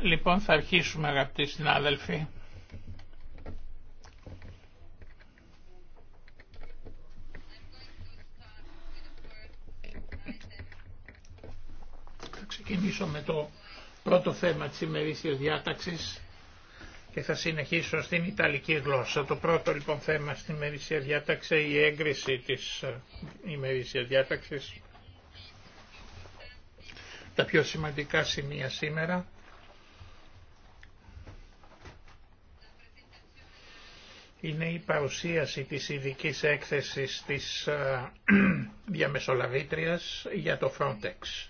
Λοιπόν, θα αρχίσουμε αγαπητοί συνάδελφοι. Θα ξεκινήσω με το πρώτο θέμα της ημερήσιας διάταξης και θα συνεχίσω στην Ιταλική γλώσσα. Το πρώτο λοιπόν θέμα στην ημερήσια διάταξη, η έγκριση της ε, ημερήσια διάταξης. Τα πιο σημαντικά σημεία σήμερα. είναι η παρουσίαση της ειδική έκθεσης της ε, διαμεσολαβήτριας για το Frontex.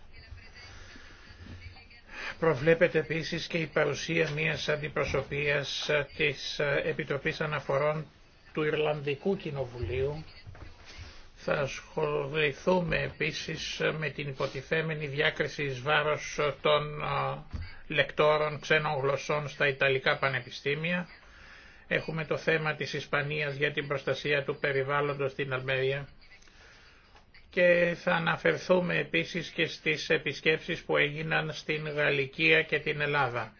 Προβλέπεται επίσης και η παρουσία μιας αντιπροσωπείας της Επιτροπής Αναφορών του Ιρλανδικού Κοινοβουλίου. Θα ασχοληθούμε επίσης με την υποτιθέμενη διάκριση εις βάρος των λεκτόρων ξένων γλωσσών στα Ιταλικά Πανεπιστήμια. Έχουμε το θέμα της Ισπανίας για την προστασία του περιβάλλοντος στην Αλμέρια και θα αναφερθούμε επίσης και στις επισκέψεις που έγιναν στην Γαλλικία και την Ελλάδα.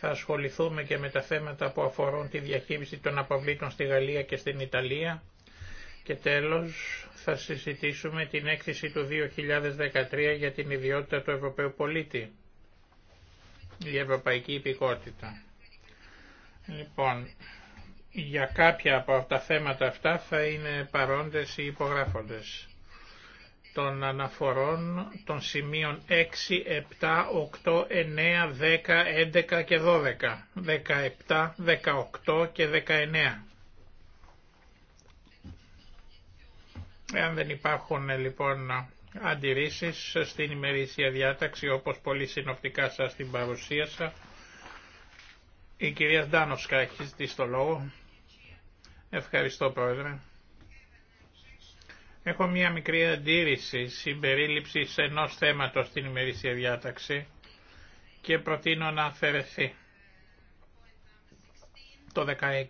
Θα ασχοληθούμε και με τα θέματα που αφορούν τη διαχείριση των αποβλήτων στη Γαλλία και στην Ιταλία. Και τέλος θα συζητήσουμε την έκθεση του 2013 για την ιδιότητα του Ευρωπαίου πολίτη, η Ευρωπαϊκή Υπηκότητα. Λοιπόν, για κάποια από τα θέματα αυτά θα είναι παρόντες ή υπογράφοντες των αναφορών των σημείων 6, 7, 8, 9, 10, 11 και 12, 17, 18 και 19. Εάν δεν υπάρχουν ε, λοιπόν αντιρρήσεις στην ημερήσια διάταξη όπως πολύ συνοπτικά σας την παρουσίασα, η κυρία Ντάνοσκα έχει ζητήσει το λόγο. Ευχαριστώ πρόεδρε. Έχω μία μικρή αντίρρηση συμπερίληψη ενό θέματος στην ημερήσια διάταξη και προτείνω να αφαιρεθεί το 16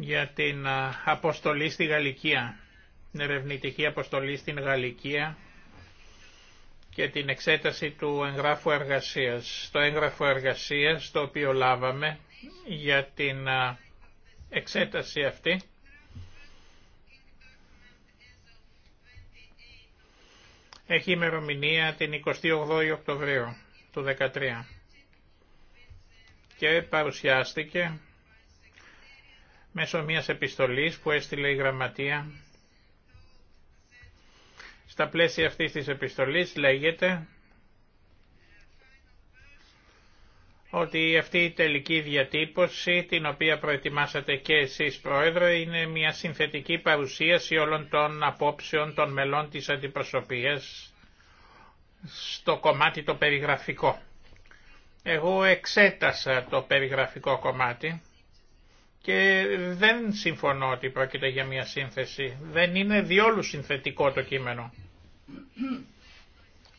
για την αποστολή στη Γαλλικία, την ερευνητική αποστολή στην Γαλλικία και την εξέταση του εγγράφου εργασίας. Το έγγραφο εργασίας το οποίο λάβαμε για την εξέταση αυτή Έχει ημερομηνία την 28η Οκτωβρίου του 2013 και παρουσιάστηκε μέσω μιας επιστολής που έστειλε η Γραμματεία. Στα πλαίσια αυτής της επιστολής λέγεται ότι αυτή η τελική διατύπωση την οποία προετοιμάσατε και εσείς Πρόεδρε είναι μια συνθετική παρουσίαση όλων των απόψεων των μελών της αντιπροσωπείας στο κομμάτι το περιγραφικό. Εγώ εξέτασα το περιγραφικό κομμάτι και δεν συμφωνώ ότι πρόκειται για μια σύνθεση. Δεν είναι διόλου συνθετικό το κείμενο.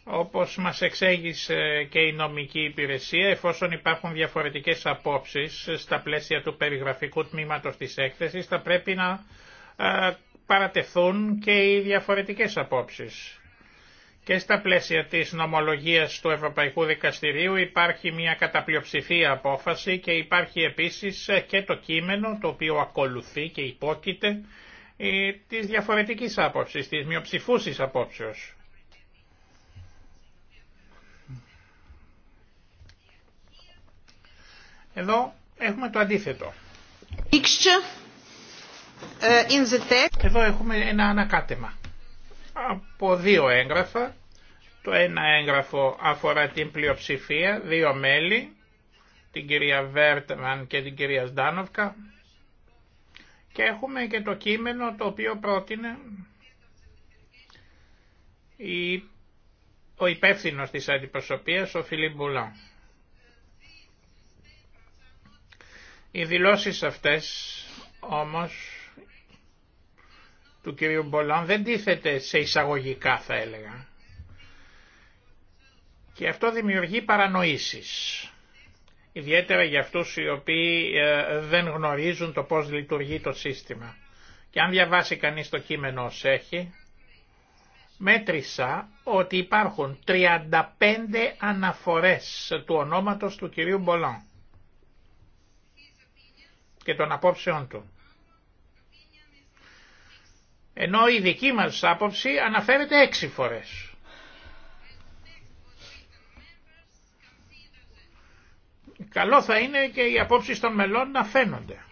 Όπως μας εξέγησε και η νομική υπηρεσία, εφόσον υπάρχουν διαφορετικές απόψεις στα πλαίσια του περιγραφικού τμήματος της έκθεσης, θα πρέπει να παρατεθούν και οι διαφορετικές απόψεις. Και στα πλαίσια της νομολογίας του Ευρωπαϊκού Δικαστηρίου υπάρχει μια καταπλειοψηφία απόφαση και υπάρχει επίσης και το κείμενο το οποίο ακολουθεί και υπόκειται ε, της διαφορετικής άποψης, της μειοψηφούσης απόψεως. Εδώ έχουμε το αντίθετο. Uh, Εδώ έχουμε ένα ανακάτεμα από δύο έγγραφα. Το ένα έγγραφο αφορά την πλειοψηφία, δύο μέλη, την κυρία Βέρτμαν και την κυρία Σντάνοβκα. Και έχουμε και το κείμενο το οποίο πρότεινε η, ο υπεύθυνος της αντιπροσωπείας, ο Φιλίπ Μπουλάν. Οι δηλώσεις αυτές όμως του κυρίου Μπολάν δεν τίθεται σε εισαγωγικά θα έλεγα. Και αυτό δημιουργεί παρανοήσεις. Ιδιαίτερα για αυτούς οι οποίοι ε, δεν γνωρίζουν το πώς λειτουργεί το σύστημα. Και αν διαβάσει κανείς το κείμενο όσο έχει, μέτρησα ότι υπάρχουν 35 αναφορές του ονόματος του κυρίου Μπολάν και των απόψεών του. Ενώ η δική μας άποψη αναφέρεται έξι φορές. Καλό θα είναι και οι απόψεις των μελών να φαίνονται.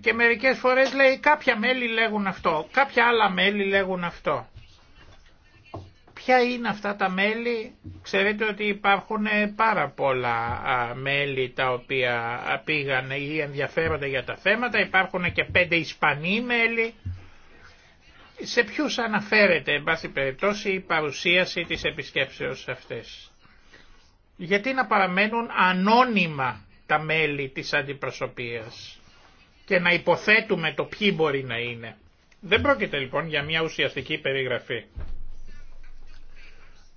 Και μερικές φορές λέει κάποια μέλη λέγουν αυτό, κάποια άλλα μέλη λέγουν αυτό. Ποια είναι αυτά τα μέλη, ξέρετε ότι υπάρχουν πάρα πολλά μέλη τα οποία πήγαν ή ενδιαφέρονται για τα θέματα, υπάρχουν και πέντε Ισπανοί μέλη. Σε ποιους αναφέρεται, εν πάση περιπτώσει, η παρουσίαση της επισκέψεως αυτές. Γιατί να παραμένουν ανώνυμα τα μέλη της αντιπροσωπείας και να υποθέτουμε το ποιοι μπορεί να είναι. Δεν πρόκειται λοιπόν για μια ουσιαστική περιγραφή.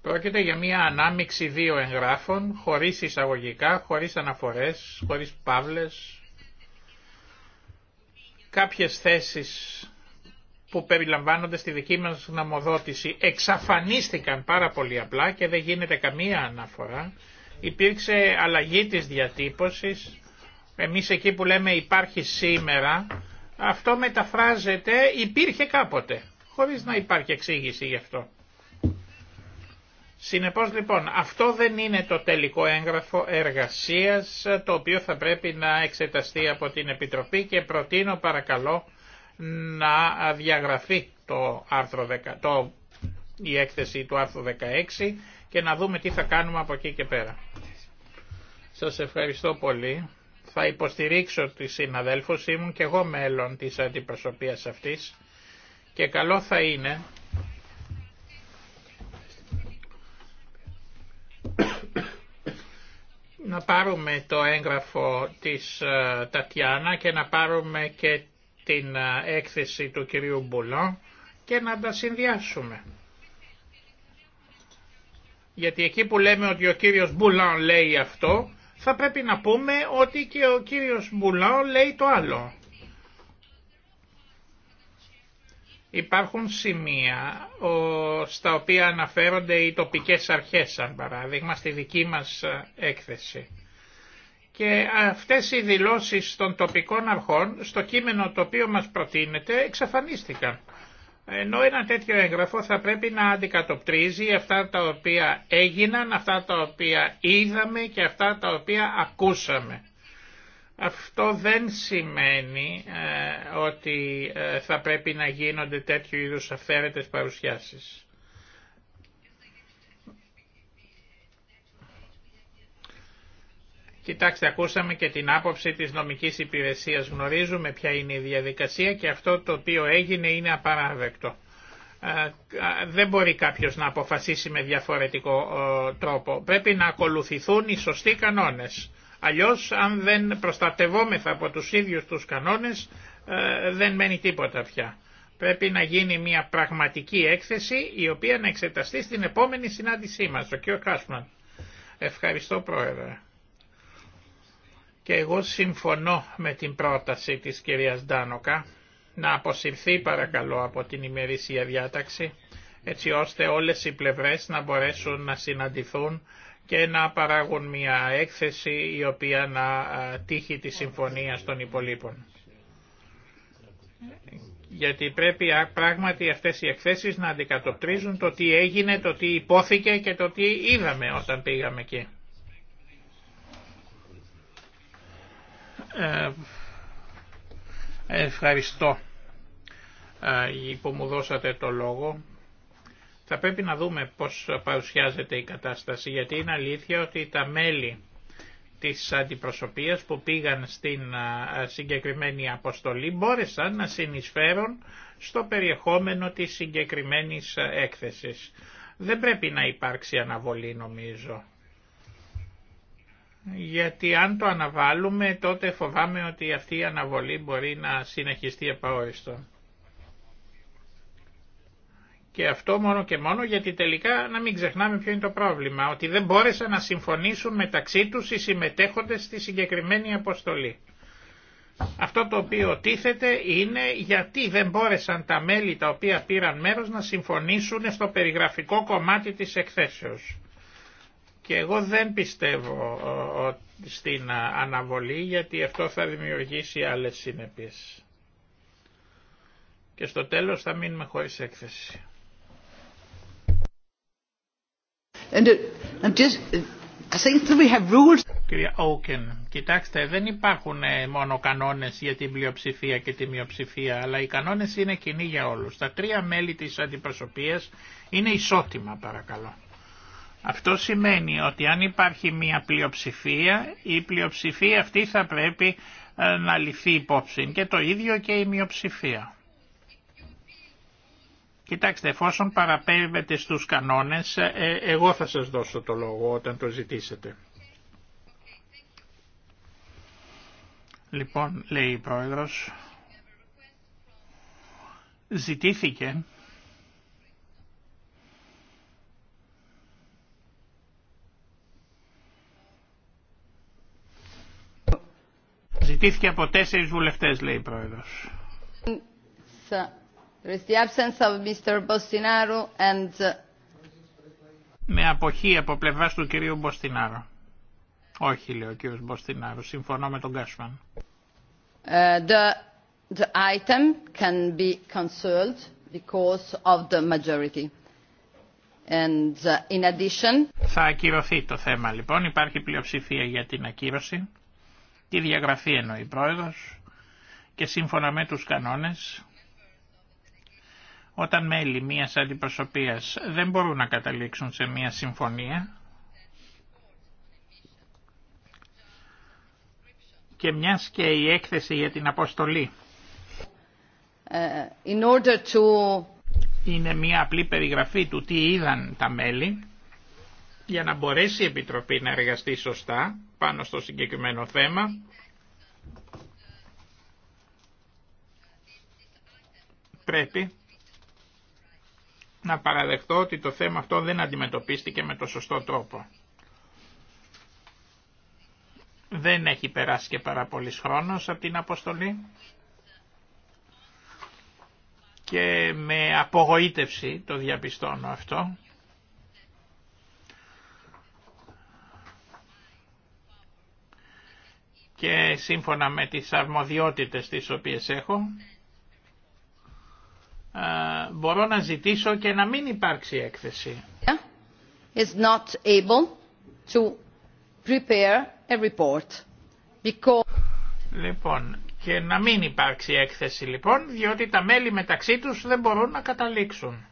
Πρόκειται για μια ανάμιξη δύο εγγράφων, χωρίς εισαγωγικά, χωρίς αναφορές, χωρίς παύλες. Κάποιες θέσεις που περιλαμβάνονται στη δική μας γνωμοδότηση εξαφανίστηκαν πάρα πολύ απλά και δεν γίνεται καμία αναφορά. Υπήρξε αλλαγή της διατύπωσης. Εμείς εκεί που λέμε υπάρχει σήμερα, αυτό μεταφράζεται υπήρχε κάποτε, χωρίς να υπάρχει εξήγηση γι' αυτό. Συνεπώς λοιπόν αυτό δεν είναι το τελικό έγγραφο εργασίας ε, το οποίο θα πρέπει να εξεταστεί από την Επιτροπή και προτείνω παρακαλώ να διαγραφεί το άρθρο 10, η έκθεση του άρθρου 16 και να δούμε τι θα κάνουμε από εκεί και πέρα. Σας ευχαριστώ πολύ. Θα υποστηρίξω τη συναδέλφωσή ήμουν και εγώ μέλλον της αντιπροσωπείας αυτής και καλό θα είναι να πάρουμε το έγγραφο της ε, Τατιάνα και να πάρουμε και την ε, έκθεση του κυρίου Μπουλό και να τα συνδυάσουμε. Γιατί εκεί που λέμε ότι ο κύριος Μπουλάν λέει αυτό, θα πρέπει να πούμε ότι και ο κύριος Μπουλάν λέει το άλλο. Υπάρχουν σημεία στα οποία αναφέρονται οι τοπικές αρχές, σαν παράδειγμα, στη δική μας ε, έκθεση. Και αυτές οι δηλώσεις των τοπικών αρχών στο κείμενο το οποίο μας προτείνεται εξαφανίστηκαν. Ενώ ένα τέτοιο έγγραφο θα πρέπει να αντικατοπτρίζει αυτά τα οποία έγιναν, αυτά τα οποία είδαμε και αυτά τα οποία ακούσαμε. Αυτό δεν σημαίνει ε, ότι ε, θα πρέπει να γίνονται τέτοιου είδους αυθαίρετες παρουσιάσεις. Κοιτάξτε, ακούσαμε και την άποψη της νομικής υπηρεσίας. Γνωρίζουμε ποια είναι η διαδικασία και αυτό το οποίο έγινε είναι απαράδεκτο. Ε, δεν μπορεί κάποιος να αποφασίσει με διαφορετικό τρόπο. Πρέπει να ακολουθηθούν οι σωστοί κανόνες. Αλλιώς αν δεν προστατευόμεθα από τους ίδιους τους κανόνες ε, δεν μένει τίποτα πια. Πρέπει να γίνει μια πραγματική έκθεση η οποία να εξεταστεί στην επόμενη συνάντησή μας, ο κ. Κάσμαν. Ευχαριστώ Πρόεδρε. Και εγώ συμφωνώ με την πρόταση της κυρίας Ντάνοκα να αποσυρθεί παρακαλώ από την ημερήσια διάταξη έτσι ώστε όλες οι πλευρές να μπορέσουν να συναντηθούν και να παράγουν μια έκθεση η οποία να τύχει τη συμφωνία των υπολείπων. Γιατί πρέπει πράγματι αυτές οι εκθέσεις να αντικατοπτρίζουν το τι έγινε, το τι υπόθηκε και το τι είδαμε όταν πήγαμε εκεί. Ε, ευχαριστώ ε, που μου δώσατε το λόγο. Θα πρέπει να δούμε πώς παρουσιάζεται η κατάσταση, γιατί είναι αλήθεια ότι τα μέλη της αντιπροσωπείας που πήγαν στην συγκεκριμένη αποστολή μπόρεσαν να συνεισφέρουν στο περιεχόμενο της συγκεκριμένης έκθεσης. Δεν πρέπει να υπάρξει αναβολή νομίζω. Γιατί αν το αναβάλουμε τότε φοβάμαι ότι αυτή η αναβολή μπορεί να συνεχιστεί επαόριστον. Και αυτό μόνο και μόνο γιατί τελικά να μην ξεχνάμε ποιο είναι το πρόβλημα, ότι δεν μπόρεσαν να συμφωνήσουν μεταξύ τους οι συμμετέχοντες στη συγκεκριμένη αποστολή. Αυτό το οποίο τίθεται είναι γιατί δεν μπόρεσαν τα μέλη τα οποία πήραν μέρος να συμφωνήσουν στο περιγραφικό κομμάτι της εκθέσεως. Και εγώ δεν πιστεύω στην αναβολή γιατί αυτό θα δημιουργήσει άλλες συνέπειες. Και στο τέλος θα μείνουμε χωρίς έκθεση. Κύριε Κυρία Όκεν, κοιτάξτε, δεν υπάρχουν ε, μόνο κανόνες για την πλειοψηφία και τη μειοψηφία, αλλά οι κανόνες είναι κοινοί για όλους. Τα τρία μέλη της αντιπροσωπείας είναι ισότιμα, παρακαλώ. Αυτό σημαίνει ότι αν υπάρχει μια πλειοψηφία, η πλειοψηφία αυτή θα πρέπει ε, να ληφθεί υπόψη και το ίδιο και η μειοψηφία. Κοιτάξτε, εφόσον παραπέμπετε στους κανόνες, ε, ε, εγώ θα σας δώσω το λόγο όταν το ζητήσετε. Λοιπόν, λέει η Πρόεδρος, ζητήθηκε Ζητήθηκε από τέσσερις βουλευτές, λέει η Πρόεδρος. Uh, με αποχή από πλευρά του κυρίου Μποστινάρου. Όχι, λέει ο κύριος Μποστινάρου. Συμφωνώ με τον Κάσμαν. Uh, the, item can be because of the majority. And uh, in addition... Θα ακυρωθεί το θέμα λοιπόν. Υπάρχει πλειοψηφία για την ακύρωση. Τη διαγραφή εννοεί πρόεδρος. Και σύμφωνα με τους κανόνες όταν μέλη μιας αντιπροσωπείας δεν μπορούν να καταλήξουν σε μια συμφωνία και μιας και η έκθεση για την αποστολή ε, είναι μια απλή περιγραφή του τι είδαν τα μέλη για να μπορέσει η Επιτροπή να εργαστεί σωστά πάνω στο συγκεκριμένο θέμα. Πρέπει να παραδεχτώ ότι το θέμα αυτό δεν αντιμετωπίστηκε με το σωστό τρόπο. Δεν έχει περάσει και πάρα πολύ χρόνος από την αποστολή και με απογοήτευση το διαπιστώνω αυτό. Και σύμφωνα με τις αρμοδιότητες τις οποίες έχω, μπορώ να ζητήσω και να μην υπάρξει έκθεση. Is not able to prepare a report because... Λοιπόν, και να μην υπάρξει έκθεση λοιπόν, διότι τα μέλη μεταξύ τους δεν μπορούν να καταλήξουν.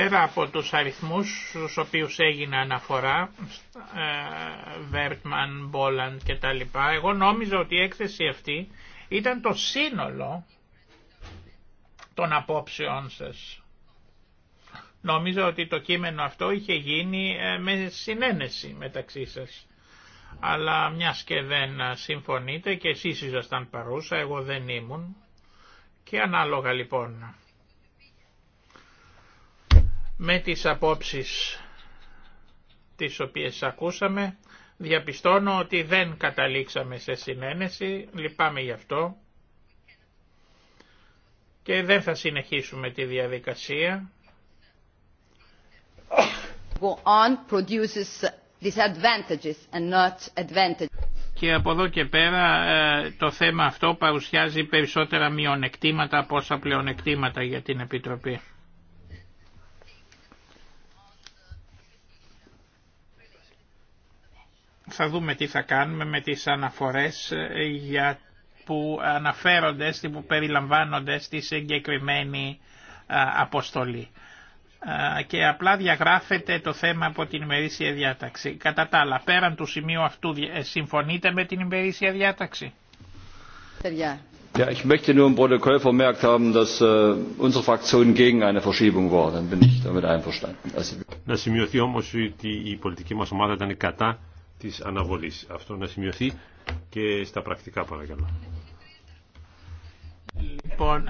Πέρα από τους αριθμούς στους οποίους έγινε αναφορά, Βέρτμαν, ε, Μπόλαντ και τα λοιπά, εγώ νόμιζα ότι η έκθεση αυτή ήταν το σύνολο των απόψεών σας. Νόμιζα ότι το κείμενο αυτό είχε γίνει ε, με συνένεση μεταξύ σας. Αλλά μιας και δεν συμφωνείτε και εσείς ήσασταν παρούσα, εγώ δεν ήμουν. Και ανάλογα λοιπόν με τις απόψεις τις οποίες ακούσαμε διαπιστώνω ότι δεν καταλήξαμε σε συνένεση, λυπάμαι γι' αυτό και δεν θα συνεχίσουμε τη διαδικασία. Και από εδώ και πέρα ε, το θέμα αυτό παρουσιάζει περισσότερα μειονεκτήματα από όσα πλεονεκτήματα για την Επιτροπή. θα δούμε τι θα κάνουμε με τις αναφορές ε, για που αναφέρονται, που περιλαμβάνονται στη συγκεκριμένη ε, αποστολή. Ε, και απλά διαγράφεται το θέμα από την ημερήσια διάταξη. Κατά τα άλλα, πέραν του σημείου αυτού, συμφωνείτε με την ημερήσια διάταξη. Ja, ich möchte nur im Protokoll vermerkt haben, dass äh, unsere Fraktion gegen eine Verschiebung war. Dann bin ich damit einverstanden. Να σημειωθεί όμως ότι η πολιτική μας ομάδα ήταν κατά της αναβολής. Αυτό να σημειωθεί και στα πρακτικά παρακαλώ. Λοιπόν,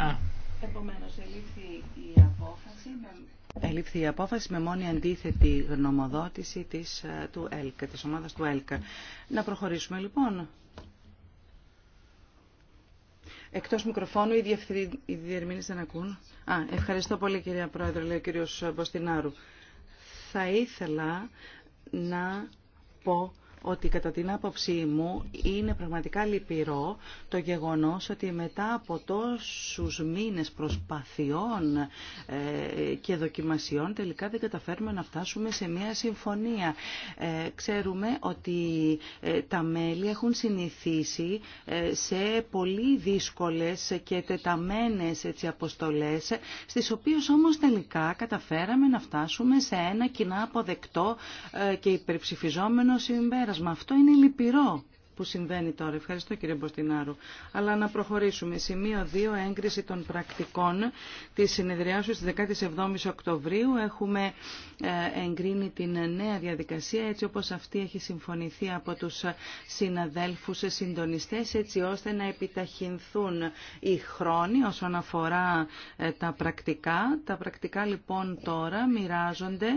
Επομένως, ελήφθη η απόφαση με... Ελήφθη η απόφαση μόνη αντίθετη γνωμοδότηση της, ε, του ΕΛΚ, της ομάδας του ΕΛΚΑ. Να προχωρήσουμε λοιπόν. Εκτός μικροφώνου, οι, οι διερμήνες δεν ακούν. Α, ευχαριστώ πολύ κυρία Πρόεδρε, λέει ο κύριος Μποστινάρου. Θα ήθελα να πω ότι κατά την άποψή μου είναι πραγματικά λυπηρό το γεγονός ότι μετά από τόσους μήνες προσπαθειών ε, και δοκιμασιών τελικά δεν καταφέρουμε να φτάσουμε σε μια συμφωνία. Ε, ξέρουμε ότι ε, τα μέλη έχουν συνηθίσει σε πολύ δύσκολες και τεταμένες έτσι, αποστολές στις οποίες όμως τελικά καταφέραμε να φτάσουμε σε ένα κοινά αποδεκτό και υπερψηφιζόμενο συμπέρασμα. Αυτό είναι λυπηρό που συμβαίνει τώρα. Ευχαριστώ κύριε Μποστινάρου. Αλλά να προχωρήσουμε. Σημείο 2, έγκριση των πρακτικών τη συνεδριάσεω τη 17η Οκτωβρίου. Έχουμε ε, εγκρίνει την νέα διαδικασία έτσι όπω αυτή έχει συμφωνηθεί από του συναδέλφου συντονιστέ, έτσι ώστε να επιταχυνθούν οι χρόνοι όσον αφορά ε, τα πρακτικά. Τα πρακτικά λοιπόν τώρα μοιράζονται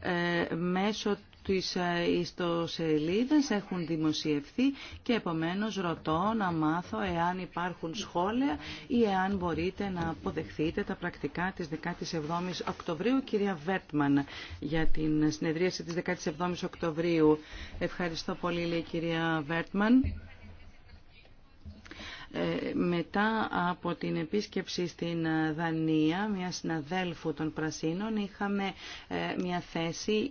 ε, μέσω στις ε, ιστοσελίδες έχουν δημοσιευθεί και επομένως ρωτώ να μάθω εάν υπάρχουν σχόλια ή εάν μπορείτε να αποδεχθείτε τα πρακτικά της 17ης Οκτωβρίου. Κυρία Βέρτμαν για την συνεδρίαση της 17ης Οκτωβρίου. Ευχαριστώ πολύ λέει η κυρία Βέρτμαν. Ε, μετά από την επίσκεψη στην Δανία, μια συναδέλφου των Πρασίνων, είχαμε ε, μια θέση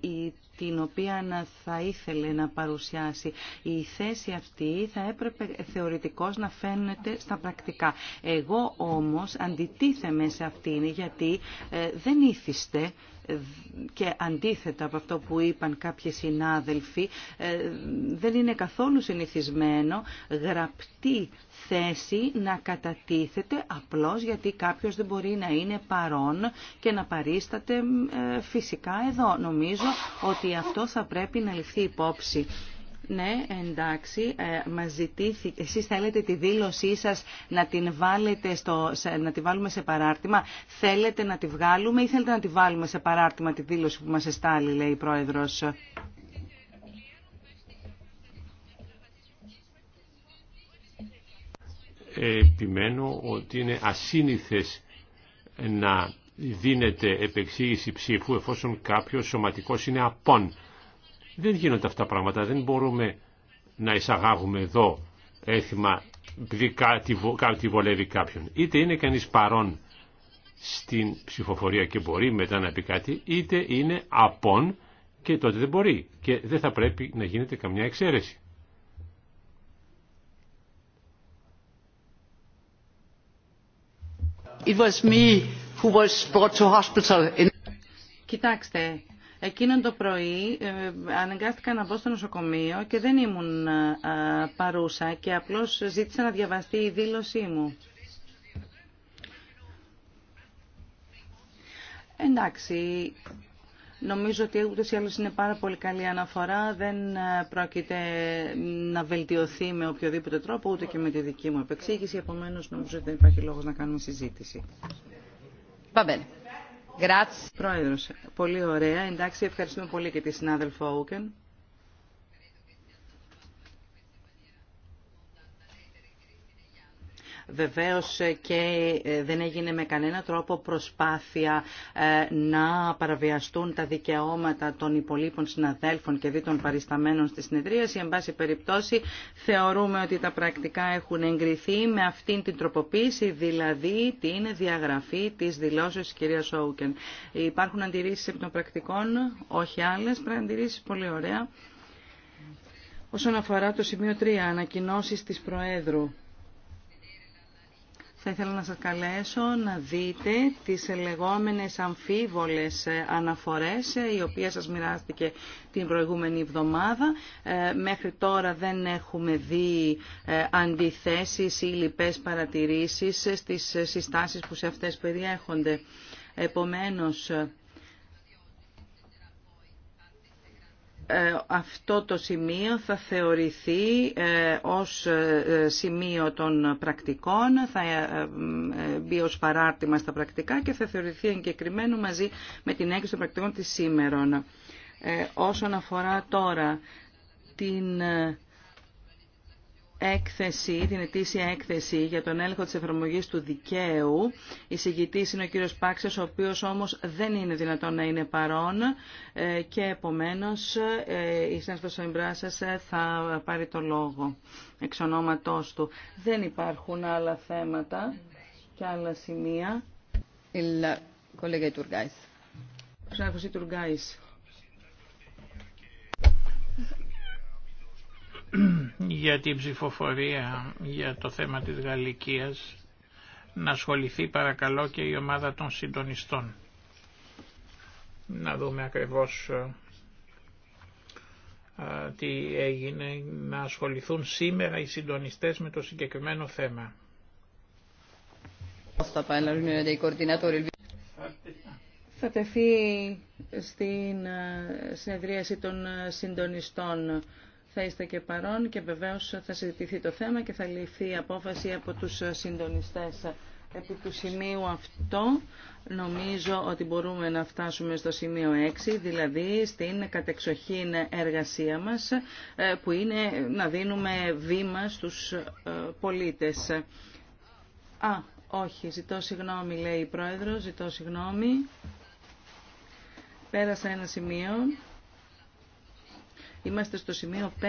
την οποία θα ήθελε να παρουσιάσει. Η θέση αυτή θα έπρεπε θεωρητικώς να φαίνεται στα πρακτικά. Εγώ όμως αντιτίθεμαι σε αυτήν γιατί ε, δεν ήθιστε και αντίθετα από αυτό που είπαν κάποιοι συνάδελφοι, ε, δεν είναι καθόλου συνηθισμένο γραπτή θέση να κατατίθεται απλώς γιατί κάποιος δεν μπορεί να είναι παρόν και να παρίσταται ε, φυσικά εδώ. Νομίζω ότι αυτό θα πρέπει να ληφθεί υπόψη. Ναι, εντάξει, ε, μας ζητήθηκε. Εσείς θέλετε τη δήλωσή σας να την, βάλετε στο, να τη βάλουμε σε παράρτημα. Θέλετε να τη βγάλουμε ή θέλετε να τη βάλουμε σε παράρτημα τη δήλωση που μας εστάλει, λέει η Πρόεδρος. Επιμένω ότι είναι ασύνηθες να δίνεται επεξήγηση ψήφου εφόσον κάποιος σωματικός είναι απόν. Δεν γίνονται αυτά τα πράγματα. Δεν μπορούμε να εισαγάγουμε εδώ έθιμα επειδή κάτι, κάτι βολεύει κάποιον. Είτε είναι κανείς παρόν στην ψηφοφορία και μπορεί μετά να πει κάτι, είτε είναι απόν και τότε δεν μπορεί και δεν θα πρέπει να γίνεται καμιά εξαίρεση. Κοιτάξτε, Εκείνο το πρωί ε, αναγκάστηκα να μπω στο νοσοκομείο και δεν ήμουν ε, παρούσα και απλώς ζήτησα να διαβαστεί η δήλωσή μου. Εντάξει, Νομίζω ότι ούτε ή άλλως είναι πάρα πολύ καλή αναφορά. Δεν ε, πρόκειται να βελτιωθεί με οποιοδήποτε τρόπο, ούτε και με τη δική μου επεξήγηση. Επομένω, νομίζω ότι δεν υπάρχει λόγο να κάνουμε συζήτηση. Πάμε. Πρόεδρος, πολύ ωραία. Εντάξει, ευχαριστούμε πολύ και τη συνάδελφο Ούκεν. Βεβαίως και ε, δεν έγινε με κανένα τρόπο προσπάθεια ε, να παραβιαστούν τα δικαιώματα των υπολείπων συναδέλφων και δι των παρισταμένων στη συνεδρίαση. Εν πάση περιπτώσει θεωρούμε ότι τα πρακτικά έχουν εγκριθεί με αυτήν την τροποποίηση, δηλαδή την διαγραφή της δηλώσεως της κυρίας Όουκεν. Υπάρχουν αντιρρήσεις επί των πρακτικών, όχι άλλες, αντιρρήσεις πολύ ωραία. Όσον αφορά το σημείο 3, ανακοινώσεις της Προέδρου. Θα ήθελα να σας καλέσω να δείτε τις λεγόμενες αμφίβολες ε, αναφορές οι ε, οποίες σας μοιράστηκε την προηγούμενη εβδομάδα. Ε, μέχρι τώρα δεν έχουμε δει αντιθέσεις ή λοιπές παρατηρήσεις στις συστάσεις που σε αυτές περιέχονται. Επομένως, Ε, αυτό το σημείο θα θεωρηθεί ε, ως ε, σημείο των πρακτικών, θα μπει ως παράρτημα στα πρακτικά και θα θεωρηθεί εγκεκριμένο μαζί με την έγκριση των πρακτικών της σήμερων. Όσον αφορά τώρα την έκθεση, την ετήσια έκθεση για τον έλεγχο της εφαρμογής του δικαίου. Η συγκητής είναι ο κύριος Πάξας, ο οποίος όμως δεν είναι δυνατόν να είναι παρόν ε, και επομένως ε, η Σένστος Εμπράσας ε, θα πάρει το λόγο εξ ονόματός του. Δεν υπάρχουν άλλα θέματα και άλλα σημεία. για την ψηφοφορία για το θέμα της Γαλλικίας να ασχοληθεί παρακαλώ και η ομάδα των συντονιστών. Να δούμε ακριβώς ε, ε, τι έγινε, να ασχοληθούν σήμερα οι συντονιστές με το συγκεκριμένο θέμα. Θα τεθεί στην ε, συνεδρίαση των συντονιστών θα είστε και παρόν και βεβαίως θα συζητηθεί το θέμα και θα ληφθεί η απόφαση από τους συντονιστές. Επί του σημείου αυτό νομίζω ότι μπορούμε να φτάσουμε στο σημείο 6, δηλαδή στην κατεξοχήν εργασία μας ε, που είναι να δίνουμε βήμα στους ε, πολίτες. Α, όχι, ζητώ συγγνώμη λέει η Πρόεδρο, ζητώ συγγνώμη. Πέρασα ένα σημείο. Είμαστε στο σημείο 5,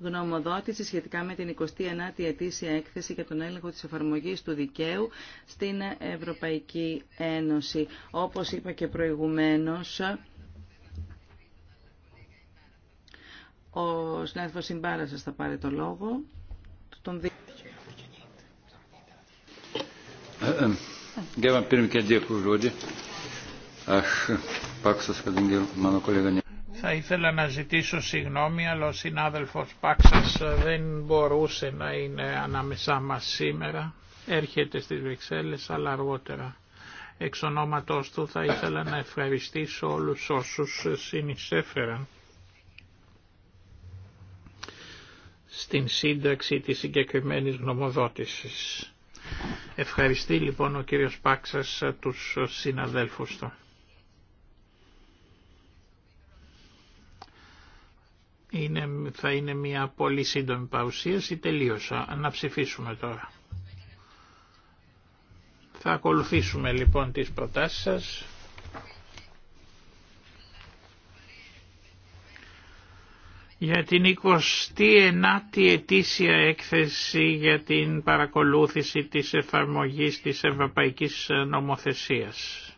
γνωμοδότηση σχετικά με την 29η ετήσια έκθεση για τον έλεγχο της εφαρμογής του δικαίου στην Ευρωπαϊκή Ένωση. Όπως είπα και προηγουμένως, ο συνάδελφος Συμπάρασας θα πάρει το λόγο. Τον θα ήθελα να ζητήσω συγγνώμη, αλλά ο συνάδελφος Πάξας ε, δεν μπορούσε να είναι ανάμεσά μας σήμερα. Έρχεται στις Βρυξέλλες, αλλά αργότερα. Εξ ονόματός του θα ήθελα να ευχαριστήσω όλους όσους συνεισέφεραν στην σύνταξη της συγκεκριμένης γνωμοδότησης. Ευχαριστεί λοιπόν ο κύριος Πάξας ε, τους συναδέλφους του. είναι, θα είναι μια πολύ σύντομη παρουσίαση. Τελείωσα. Να ψηφίσουμε τώρα. Θα ακολουθήσουμε λοιπόν τις προτάσεις σας. για την 29η ετήσια έκθεση για την παρακολούθηση της εφαρμογής της Ευρωπαϊκής Νομοθεσίας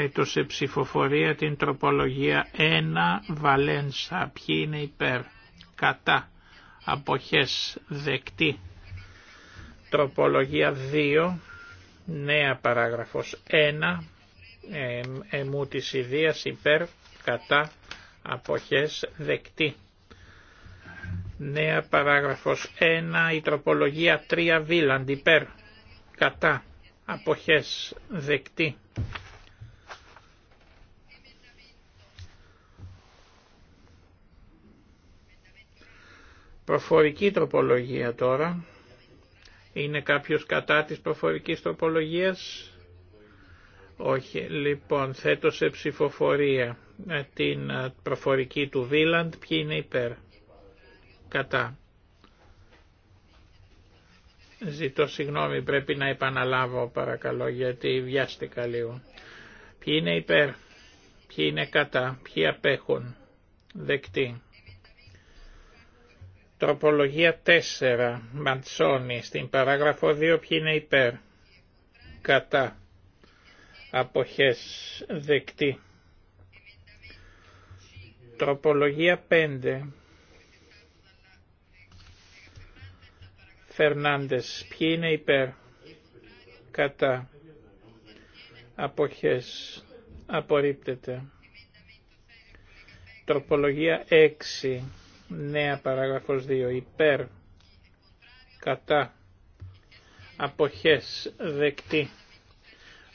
θέτω σε ψηφοφορία την τροπολογία 1 Βαλένσα. Ποιοι είναι υπέρ, κατά, αποχές, δεκτή. Τροπολογία 2, νέα παράγραφος 1, ε, εμού της ιδείας υπέρ, κατά, αποχές, δεκτή. Νέα παράγραφος 1, η τροπολογία 3 Βίλαντ υπέρ, κατά, αποχές, δεκτή. Προφορική τροπολογία τώρα. Είναι κάποιος κατά της προφορικής τροπολογίας. Όχι. Λοιπόν, θέτω σε ψηφοφορία ε, την ε, προφορική του Βίλαντ. Ποιοι είναι υπέρ. Κατά. Ζητώ συγγνώμη, πρέπει να επαναλάβω παρακαλώ γιατί βιάστηκα λίγο. Ποιοι είναι υπέρ, ποιοι είναι κατά, ποιοι απέχουν. Δεκτή. Τροπολογία 4. Μαντσόνη. Στην παράγραφο 2 ποιοι είναι υπέρ. Κατά. Αποχές δεκτή. Τροπολογία 5. Φερνάντες. Ποιοι είναι υπέρ. Κατά. Αποχές. Απορρίπτεται. Τροπολογία 6 Νέα παράγραφος 2. Υπέρ. Κατά. Αποχές. Δεκτή.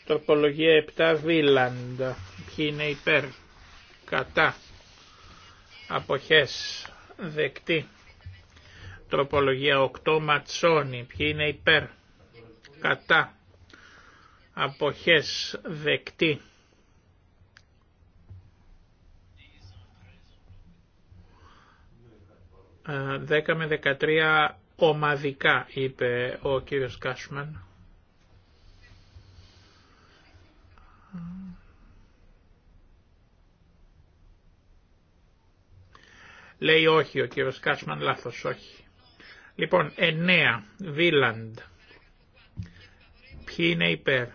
Τροπολογία 7. Βίλαντ. Ποιοι είναι υπέρ. Κατά. Αποχές. Δεκτή. Τροπολογία 8. Ματσόνι. Ποιοι είναι υπέρ. Κατά. Αποχές. Δεκτή. 10 με 13 ομαδικά, είπε ο κύριος Κάσμαν. Λέει όχι ο κύριος Κάσμαν, λάθος, όχι. Λοιπόν, 9, Βίλαντ. Ποιοι είναι υπέρ,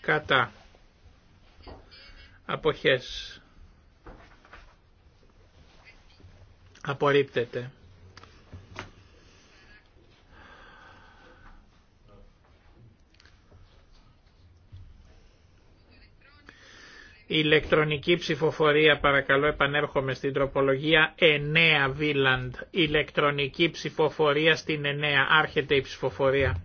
κατά, αποχές, Απορρίπτεται. Η ηλεκτρονική ψηφοφορία, παρακαλώ επανέρχομαι στην τροπολογία 9 Βίλαντ. Ηλεκτρονική ψηφοφορία στην 9. Άρχεται η ψηφοφορία.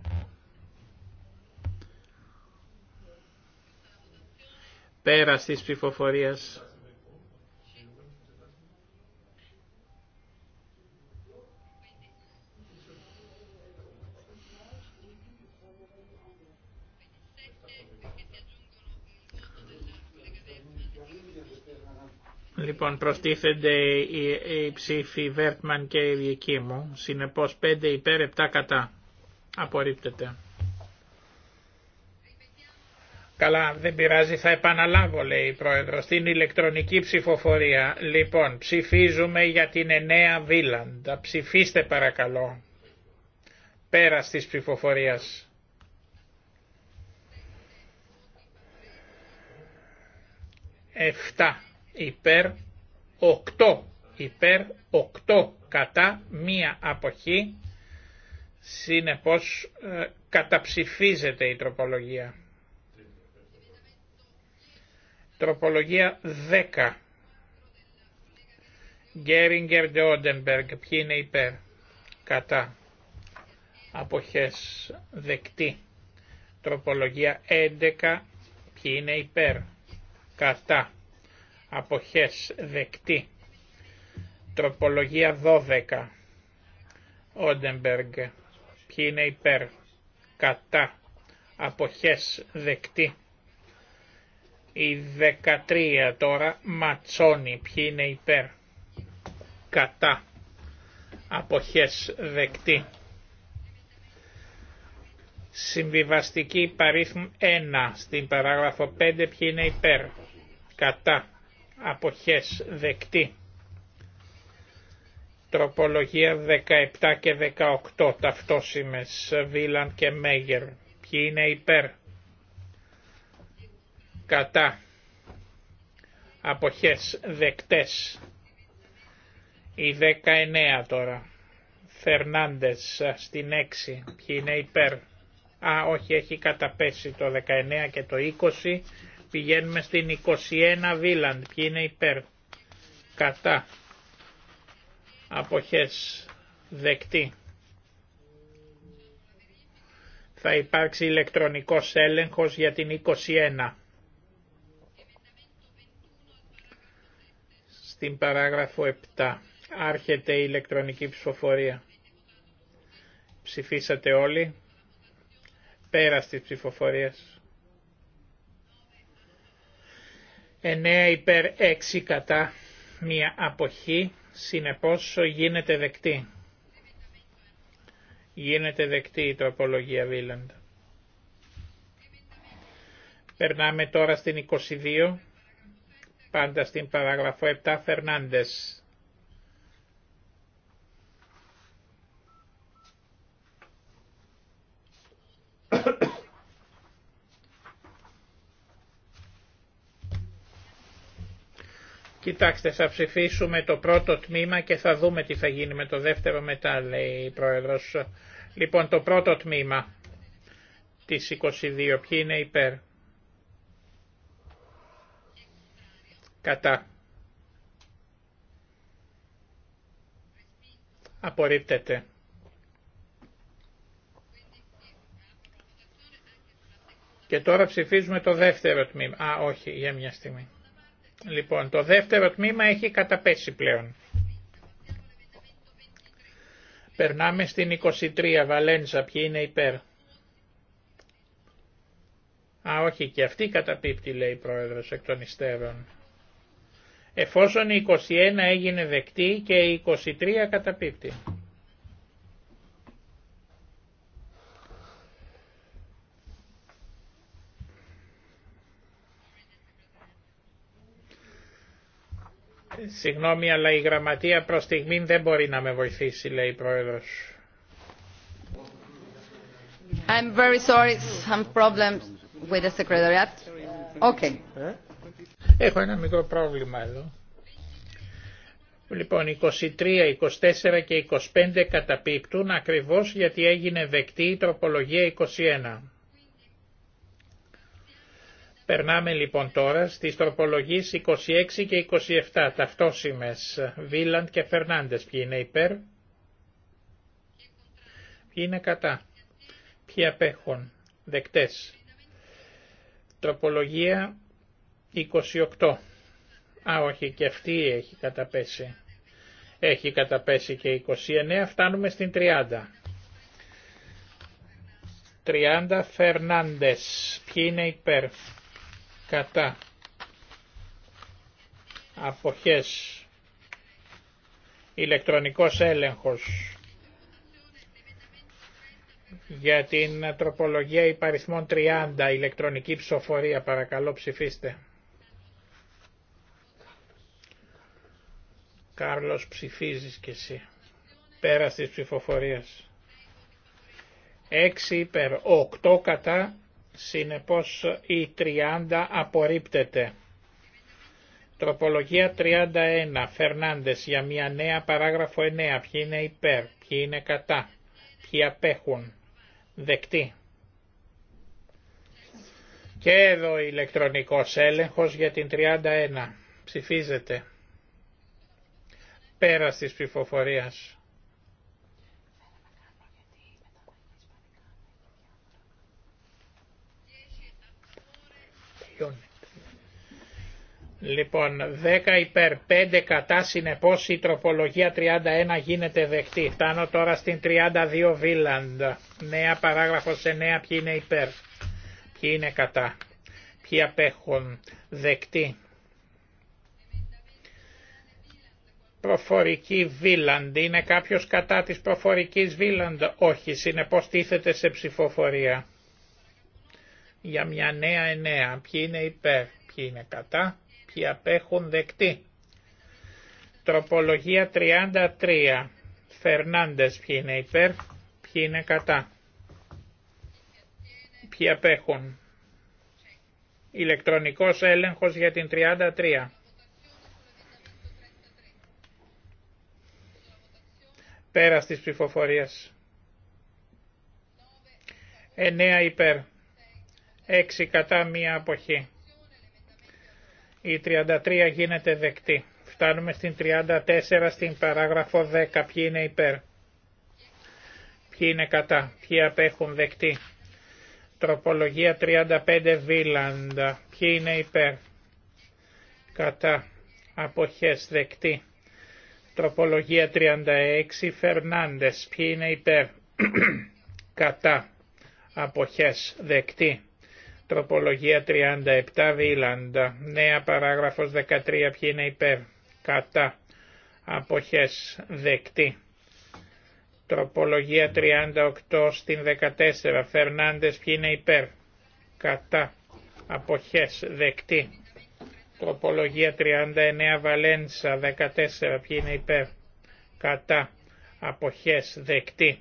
Πέρα της ψηφοφορίας. Λοιπόν, προστίθενται οι, οι ψήφοι Βέρτμαν και η δικοί μου. Συνεπώς 5 υπέρ 7 κατά. Απορρίπτεται. Καλά, δεν πειράζει, θα επαναλάβω, λέει η Πρόεδρο, στην ηλεκτρονική ψηφοφορία. Λοιπόν, ψηφίζουμε για την εννέα Βίλαντα. Ψηφίστε παρακαλώ. Πέρα τη ψηφοφορία. Εφτά υπέρ 8 υπέρ 8 κατά μία αποχή συνεπώς ε, καταψηφίζεται η τροπολογία. Τροπολογία 10. Γκέριγκερ Ντεόντεμπεργκ. Ποιοι είναι υπέρ. Κατά. Αποχές. Δεκτή. Τροπολογία 11. Ποιοι είναι υπέρ. Κατά αποχές δεκτή. Τροπολογία 12. Όντεμπεργκ. Ποιοι είναι υπέρ. Κατά. Αποχές δεκτή. Η 13 τώρα. Ματσόνι. Ποιοι είναι υπέρ. Κατά. Αποχές δεκτή. Συμβιβαστική παρήθμ 1 στην παράγραφο 5 ποιοι είναι υπέρ. Κατά αποχές δεκτή. Τροπολογία 17 και 18 ταυτόσημες Βίλαν και Μέγερ. Ποιοι είναι υπέρ. Κατά. Αποχές δεκτές. Η 19 τώρα. Φερνάντες στην 6. Ποιοι είναι υπέρ. Α, όχι, έχει καταπέσει το 19 και το 20 Πηγαίνουμε στην 21 Βίλαντ. Ποιοι είναι υπέρ. Κατά. Αποχές. Δεκτή. Θα υπάρξει ηλεκτρονικός έλεγχος για την 21. Στην παράγραφο 7. Άρχεται η ηλεκτρονική ψηφοφορία. Ψηφίσατε όλοι. Πέρα της ψηφοφορίας. 9 υπέρ 6 κατά μία αποχή, συνεπώς γίνεται δεκτή. Γίνεται δεκτή η τροπολογία Βίλαντ. Περνάμε τώρα στην 22, πάντα στην παράγραφο 7 Φερνάντες. Κοιτάξτε, θα ψηφίσουμε το πρώτο τμήμα και θα δούμε τι θα γίνει με το δεύτερο μετά, λέει η Πρόεδρος. Λοιπόν, το πρώτο τμήμα της 22, ποιοι είναι υπέρ. Κατά. Απορρίπτεται. Και τώρα ψηφίζουμε το δεύτερο τμήμα. Α, όχι, για μια στιγμή. Λοιπόν, το δεύτερο τμήμα έχει καταπέσει πλέον. Περνάμε στην 23, Βαλένσα, ποιοι είναι υπέρ. Α, όχι, και αυτή καταπίπτει, λέει η πρόεδρος εκ των υστέρων. Εφόσον η 21 έγινε δεκτή και η 23 καταπίπτει. Συγγνώμη, αλλά η γραμματεία προ στιγμή δεν μπορεί να με βοηθήσει, λέει η Πρόεδρος. I'm very sorry, some problems with the secretariat. Okay. Έχω ένα μικρό πρόβλημα εδώ. Λοιπόν, 23, 24 και 25 καταπίπτουν ακριβώς γιατί έγινε δεκτή η τροπολογία 21. Περνάμε λοιπόν τώρα στις τροπολογίες 26 και 27, ταυτόσημες Βίλαντ και Φερνάντες. Ποιοι είναι υπέρ, ποιοι είναι κατά, ποιοι απέχουν, δεκτές. Τροπολογία 28. Α, όχι, και αυτή έχει καταπέσει. Έχει καταπέσει και 29, φτάνουμε στην 30. 30 Φερνάντες. Ποιοι είναι υπέρ κατά αποχές ηλεκτρονικός έλεγχος για την τροπολογία υπαριθμών 30 ηλεκτρονική ψηφοφορία παρακαλώ ψηφίστε Κάρλος ψηφίζεις κι εσύ πέρα της ψηφοφορίας 6 υπέρ 8 κατά Συνεπώς η 30 απορρίπτεται. Τροπολογία 31. Φερνάντες για μια νέα παράγραφο 9. Ποιοι είναι υπέρ, ποιοι είναι κατά, ποιοι απέχουν. Δεκτή. Και εδώ ηλεκτρονικός έλεγχος για την 31. Ψηφίζεται. Πέρας της ψηφοφορίας. Λοιπόν, 10 υπέρ 5 κατά, συνεπώς η τροπολογία 31 γίνεται δεκτή. Φτάνω τώρα στην 32 Βίλαντ. Νέα παράγραφο 9, ποιοι είναι υπέρ, ποιοι είναι κατά, ποιοι απέχουν δεκτή. Προφορική Βίλαντ, είναι κάποιος κατά της προφορικής Βίλαντ, όχι, συνεπώς τίθεται σε ψηφοφορία για μια νέα εννέα. Ποιοι είναι υπέρ, ποιοι είναι κατά, ποιοι απέχουν δεκτή. Τροπολογία 33. Φερνάντες ποιοι είναι υπέρ, ποιοι είναι κατά. Ποιοι απέχουν. Ηλεκτρονικός έλεγχος για την 33. Πέρα της ψηφοφορίες. 9 υπέρ. 6 κατά μία αποχή. Η 33 γίνεται δεκτή. Φτάνουμε στην 34 στην παράγραφο 10. Ποιοι είναι υπέρ. Ποιοι είναι κατά. Ποιοι απέχουν δεκτή. Τροπολογία 35 Βίλαντα. Ποιοι είναι υπέρ. Κατά. Αποχές δεκτή. Τροπολογία 36 Φερνάντες. Ποιοι είναι υπέρ. κατά. Αποχές δεκτή. Τροπολογία 37 Βίλαντα. Νέα παράγραφος 13. Ποιοι είναι υπέρ. Κατά. Αποχές. Δεκτή. Τροπολογία 38 στην 14. Φερνάντες. Ποιοι είναι υπέρ. Κατά. Αποχές. Δεκτή. Τροπολογία 39 Βαλένσα 14. Ποιοι είναι υπέρ. Κατά. Αποχές. Δεκτή.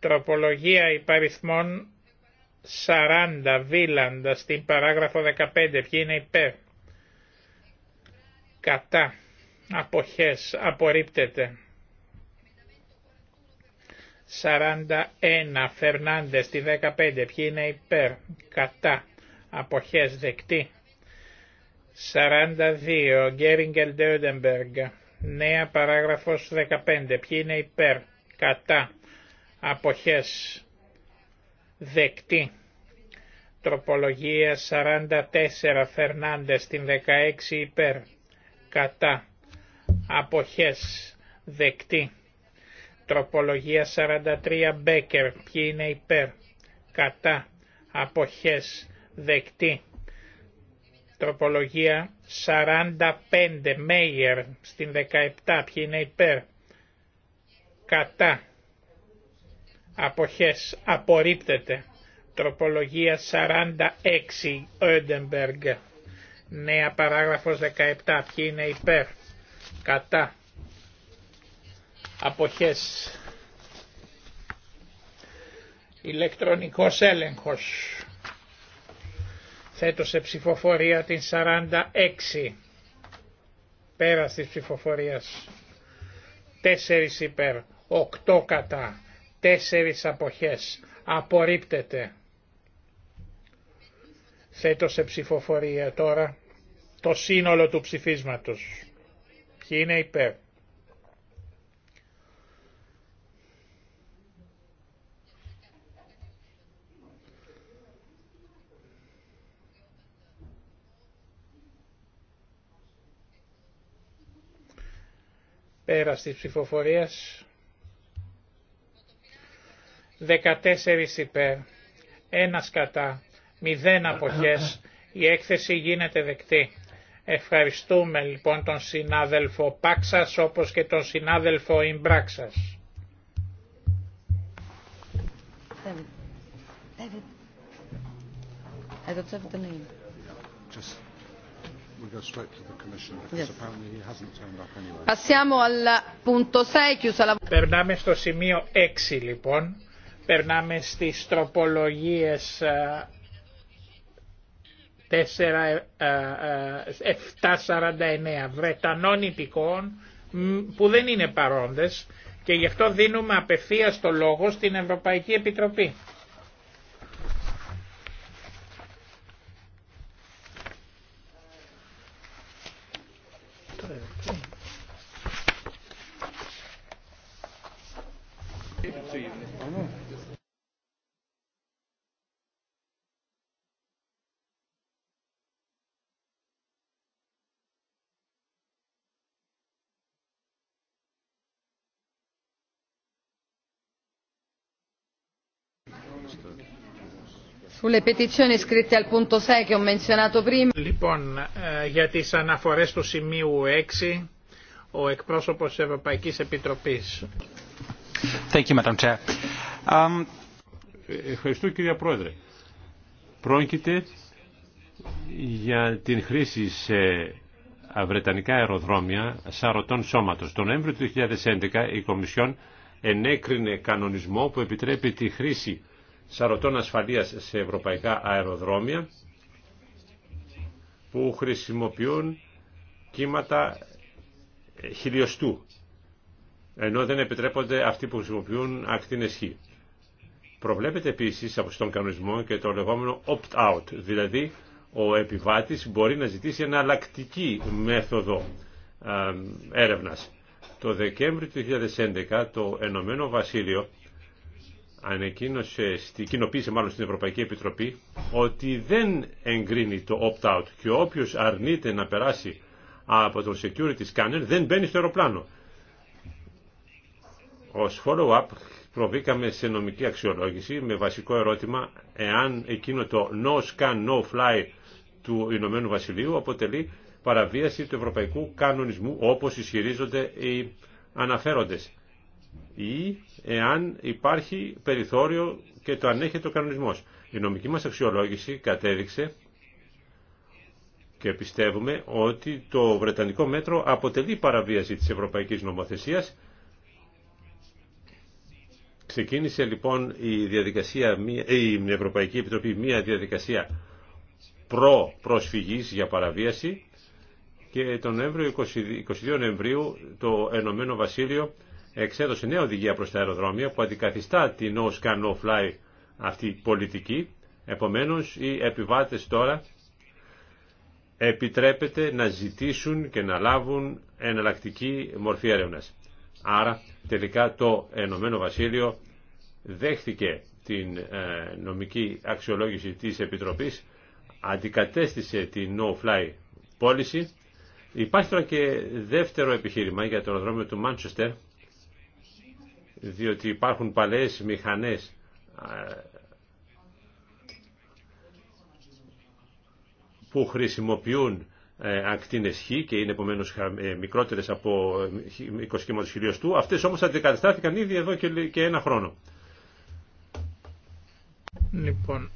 Τροπολογία υπαριθμών 40 Βίλαντα στην παράγραφο 15 ποιοι είναι υπέρ κατά αποχές απορρίπτεται 41 Φερνάντες στη 15 ποιοι είναι υπέρ κατά αποχές δεκτή 42 Γκέριγκελ Ντέοντεμπεργκ νέα παράγραφος 15 ποιοι είναι υπέρ κατά αποχές δεκτή. Τροπολογία 44 Φερνάντες στην 16 υπέρ κατά αποχές δεκτή. Τροπολογία 43 Μπέκερ ποιοι είναι υπέρ κατά αποχές δεκτή. Τροπολογία 45 Μέιερ στην 17 ποιοι είναι υπέρ κατά αποχές απορρίπτεται. Τροπολογία 46 Ödenberg. Νέα παράγραφος 17. Ποιοι είναι υπέρ. Κατά. Αποχές. Ηλεκτρονικός έλεγχος. Θέτω σε ψηφοφορία την 46. Πέρα της ψηφοφορίας. 4 υπέρ. 8 κατά τέσσερις αποχές. Απορρίπτεται. Θέτω σε ψηφοφορία τώρα το σύνολο του ψηφίσματος. Ποιοι είναι υπέρ. Πέρα της ψηφοφορίας 14 υπέρ, 1 κατά, 0 αποχές, η έκθεση γίνεται δεκτή. Ευχαριστούμε λοιπόν τον συνάδελφο Πάξας όπως και τον συνάδελφο Ιμπράξας. Περνάμε στο σημείο 6 λοιπόν. Περνάμε στις τροπολογίες 749 ε, ε, ε, Βρετανών υπηκών που δεν είναι παρόντες και γι' αυτό δίνουμε απευθείας το λόγο στην Ευρωπαϊκή Επιτροπή. Λοιπόν, eh, για τις αναφορές του σημείου 6, ο εκπρόσωπος της Ευρωπαϊκής Επιτροπής. Um, Ευχαριστώ κυρία Πρόεδρε. Πρόκειται για την χρήση σε βρετανικά αεροδρόμια σαρωτών σώματος. Τον Νοέμβριο του 2011 η Κομισιόν ενέκρινε κανονισμό που επιτρέπει τη χρήση σαρωτών ασφαλείας σε ευρωπαϊκά αεροδρόμια που χρησιμοποιούν κύματα χιλιοστού ενώ δεν επιτρέπονται αυτοί που χρησιμοποιούν ακτίνες χ. Προβλέπεται επίσης από τον κανονισμό και το λεγόμενο opt-out, δηλαδή ο επιβάτης μπορεί να ζητήσει εναλλακτική μέθοδο ε, έρευνας. Το Δεκέμβρη του 2011 το Ενωμένο Βασίλειο ανακοίνωσε, κοινοποίησε μάλλον στην Ευρωπαϊκή Επιτροπή ότι δεν εγκρίνει το opt-out και όποιο αρνείται να περάσει από το security scanner δεν μπαίνει στο αεροπλάνο. Ως follow-up προβήκαμε σε νομική αξιολόγηση με βασικό ερώτημα εάν εκείνο το no scan, no fly του Ηνωμένου Βασιλείου αποτελεί παραβίαση του ευρωπαϊκού κανονισμού όπως ισχυρίζονται οι αναφέροντες ή εάν υπάρχει περιθώριο και το ανέχεται ο κανονισμός. Η νομική μας αξιολόγηση κατέδειξε και πιστεύουμε ότι το Βρετανικό μέτρο αποτελεί παραβίαση της Ευρωπαϊκής Νομοθεσίας. Ξεκίνησε λοιπόν η, διαδικασία, η Ευρωπαϊκή Επιτροπή μία διαδικασία προ-προσφυγής για παραβίαση και τον 22 Νοεμβρίου το Ενωμένο Βασίλειο εξέδωσε νέα οδηγία προς τα αεροδρόμια που αντικαθιστά την no scan no fly αυτή πολιτική. Επομένως οι επιβάτες τώρα επιτρέπεται να ζητήσουν και να λάβουν εναλλακτική μορφή έρευνα. Άρα τελικά το Ενωμένο Βασίλειο δέχθηκε την ε, νομική αξιολόγηση της Επιτροπής, αντικατέστησε την no-fly πώληση. Υπάρχει τώρα και δεύτερο επιχείρημα για το αεροδρόμιο του Μάντσεστερ, διότι υπάρχουν παλαιές μηχανές ε, που χρησιμοποιούν ε, ακτίνες χ και είναι επομένως ε, μικρότερες από 20 κύματος χιλιοστού. Αυτές όμως αντικαταστάθηκαν ήδη εδώ και ένα χρόνο. Λοιπόν,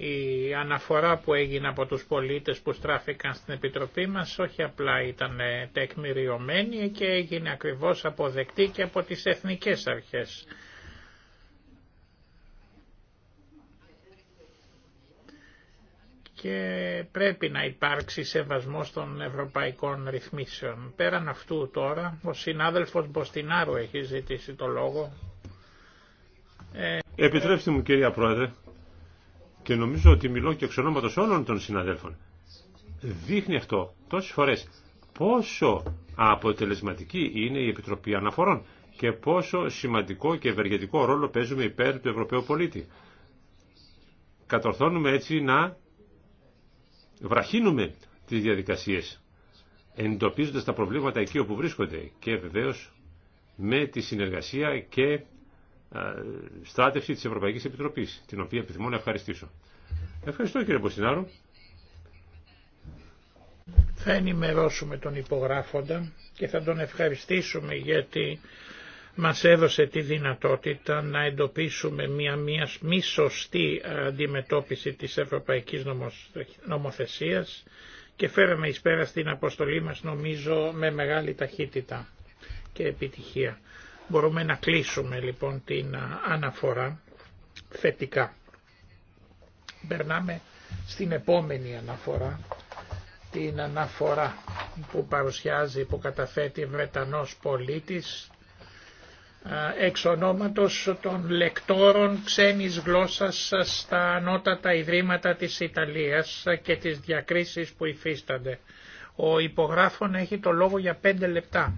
η αναφορά που έγινε από τους πολίτες που στράφηκαν στην Επιτροπή μας όχι απλά ήταν ε, τεκμηριωμένη και έγινε ακριβώς αποδεκτή και από τις εθνικές αρχές. και πρέπει να υπάρξει σεβασμός των ευρωπαϊκών ρυθμίσεων. Πέραν αυτού τώρα, ο συνάδελφος Μποστινάρου έχει ζητήσει το λόγο. Ε, Επιτρέψτε μου κυρία Πρόεδρε, και νομίζω ότι μιλώ και εξ ονόματος όλων των συναδέλφων, δείχνει αυτό τόσες φορές πόσο αποτελεσματική είναι η Επιτροπή Αναφορών και πόσο σημαντικό και ευεργετικό ρόλο παίζουμε υπέρ του Ευρωπαίου πολίτη. Κατορθώνουμε έτσι να βραχύνουμε τις διαδικασίες, εντοπίζοντας τα προβλήματα εκεί όπου βρίσκονται και βεβαίως με τη συνεργασία και ε, στράτευση της Ευρωπαϊκής Επιτροπής, την οποία επιθυμώ να ευχαριστήσω. Ευχαριστώ κύριε Μποστινάρου. Θα ενημερώσουμε τον υπογράφοντα και θα τον ευχαριστήσουμε γιατί μας έδωσε τη δυνατότητα να εντοπίσουμε μια, μια μη σωστή ε, αντιμετώπιση της Ευρωπαϊκής Νομοθεσίας και φέραμε εις πέρα στην αποστολή μας νομίζω με μεγάλη ταχύτητα και επιτυχία. Μπορούμε να κλείσουμε λοιπόν την αναφορά θετικά. Περνάμε στην επόμενη αναφορά, την αναφορά που παρουσιάζει, που καταθέτει Βρετανός πολίτης εξ ονόματος των λεκτόρων ξένης γλώσσας στα ανώτατα ιδρύματα της Ιταλίας και τις διακρίσεις που υφίστανται. Ο υπογράφων έχει το λόγο για πέντε λεπτά.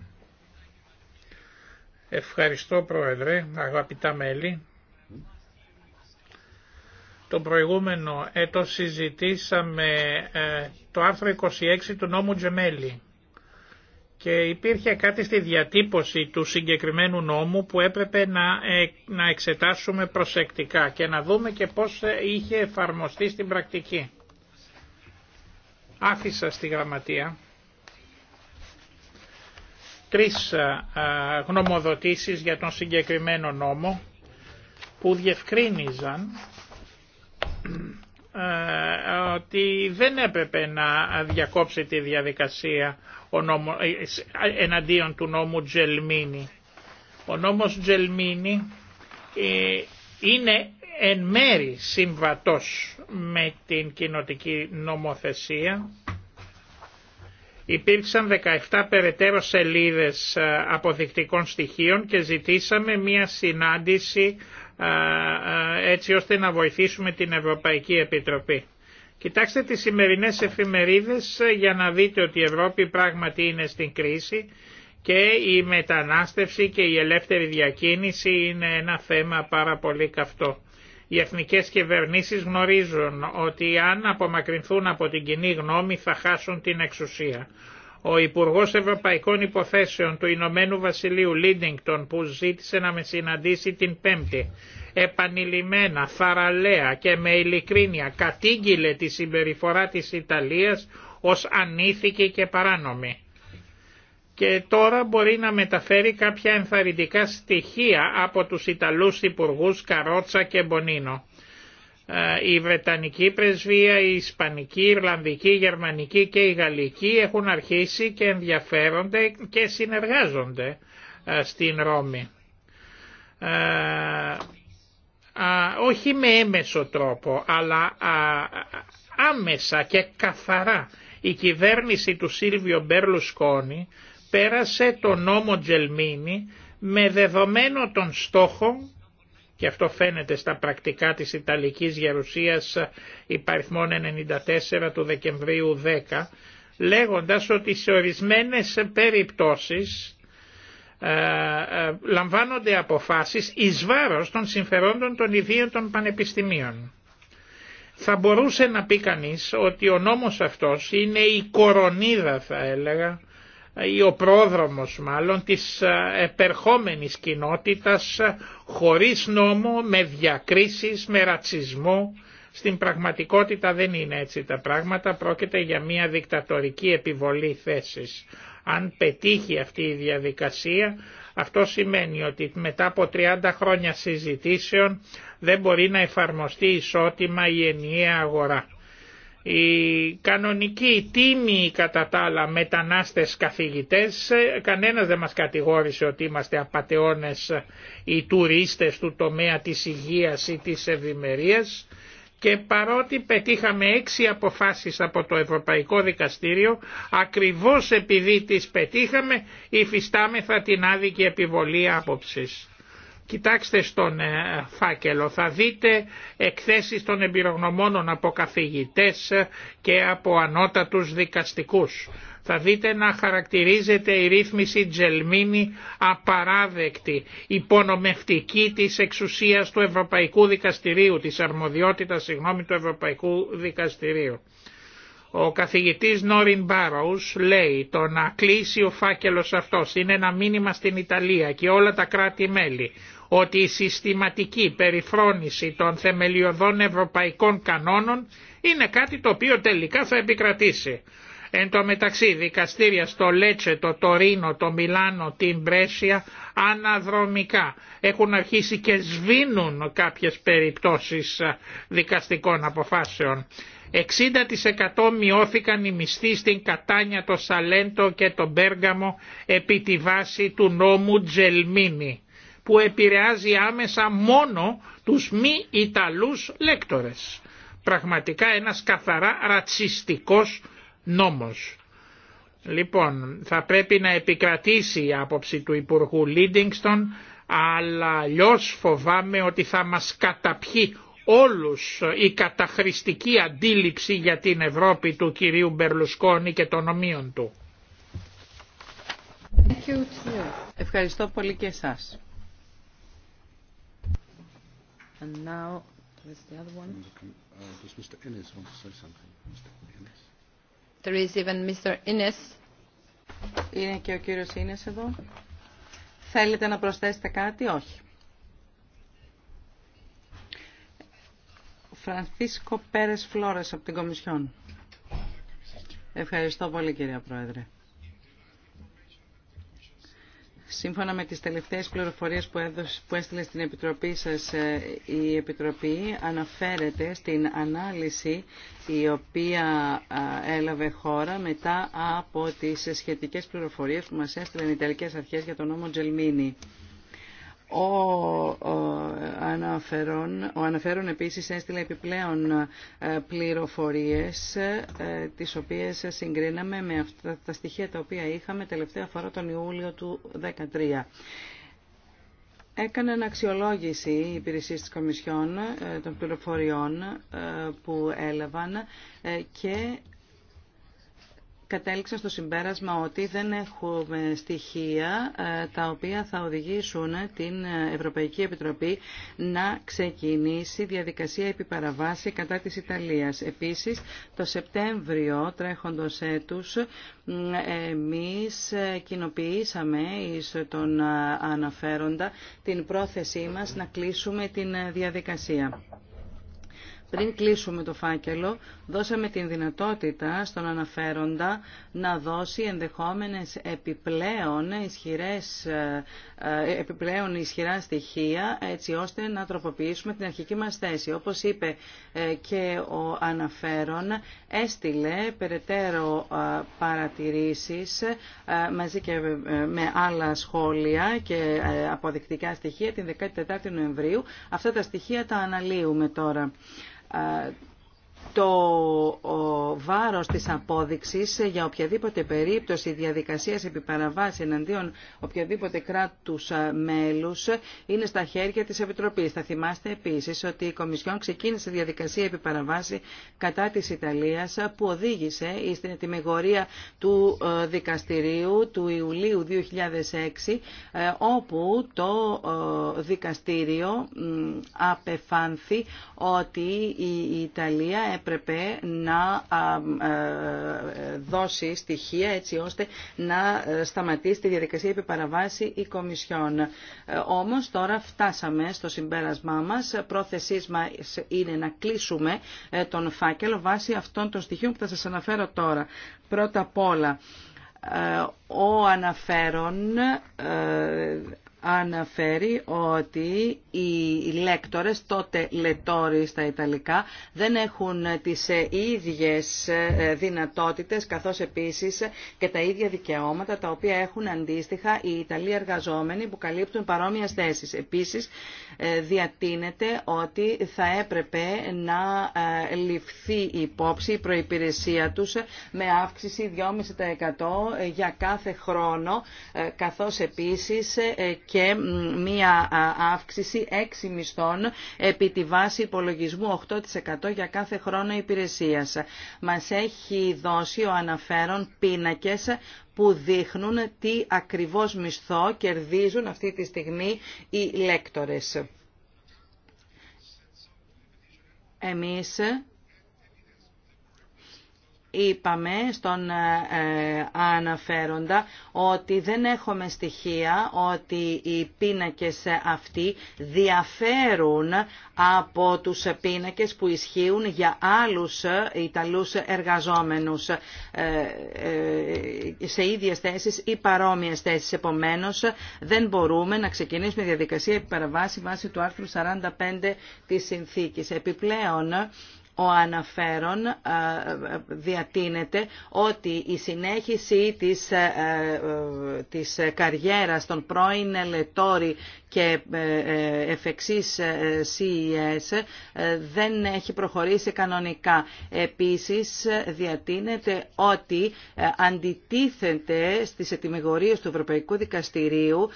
Ευχαριστώ Πρόεδρε, αγαπητά μέλη. Το προηγούμενο έτος συζητήσαμε ε, το άρθρο 26 του νόμου Τζεμέλη και υπήρχε κάτι στη διατύπωση του συγκεκριμένου νόμου που έπρεπε να, ε, να εξετάσουμε προσεκτικά και να δούμε και πώς ε, είχε εφαρμοστεί στην πρακτική. Άφησα στη γραμματεία τρεις γνωμοδοτήσεις για τον συγκεκριμένο νόμο που διευκρίνιζαν ότι δεν έπρεπε να διακόψει τη διαδικασία ο νόμο, ε, εναντίον του νόμου Τζελμίνη. Ο νόμος Τζελμίνη ε, είναι εν μέρη συμβατός με την κοινοτική νομοθεσία Υπήρξαν 17 περαιτέρω σελίδες ε, αποδεικτικών στοιχείων και ζητήσαμε μία συνάντηση ε, ε, έτσι ώστε να βοηθήσουμε την Ευρωπαϊκή Επιτροπή. Κοιτάξτε τις σημερινές εφημερίδες για να δείτε ότι η Ευρώπη πράγματι είναι στην κρίση και η μετανάστευση και η ελεύθερη διακίνηση είναι ένα θέμα πάρα πολύ καυτό. Οι εθνικές κυβερνήσεις γνωρίζουν ότι αν απομακρυνθούν από την κοινή γνώμη θα χάσουν την εξουσία. Ο Υπουργό Ευρωπαϊκών Υποθέσεων του Ηνωμένου Βασιλείου Λίντινγκτον που ζήτησε να με συναντήσει την Πέμπτη επανειλημμένα, θαραλέα και με ειλικρίνεια κατήγγειλε τη συμπεριφορά της Ιταλίας ως ανήθικη και παράνομη και τώρα μπορεί να μεταφέρει κάποια ενθαρρυντικά στοιχεία από τους Ιταλούς Υπουργούς Καρότσα και Μπονίνο. Ε, η Βρετανική Πρεσβεία, η Ισπανική, η Ιρλανδική, η Γερμανική και η Γαλλική έχουν αρχίσει και ενδιαφέρονται και συνεργάζονται ε, στην Ρώμη. Ε, όχι με έμεσο τρόπο, αλλά άμεσα και καθαρά η κυβέρνηση του Σίλβιο Σκόνη πέρασε το νόμο Τζελμίνη με δεδομένο των στόχο... και αυτό φαίνεται στα πρακτικά της Ιταλικής Γερουσίας υπαριθμών 94 του Δεκεμβρίου 10 λέγοντας ότι σε ορισμένες περιπτώσεις ε, ε, λαμβάνονται αποφάσεις εις βάρος των συμφερόντων των ιδίων των πανεπιστημίων. Θα μπορούσε να πει κανείς ότι ο νόμος αυτός είναι η κορονίδα θα έλεγα ή ο πρόδρομος μάλλον της ε, επερχόμενης κοινότητας ε, χωρίς νόμο, με διακρίσεις, με ρατσισμό. Στην πραγματικότητα δεν είναι έτσι τα πράγματα, πρόκειται για μια δικτατορική επιβολή θέσης. Αν πετύχει αυτή η διαδικασία, αυτό σημαίνει ότι μετά από 30 χρόνια συζητήσεων δεν μπορεί να εφαρμοστεί ισότιμα η ενιαία αγορά. Οι κανονικοί τίμοι κατά τα άλλα μετανάστες καθηγητές, ε, κανένας δεν μας κατηγόρησε ότι είμαστε απατεώνες οι τουρίστες του τομέα της υγείας ή της ευημερίας και παρότι πετύχαμε έξι αποφάσεις από το Ευρωπαϊκό Δικαστήριο, ακριβώς επειδή τις πετύχαμε υφιστάμεθα την άδικη επιβολή άποψης. Κοιτάξτε στον ε, φάκελο, θα δείτε εκθέσεις των εμπειρογνωμόνων από καθηγητές ε, και από ανώτατους δικαστικούς. Θα δείτε να χαρακτηρίζεται η ρύθμιση Τζελμίνη απαράδεκτη, υπονομευτική της εξουσίας του Ευρωπαϊκού Δικαστηρίου, της αρμοδιότητας συγγνώμη, του Ευρωπαϊκού Δικαστηρίου. Ο καθηγητής Νόριν Μπάροους λέει το να κλείσει ο φάκελος αυτός είναι ένα μήνυμα στην Ιταλία και όλα τα κράτη-μέλη ότι η συστηματική περιφρόνηση των θεμελιωδών ευρωπαϊκών κανόνων είναι κάτι το οποίο τελικά θα επικρατήσει. Εν τω μεταξύ δικαστήρια στο Λέτσε, το Τωρίνο, το Μιλάνο, την Πρέσια αναδρομικά έχουν αρχίσει και σβήνουν κάποιες περιπτώσεις ε, δικαστικών αποφάσεων. 60% μειώθηκαν οι μισθοί στην Κατάνια, το Σαλέντο και το Μπέργαμο επί τη βάση του νόμου Τζελμίνη που επηρεάζει άμεσα μόνο τους μη Ιταλούς λέκτορες. Πραγματικά ένας καθαρά ρατσιστικός νόμος. Λοιπόν, θα πρέπει να επικρατήσει η άποψη του Υπουργού Λίντιγκστον, αλλά αλλιώ φοβάμαι ότι θα μας καταπιεί όλους η καταχρηστική αντίληψη για την Ευρώπη του κυρίου Μπερλουσκόνη και των ομοίων του. Ευχαριστώ πολύ και εσάς. And now, where's the other one? Uh, does Mr. Innes want to say something? Mr. Innes. There is even Mr. Innes. Είναι και ο κύριος Ίνες εδώ. Θέλετε να προσθέσετε κάτι, όχι. Φρανθίσκο Πέρες Φλόρες από την Κομισιόν. Ευχαριστώ πολύ κυρία Πρόεδρε. Σύμφωνα με τις τελευταίες πληροφορίες που, έδωσε, που έστειλε στην Επιτροπή σας, ε, η Επιτροπή αναφέρεται στην ανάλυση η οποία ε, έλαβε χώρα μετά από τις σχετικές πληροφορίες που μας έστειλαν οι Ιταλικές Αρχές για τον νόμο Τζελμίνη. Ο, ο, αναφέρον, ο αναφέρον επίσης έστειλε επιπλέον ε, πληροφορίες ε, τις οποίες συγκρίναμε με αυτά τα στοιχεία τα οποία είχαμε τελευταία φορά τον Ιούλιο του 2013. Έκαναν αξιολόγηση οι υπηρεσίε της Κομισιόν ε, των πληροφοριών που έλαβαν και κατέληξα στο συμπέρασμα ότι δεν έχουμε στοιχεία ε, τα οποία θα οδηγήσουν την Ευρωπαϊκή Επιτροπή να ξεκινήσει διαδικασία επιπαραβάση κατά της Ιταλίας. Επίσης, το Σεπτέμβριο τρέχοντος έτους εμείς κοινοποιήσαμε εις τον αναφέροντα την πρόθεσή μας να κλείσουμε την διαδικασία πριν κλείσουμε το φάκελο, δώσαμε την δυνατότητα στον αναφέροντα να δώσει ενδεχόμενες επιπλέον, ισχυρές, ε, ε, επιπλέον ισχυρά στοιχεία, έτσι ώστε να τροποποιήσουμε την αρχική μας θέση. Όπως είπε ε, και ο αναφέρον, έστειλε περαιτέρω παρατηρήσεις μαζί και με άλλα σχόλια και αποδεικτικά στοιχεία την 14η Νοεμβρίου. Αυτά τα στοιχεία τα αναλύουμε τώρα α ε, το βάρος της απόδειξης για οποιαδήποτε περίπτωση διαδικασίας επιπαραβάσης εναντίον οποιαδήποτε κράτους ε, μέλους είναι στα χέρια της Επιτροπής. Θα θυμάστε επίσης ότι η Κομισιόν ξεκίνησε διαδικασία επιπαραβάση κατά της Ιταλίας που οδήγησε στην ετοιμιγορία του ε, δικαστηρίου του Ιουλίου 2006 ε, όπου το δικαστήριο απεφάνθη ότι η Ιταλία έπρεπε να ε, δώσει στοιχεία έτσι ώστε να ε, σταματήσει τη διαδικασία επί παραβάση η Κομισιόν. Ε, όμως τώρα φτάσαμε στο συμπέρασμά μας. Πρόθεσή μας είναι να κλείσουμε τον φάκελο βάσει αυτών των στοιχείων που θα σας αναφέρω τώρα. Πρώτα απ' όλα, ο αναφέρον αναφέρει ότι οι λέκτορες, τότε λετόροι στα Ιταλικά, δεν έχουν τις ίδιες δυνατότητες, καθώς επίσης και τα ίδια δικαιώματα, τα οποία έχουν αντίστοιχα οι Ιταλοί εργαζόμενοι που καλύπτουν παρόμοια θέσεις. Επίσης, ε, διατείνεται ότι θα έπρεπε να ε, ληφθεί υπόψη η προϋπηρεσία τους με αύξηση 2,5% για κάθε χρόνο, ε, καθώς επίσης και μία αύξηση 6 μισθών επί τη βάση υπολογισμού 8% για κάθε χρόνο υπηρεσίας. Μας έχει δώσει ο αναφέρον πίνακες που δείχνουν τι ακριβώς μισθό κερδίζουν αυτή τη στιγμή οι λέκτορες. Εμείς Είπαμε στον ε, ε, αναφέροντα ότι δεν έχουμε στοιχεία ότι οι πίνακες αυτοί διαφέρουν από τους πίνακες που ισχύουν για άλλους Ιταλούς εργαζόμενους ε, σε ίδιες θέσεις ή παρόμοιες θέσεις. Επομένως, δεν μπορούμε να ξεκινήσουμε διαδικασία επιπαραβάση βάσει του άρθρου 45 της συνθήκης. Επιπλέον, ο αναφέρον ε, ε, διατείνεται ότι η συνέχιση της, ε, της καριέρας των πρώην ελετόρι και εφεξής CES δεν έχει προχωρήσει κανονικά. Επίσης διατείνεται ότι αντιτίθεται στις ετοιμιγορίες του Ευρωπαϊκού Δικαστηρίου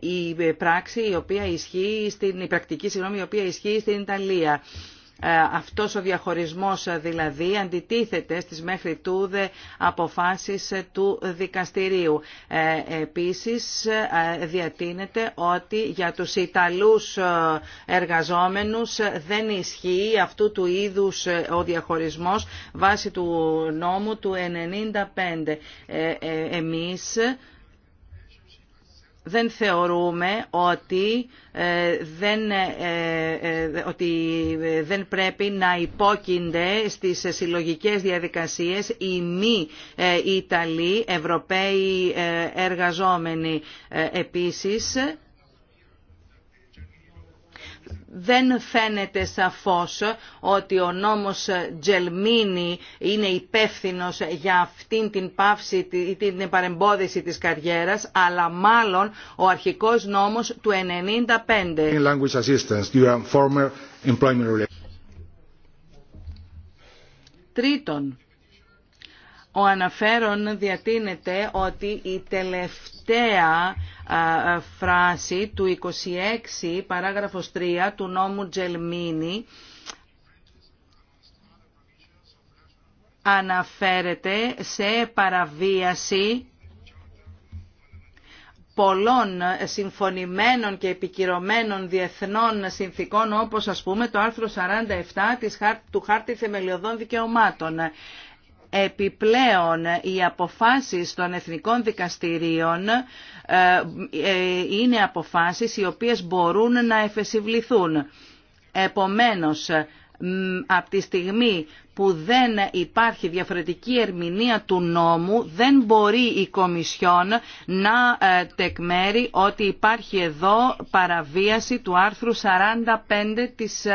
η πράξη η οποία ισχύει στην η πρακτική συγγνώμη, η οποία ισχύει στην Ιταλία. Ε, αυτός ο διαχωρισμός ε, δηλαδή αντιτίθεται στις μέχρι τούδε αποφάσεις ε, του δικαστηρίου. Επίσης διατείνεται ότι για τους Ιταλούς εργαζόμενους δεν ισχύει αυτού του είδους ο διαχωρισμός βάσει του νόμου του 1995 δεν θεωρούμε ότι ε, δεν, ε, ε, ότι δεν πρέπει να υπόκεινται στις συλλογικές διαδικασίες οι μη Ιταλοί, Ευρωπαίοι εργαζόμενοι. Επίσης, δεν φαίνεται σαφώς ότι ο νόμος Τζελμίνη είναι υπεύθυνο για αυτήν την πάυση ή την παρεμπόδιση της καριέρας, αλλά μάλλον ο αρχικός νόμος του 95. Τρίτον, ο αναφέρον διατείνεται ότι η τελευταία φράση του 26 παράγραφος 3 του νόμου Τζελμίνη αναφέρεται σε παραβίαση πολλών συμφωνημένων και επικυρωμένων διεθνών συνθήκων όπως ας πούμε το άρθρο 47 του Χάρτη Θεμελιωδών Δικαιωμάτων. Επιπλέον, οι αποφάσεις των εθνικών δικαστηρίων ε, ε, είναι αποφάσεις οι οποίες μπορούν να εφεσιβληθούν. Επομένως, από τη στιγμή που δεν υπάρχει διαφορετική ερμηνεία του νόμου, δεν μπορεί η Κομισιόν να ε, τεκμέρει ότι υπάρχει εδώ παραβίαση του άρθρου 45 της,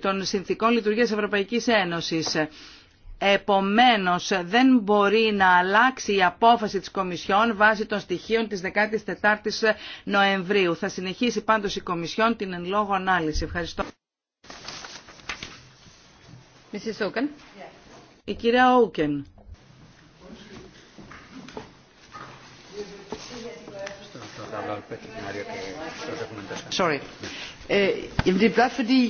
των Συνθήκων Λειτουργίας Ευρωπαϊκής Ένωσης. Επομένως δεν μπορεί να αλλάξει η απόφαση της Κομισιόν βάσει των στοιχείων της 14ης Νοεμβρίου. Θα συνεχίσει πάντως η Κομισιόν την εν λόγω ανάλυση. Ευχαριστώ. Η κυρία Όκεν. Sorry. Øh, det er blot fordi,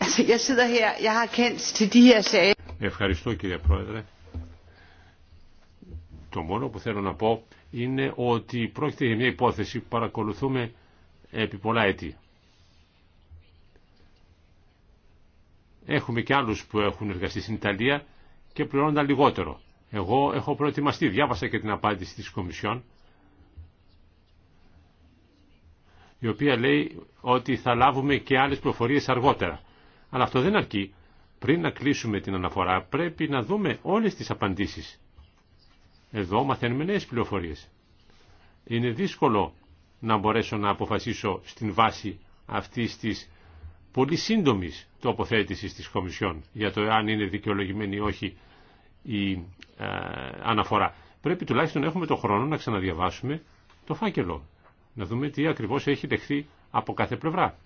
altså jeg sidder her, jeg har kendt til de her sager. Ευχαριστώ κύριε Πρόεδρε. Το μόνο που θέλω να πω είναι ότι πρόκειται για μια υπόθεση που παρακολουθούμε επί πολλά έτη. Έχουμε και άλλους που έχουν εργαστεί στην Ιταλία και πληρώνονταν λιγότερο. Εγώ έχω προετοιμαστεί, διάβασα και την απάντηση της Κομισιόν, η οποία λέει ότι θα λάβουμε και άλλες προφορίες αργότερα. Αλλά αυτό δεν αρκεί πριν να κλείσουμε την αναφορά πρέπει να δούμε όλες τις απαντήσεις. Εδώ μαθαίνουμε νέες πληροφορίες. Είναι δύσκολο να μπορέσω να αποφασίσω στην βάση αυτής της πολύ σύντομης τοποθέτησης της Κομισιόν για το αν είναι δικαιολογημένη ή όχι η ε, αναφορά. Πρέπει τουλάχιστον να έχουμε το χρόνο να ξαναδιαβάσουμε το φάκελο, να δούμε τι ακριβώς έχει λεχθεί από κάθε πλευρά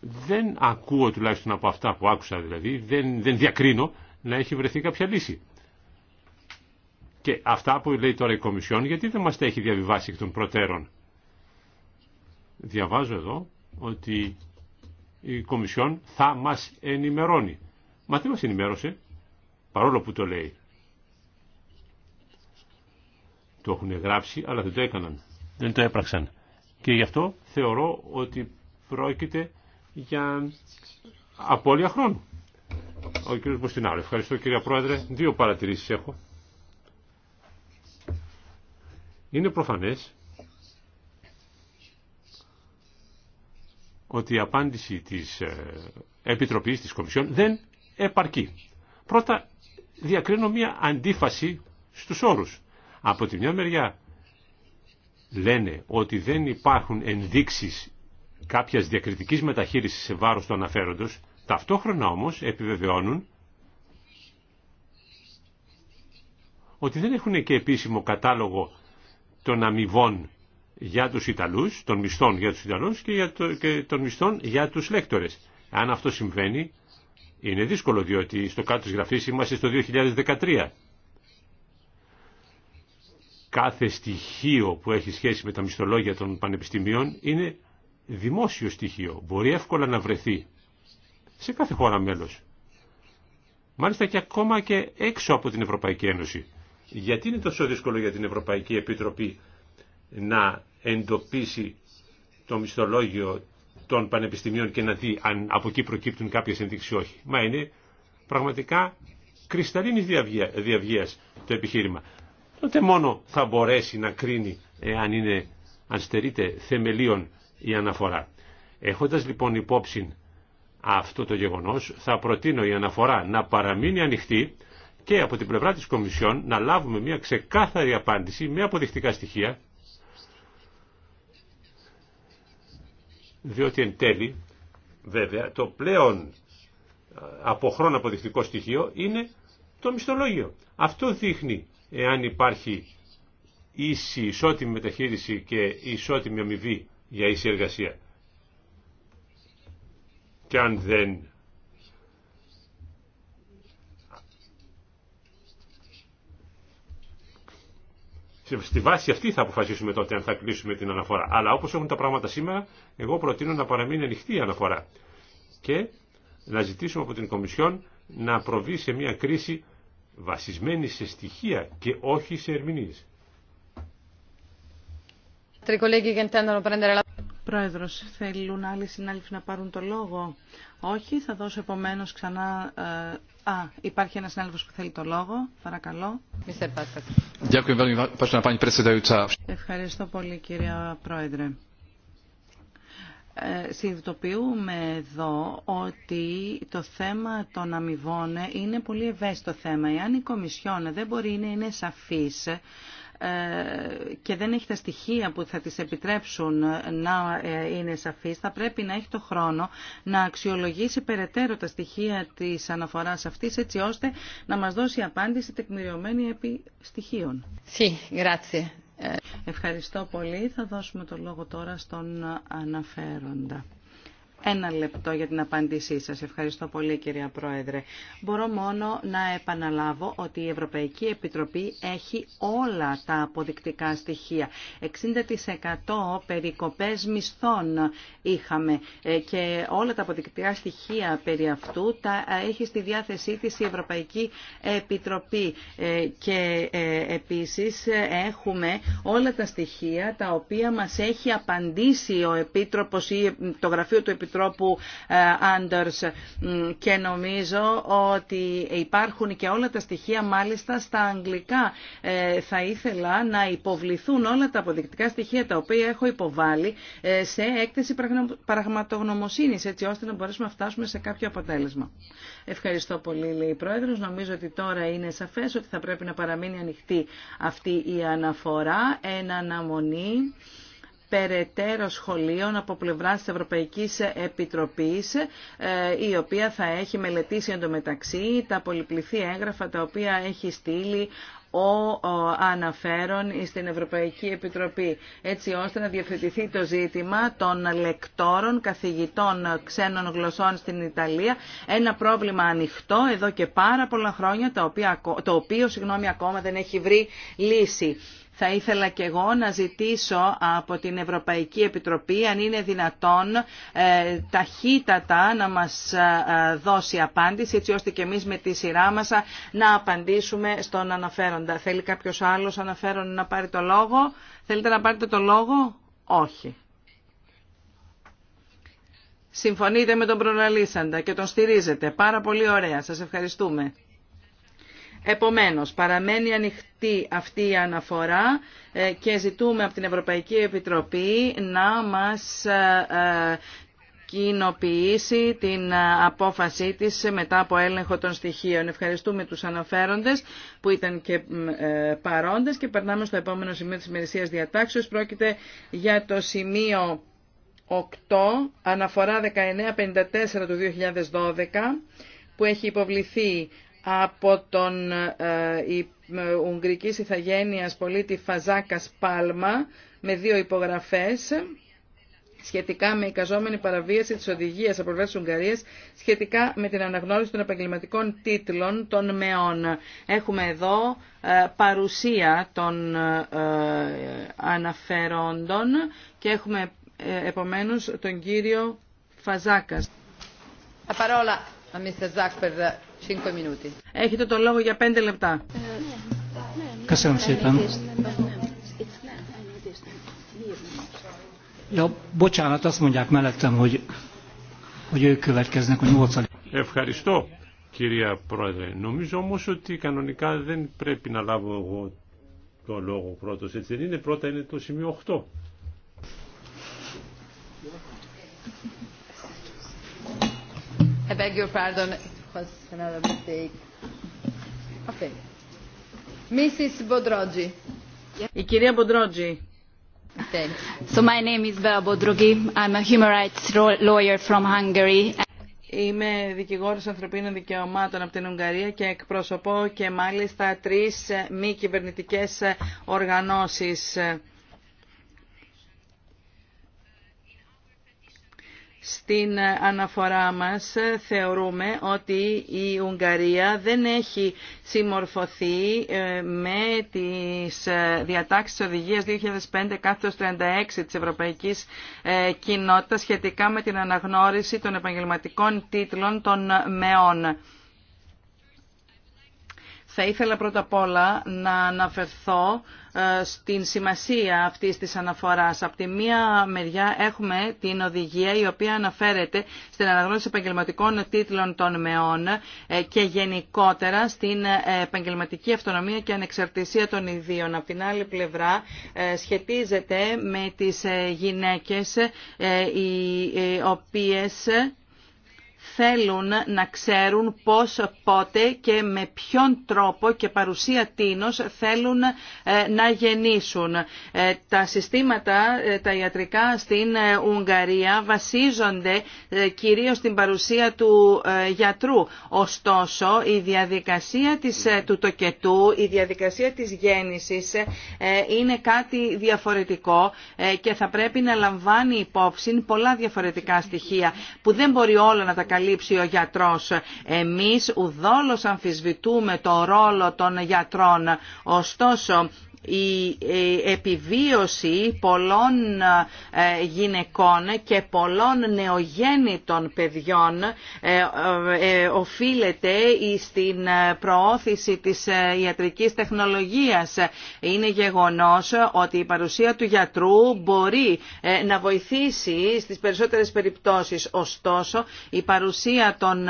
δεν ακούω τουλάχιστον από αυτά που άκουσα δηλαδή, δεν, δεν διακρίνω να έχει βρεθεί κάποια λύση. Και αυτά που λέει τώρα η Κομισιόν, γιατί δεν μας τα έχει διαβιβάσει εκ των προτέρων. Διαβάζω εδώ ότι η Κομισιόν θα μας ενημερώνει. Μα τι μας ενημέρωσε, παρόλο που το λέει. Το έχουν γράψει, αλλά δεν το έκαναν. Δεν το έπραξαν. Και γι' αυτό θεωρώ ότι πρόκειται για απώλεια χρόνου. Ο κύριος Μποστινάρου. Ευχαριστώ κ. Πρόεδρε. Δύο παρατηρήσεις έχω. Είναι προφανές ότι η απάντηση της ε, Επιτροπής, της Κομισιόν δεν επαρκεί. Πρώτα διακρίνω μια αντίφαση στους όρους. Από τη μια μεριά λένε ότι δεν υπάρχουν ενδείξεις κάποια διακριτική μεταχείρισης σε βάρο του αναφέροντος, ταυτόχρονα όμως επιβεβαιώνουν ότι δεν έχουν και επίσημο κατάλογο των αμοιβών για τους Ιταλούς, των μισθών για τους Ιταλούς και, για το, και των μισθών για τους λέκτορες. Αν αυτό συμβαίνει, είναι δύσκολο διότι στο κάτω της γραφής είμαστε στο 2013. Κάθε στοιχείο που έχει σχέση με τα μισθολόγια των πανεπιστημίων είναι δημόσιο στοιχείο. Μπορεί εύκολα να βρεθεί σε κάθε χώρα μέλος. Μάλιστα και ακόμα και έξω από την Ευρωπαϊκή Ένωση. Γιατί είναι τόσο δύσκολο για την Ευρωπαϊκή Επιτροπή να εντοπίσει το μισθολόγιο των πανεπιστημίων και να δει αν από εκεί προκύπτουν κάποιες ενδείξεις ή όχι. Μα είναι πραγματικά κρυσταλλίνη το επιχείρημα. Τότε μόνο θα μπορέσει να κρίνει εάν είναι, αν στερείται θεμελίων η αναφορά. Έχοντας λοιπόν υπόψη αυτό το γεγονός, θα προτείνω η αναφορά να παραμείνει ανοιχτή και από την πλευρά της Κομισιόν να λάβουμε μια ξεκάθαρη απάντηση με αποδεικτικά στοιχεία, διότι εν τέλει, βέβαια, το πλέον ε, από χρόνο αποδεικτικό στοιχείο είναι το μισθολόγιο. Αυτό δείχνει εάν υπάρχει ίση, ισότιμη μεταχείριση και ισότιμη αμοιβή για ίση εργασία. Και αν δεν Στη βάση αυτή θα αποφασίσουμε τότε αν θα κλείσουμε την αναφορά. Αλλά όπως έχουν τα πράγματα σήμερα, εγώ προτείνω να παραμείνει ανοιχτή η αναφορά και να ζητήσουμε από την Κομισιόν να προβεί σε μια κρίση βασισμένη σε στοιχεία και όχι σε ερμηνείες. Πρόεδρος, θέλουν άλλοι συνάδελφοι να πάρουν το λόγο. Όχι, θα δώσω επομένω ξανά... Ε, α, υπάρχει ένας συνάδελφος που θέλει το λόγο. Παρακαλώ. Ευχαριστώ πολύ κύριε Πρόεδρε. Ε, συνειδητοποιούμε εδώ ότι το θέμα των αμοιβών είναι πολύ ευαίσθητο θέμα. Εάν η Κομισιόν δεν μπορεί να είναι σαφής ε, και δεν έχει τα στοιχεία που θα τις επιτρέψουν να ε, είναι σαφείς, θα πρέπει να έχει το χρόνο να αξιολογήσει περαιτέρω τα στοιχεία της αναφοράς αυτής, έτσι ώστε να μας δώσει απάντηση τεκμηριωμένη επί στοιχείων. Ε, ευχαριστώ πολύ. Θα δώσουμε το λόγο τώρα στον αναφέροντα ένα λεπτό για την απάντησή σας. Ευχαριστώ πολύ κυρία Πρόεδρε. Μπορώ μόνο να επαναλάβω ότι η Ευρωπαϊκή Επιτροπή έχει όλα τα αποδεικτικά στοιχεία. 60% περικοπές μισθών είχαμε ε, και όλα τα αποδεικτικά στοιχεία περί αυτού τα ε, έχει στη διάθεσή της η Ευρωπαϊκή Επιτροπή. Ε, και επίσης έχουμε όλα τα στοιχεία τα οποία μας έχει απαντήσει ο Επίτροπος ή το γραφείο του Επιτροπή Επιτρόπου Άντερς και νομίζω ότι υπάρχουν και όλα τα στοιχεία μάλιστα στα αγγλικά. Ε, θα ήθελα να υποβληθούν όλα τα αποδεικτικά στοιχεία τα οποία έχω υποβάλει ε, σε έκθεση πραγματογνωμοσύνης έτσι ώστε να μπορέσουμε να φτάσουμε σε κάποιο αποτέλεσμα. Ευχαριστώ πολύ λέει η Πρόεδρος. Νομίζω ότι τώρα είναι σαφέ, ότι θα πρέπει να παραμείνει ανοιχτή αυτή η αναφορά εν αναμονή περαιτέρω σχολείων από πλευρά τη Ευρωπαϊκή επιτροπή, ε, η οποία θα έχει μελετήσει εντωμεταξύ τα πολυπληθή έγγραφα τα οποία έχει στείλει ο αναφέρον στην Ευρωπαϊκή Επιτροπή, έτσι ώστε να διευθετηθεί το ζήτημα των λεκτόρων, καθηγητών ξένων γλωσσών στην Ιταλία, ένα πρόβλημα ανοιχτό εδώ και πάρα πολλά χρόνια, το οποίο, το οποίο συγγνώμη, ακόμα δεν έχει βρει λύση θα ήθελα και εγώ να ζητήσω από την Ευρωπαϊκή Επιτροπή αν είναι δυνατόν ε, ταχύτατα να μας ε, δώσει απάντηση έτσι ώστε και εμείς με τη σειρά μας ε, να απαντήσουμε στον αναφέροντα. Θέλει κάποιος άλλος αναφέρον να πάρει το λόγο. Θέλετε να πάρετε το λόγο. Όχι. Συμφωνείτε με τον προναλήσαντα και τον στηρίζετε. Πάρα πολύ ωραία. Σας ευχαριστούμε. Επομένως, παραμένει ανοιχτή αυτή η αναφορά ε, και ζητούμε από την Ευρωπαϊκή Επιτροπή να μας ε, ε, κοινοποιήσει την απόφασή της μετά από έλεγχο των στοιχείων. Ευχαριστούμε τους αναφέροντες που ήταν και παρόντες και περνάμε στο επόμενο σημείο της ημερησίας διατάξεως. Πρόκειται για το σημείο 8, αναφορά 1954 του 2012 που έχει υποβληθεί από τον ε, η, ε, Ουγγρικής Ιθαγένειας πολίτη Φαζάκα Πάλμα με δύο υπογραφές σχετικά με εικαζόμενη παραβίαση της οδηγίας από πλευρά σχετικά με την αναγνώριση των επαγγελματικών τίτλων των ΜΕΟΝ. Έχουμε εδώ ε, παρουσία των αναφέροντων και έχουμε επομένως τον κύριο Φαζάκας. La parola a Έχετε το λόγο για πέντε λεπτά. Ευχαριστώ κυρία Πρόεδρε. Νομίζω όμως ότι κανονικά δεν πρέπει να λάβω εγώ το λόγο πρώτος. Έτσι δεν είναι. Πρώτα είναι το σημείο 8. I was another mistake. Okay. Mrs. Bodrogi. Η κυρία Μποντρότζη. Okay. So my name is Bea Bodrogi. I'm a human rights lawyer from Hungary. Είμαι δικηγόρος ανθρωπίνων δικαιωμάτων από την Ουγγαρία και εκπροσωπώ και μάλιστα τρεις μη κυβερνητικές οργανώσεις. στην αναφορά μας θεωρούμε ότι η Ουγγαρία δεν έχει συμμορφωθεί ε, με τις ε, διατάξεις οδηγίας 2005-36 της Ευρωπαϊκής ε, Κοινότητας σχετικά με την αναγνώριση των επαγγελματικών τίτλων των ΜΕΟΝ. Θα ήθελα πρώτα απ' όλα να αναφερθώ ε, στην σημασία αυτής της αναφοράς. Από τη μία μεριά έχουμε την οδηγία η οποία αναφέρεται στην αναγνώριση επαγγελματικών τίτλων των μεών ε, και γενικότερα στην ε, επαγγελματική αυτονομία και ανεξαρτησία των ιδίων. Από την άλλη πλευρά σχετίζεται με τις γυναίκες οι οποίες θέλουν να ξέρουν πώς, πότε και με ποιον τρόπο και παρουσία τίνος θέλουν ε, να γεννήσουν. Ε, τα συστήματα, ε, τα ιατρικά στην Ουγγαρία βασίζονται κυρίως στην παρουσία του γιατρού. Ωστόσο, η διαδικασία της, του τοκετού, η διαδικασία της γέννησης είναι κάτι διαφορετικό και θα πρέπει να λαμβάνει υπόψη πολλά διαφορετικά στοιχεία που δεν μπορεί όλα να τα καλύψει ο γιατρός. Εμείς ουδόλως αμφισβητούμε το ρόλο των γιατρών. Ωστόσο, η επιβίωση πολλών ε, γυναικών και πολλών νεογέννητων παιδιών ε, ε, οφείλεται στην προώθηση της ιατρικής τεχνολογίας. Είναι γεγονός ότι η παρουσία του γιατρού μπορεί να βοηθήσει στις περισσότερες περιπτώσεις. Ωστόσο, η παρουσία των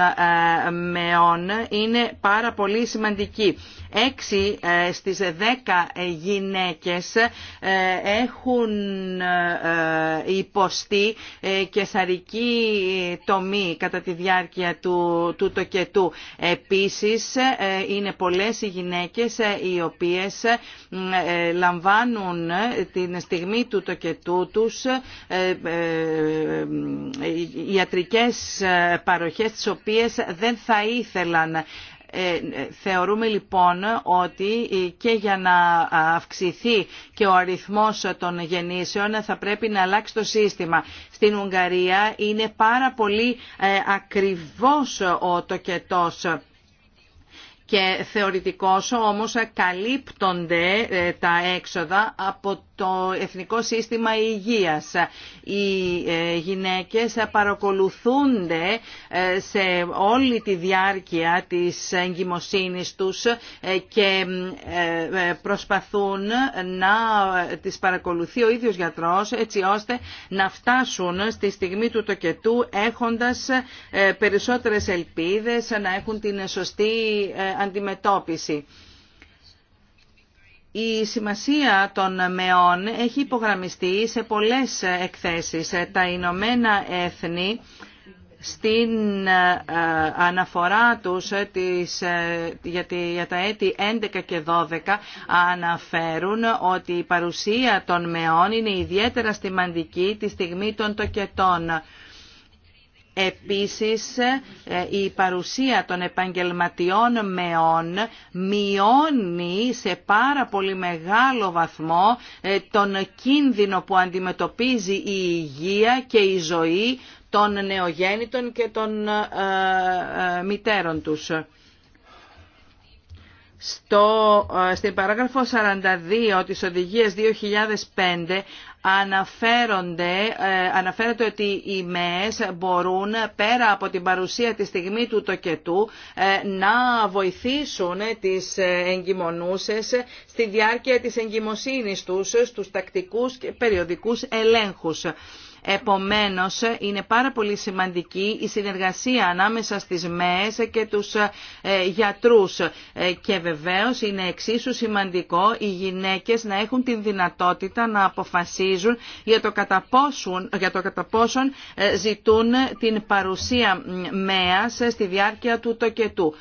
μεών είναι πάρα πολύ σημαντική. Έξι στις δέκα γυναίκες έχουν υποστεί σαρική τομή κατά τη διάρκεια του, του τοκετού. Επίσης είναι πολλές οι γυναίκες οι οποίες λαμβάνουν την στιγμή του τοκετού τους ιατρικές παροχές τις οποίες δεν θα ήθελαν ε, θεωρούμε λοιπόν ότι ε, και για να αυξηθεί και ο αριθμός των γεννήσεων θα πρέπει να αλλάξει το σύστημα. Στην Ουγγαρία είναι πάρα πολύ ε, ακριβώς ο τοκετός και θεωρητικός όμως καλύπτονται τα έξοδα από το Εθνικό Σύστημα Υγείας. Οι ε, γυναίκες παρακολουθούνται ε, σε όλη τη διάρκεια της εγκυμοσύνης τους ε, και προσπαθούν να τις παρακολουθεί ο ίδιος γιατρός έτσι ώστε να φτάσουν στη στιγμή του τοκετού έχοντας περισσότερες ελπίδες να έχουν την σωστή αντιμετώπιση. Η σημασία των μεών έχει υπογραμμιστεί σε πολλές εκθέσεις. Τα Ηνωμένα Έθνη στην ε, αναφορά τους ε, ε, για, τα έτη 11 και 12 αναφέρουν ότι η παρουσία των μεών είναι ιδιαίτερα σημαντική τη στιγμή των τοκετών. Επίσης, ε, η παρουσία των επαγγελματιών μεών μειώνει σε πάρα πολύ μεγάλο βαθμό ε, τον κίνδυνο που αντιμετωπίζει η υγεία και η ζωή των νεογέννητων και των ε, μητέρων τους στο, ε, στην παράγραφο 42 της οδηγίας 2005 αναφέρονται, ε, αναφέρεται ότι οι ΜΕΕΣ μπορούν πέρα από την παρουσία τη στιγμή του τοκετού ε, να βοηθήσουν τις εγκυμονούσες στη διάρκεια της εγκυμοσύνης τους στους τακτικούς και περιοδικούς ελέγχους. Επομένως, είναι πάρα πολύ σημαντική η συνεργασία ανάμεσα στις ΜΕΕΣ και τους ε, γιατρούς. Ε, και βεβαίως είναι εξίσου σημαντικό οι γυναίκες να έχουν την δυνατότητα να αποφασίζουν για το κατά πόσον, για το κατά πόσον ε, ζητούν την παρουσία ΜΕΑΣ στη διάρκεια του τοκετού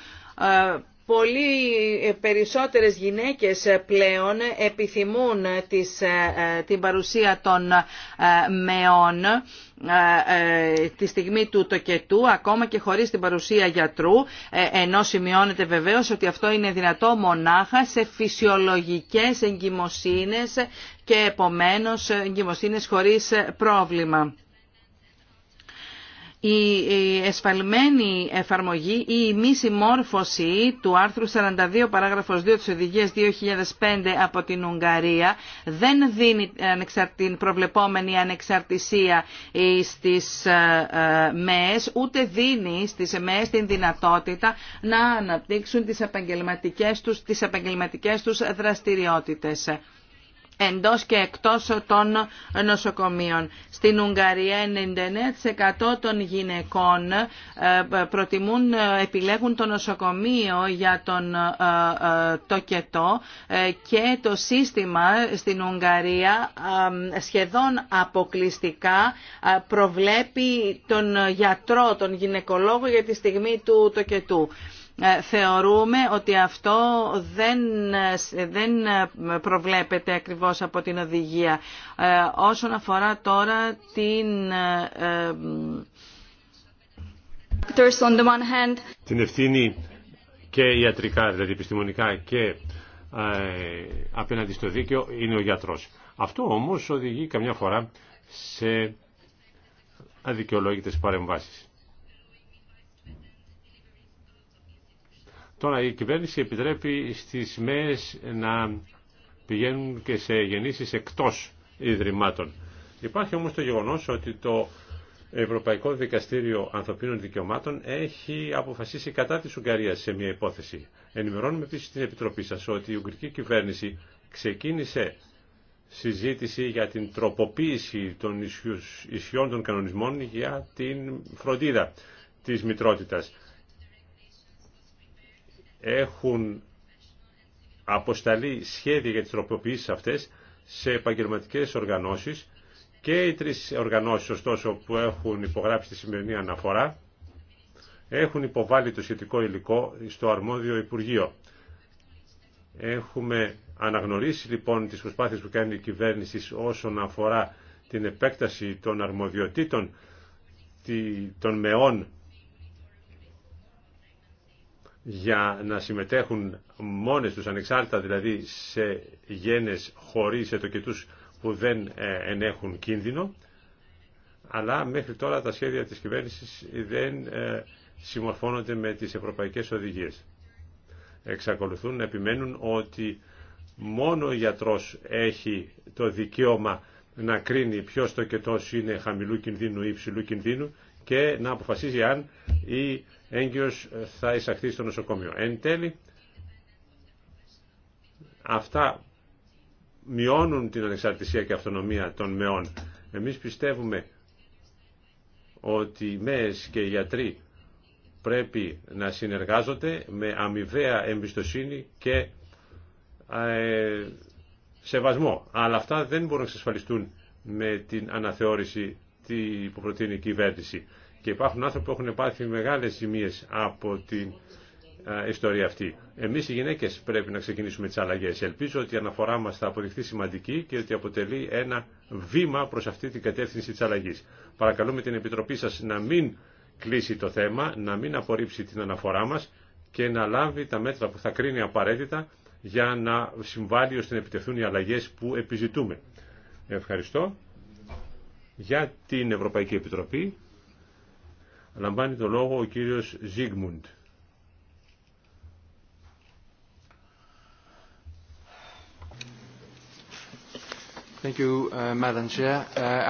Πολύ ε, περισσότερες γυναίκες ε, πλέον επιθυμούν τις, ε, την παρουσία των μεών τη στιγμή του τοκετού, ακόμα και χωρίς την παρουσία γιατρού, ενώ σημειώνεται βεβαίως ότι αυτό είναι δυνατό μονάχα σε φυσιολογικές εγκυμοσύνες και επομένως εγκυμοσύνες χωρίς πρόβλημα η εσφαλμένη εφαρμογή ή η μη συμμόρφωση του άρθρου 42 παράγραφος 2 της Οδηγίας 2005 από την Ουγγαρία δεν δίνει την προβλεπόμενη ανεξαρτησία στις ε, ε, ΜΕΕΣ ούτε δίνει στις ΜΕΕΣ την δυνατότητα να αναπτύξουν τις επαγγελματικές τους, τις επαγγελματικές τους δραστηριότητες εντός και εκτός των νοσοκομείων. Στην Ουγγαρία 99% των γυναικών ε, προτιμούν, ε, επιλέγουν το νοσοκομείο για τον ε, τοκετό και το σύστημα στην Ουγγαρία σχεδόν αποκλειστικά προβλέπει τον γιατρό, τον γυναικολόγο για τη στιγμή του τοκετού. Ε, θεωρούμε ότι αυτό δεν, δεν προβλέπεται ακριβώς από την οδηγία. Ε, όσον αφορά τώρα την... Ε, την ευθύνη και ιατρικά, δηλαδή επιστημονικά και απέναντι στο δίκαιο είναι ο γιατρός. Αυτό όμως οδηγεί καμιά φορά σε αδικαιολόγητες παρεμβάσεις. Τώρα η κυβέρνηση επιτρέπει στις ΜΕΕΣ να πηγαίνουν και σε γεννήσεις εκτός ιδρυμάτων. Υπάρχει όμως το γεγονός ότι το Ευρωπαϊκό Δικαστήριο Ανθρωπίνων Δικαιωμάτων έχει αποφασίσει κατά της Ουγγαρίας σε μια υπόθεση. Ενημερώνουμε επίσης την Επιτροπή σας ότι η Ουγγρική κυβέρνηση ξεκίνησε συζήτηση για την τροποποίηση των ισιών των κανονισμών για την φροντίδα της μητρότητας έχουν αποσταλεί σχέδια για τις τροποποιήσεις αυτές σε επαγγελματικέ οργανώσεις και οι τρεις οργανώσεις ωστόσο που έχουν υπογράψει τη σημερινή αναφορά έχουν υποβάλει το σχετικό υλικό στο αρμόδιο Υπουργείο. Έχουμε αναγνωρίσει λοιπόν τις προσπάθειες που κάνει η κυβέρνηση όσον αφορά την επέκταση των αρμοδιοτήτων των μεών για να συμμετέχουν μόνες τους ανεξάρτητα δηλαδή σε γένες χωρίς ετοκετούς που δεν ε, ενέχουν κίνδυνο αλλά μέχρι τώρα τα σχέδια της κυβέρνησης δεν ε, συμμορφώνονται με τις ευρωπαϊκές οδηγίες. Εξακολουθούν να επιμένουν ότι μόνο ο γιατρός έχει το δικαίωμα να κρίνει ποιος το είναι χαμηλού κινδύνου ή υψηλού κινδύνου και να αποφασίζει αν η έγκυος ε, θα εισαχθεί στο νοσοκομείο. Εν τέλει, αυτά μειώνουν την ανεξαρτησία και αυτονομία των μεών. Εμείς πιστεύουμε ότι οι ΜΕΕΣ και οι γιατροί πρέπει να συνεργάζονται με αμοιβαία εμπιστοσύνη και ε, σεβασμό. Αλλά αυτά δεν μπορούν να εξασφαλιστούν με την αναθεώρηση που προτείνει η κυβέρνηση και υπάρχουν άνθρωποι που έχουν πάθει μεγάλες ζημίες από την ιστορία αυτή. Εμείς οι γυναίκες πρέπει να ξεκινήσουμε τις αλλαγές. Ελπίζω ότι η αναφορά μας θα αποδειχθεί σημαντική και ότι αποτελεί ένα βήμα προς αυτή την κατεύθυνση της αλλαγής. Παρακαλούμε την Επιτροπή σας να μην κλείσει το θέμα, να μην απορρίψει την αναφορά μας και να λάβει τα μέτρα που θα κρίνει απαραίτητα για να συμβάλλει ώστε να επιτευχθούν οι αλλαγές που επιζητούμε. Ευχαριστώ. Για την Ευρωπαϊκή Επιτροπή Λαμβάνει το λόγο ο κύριος Ζίγμουντ. Thank you, uh, uh,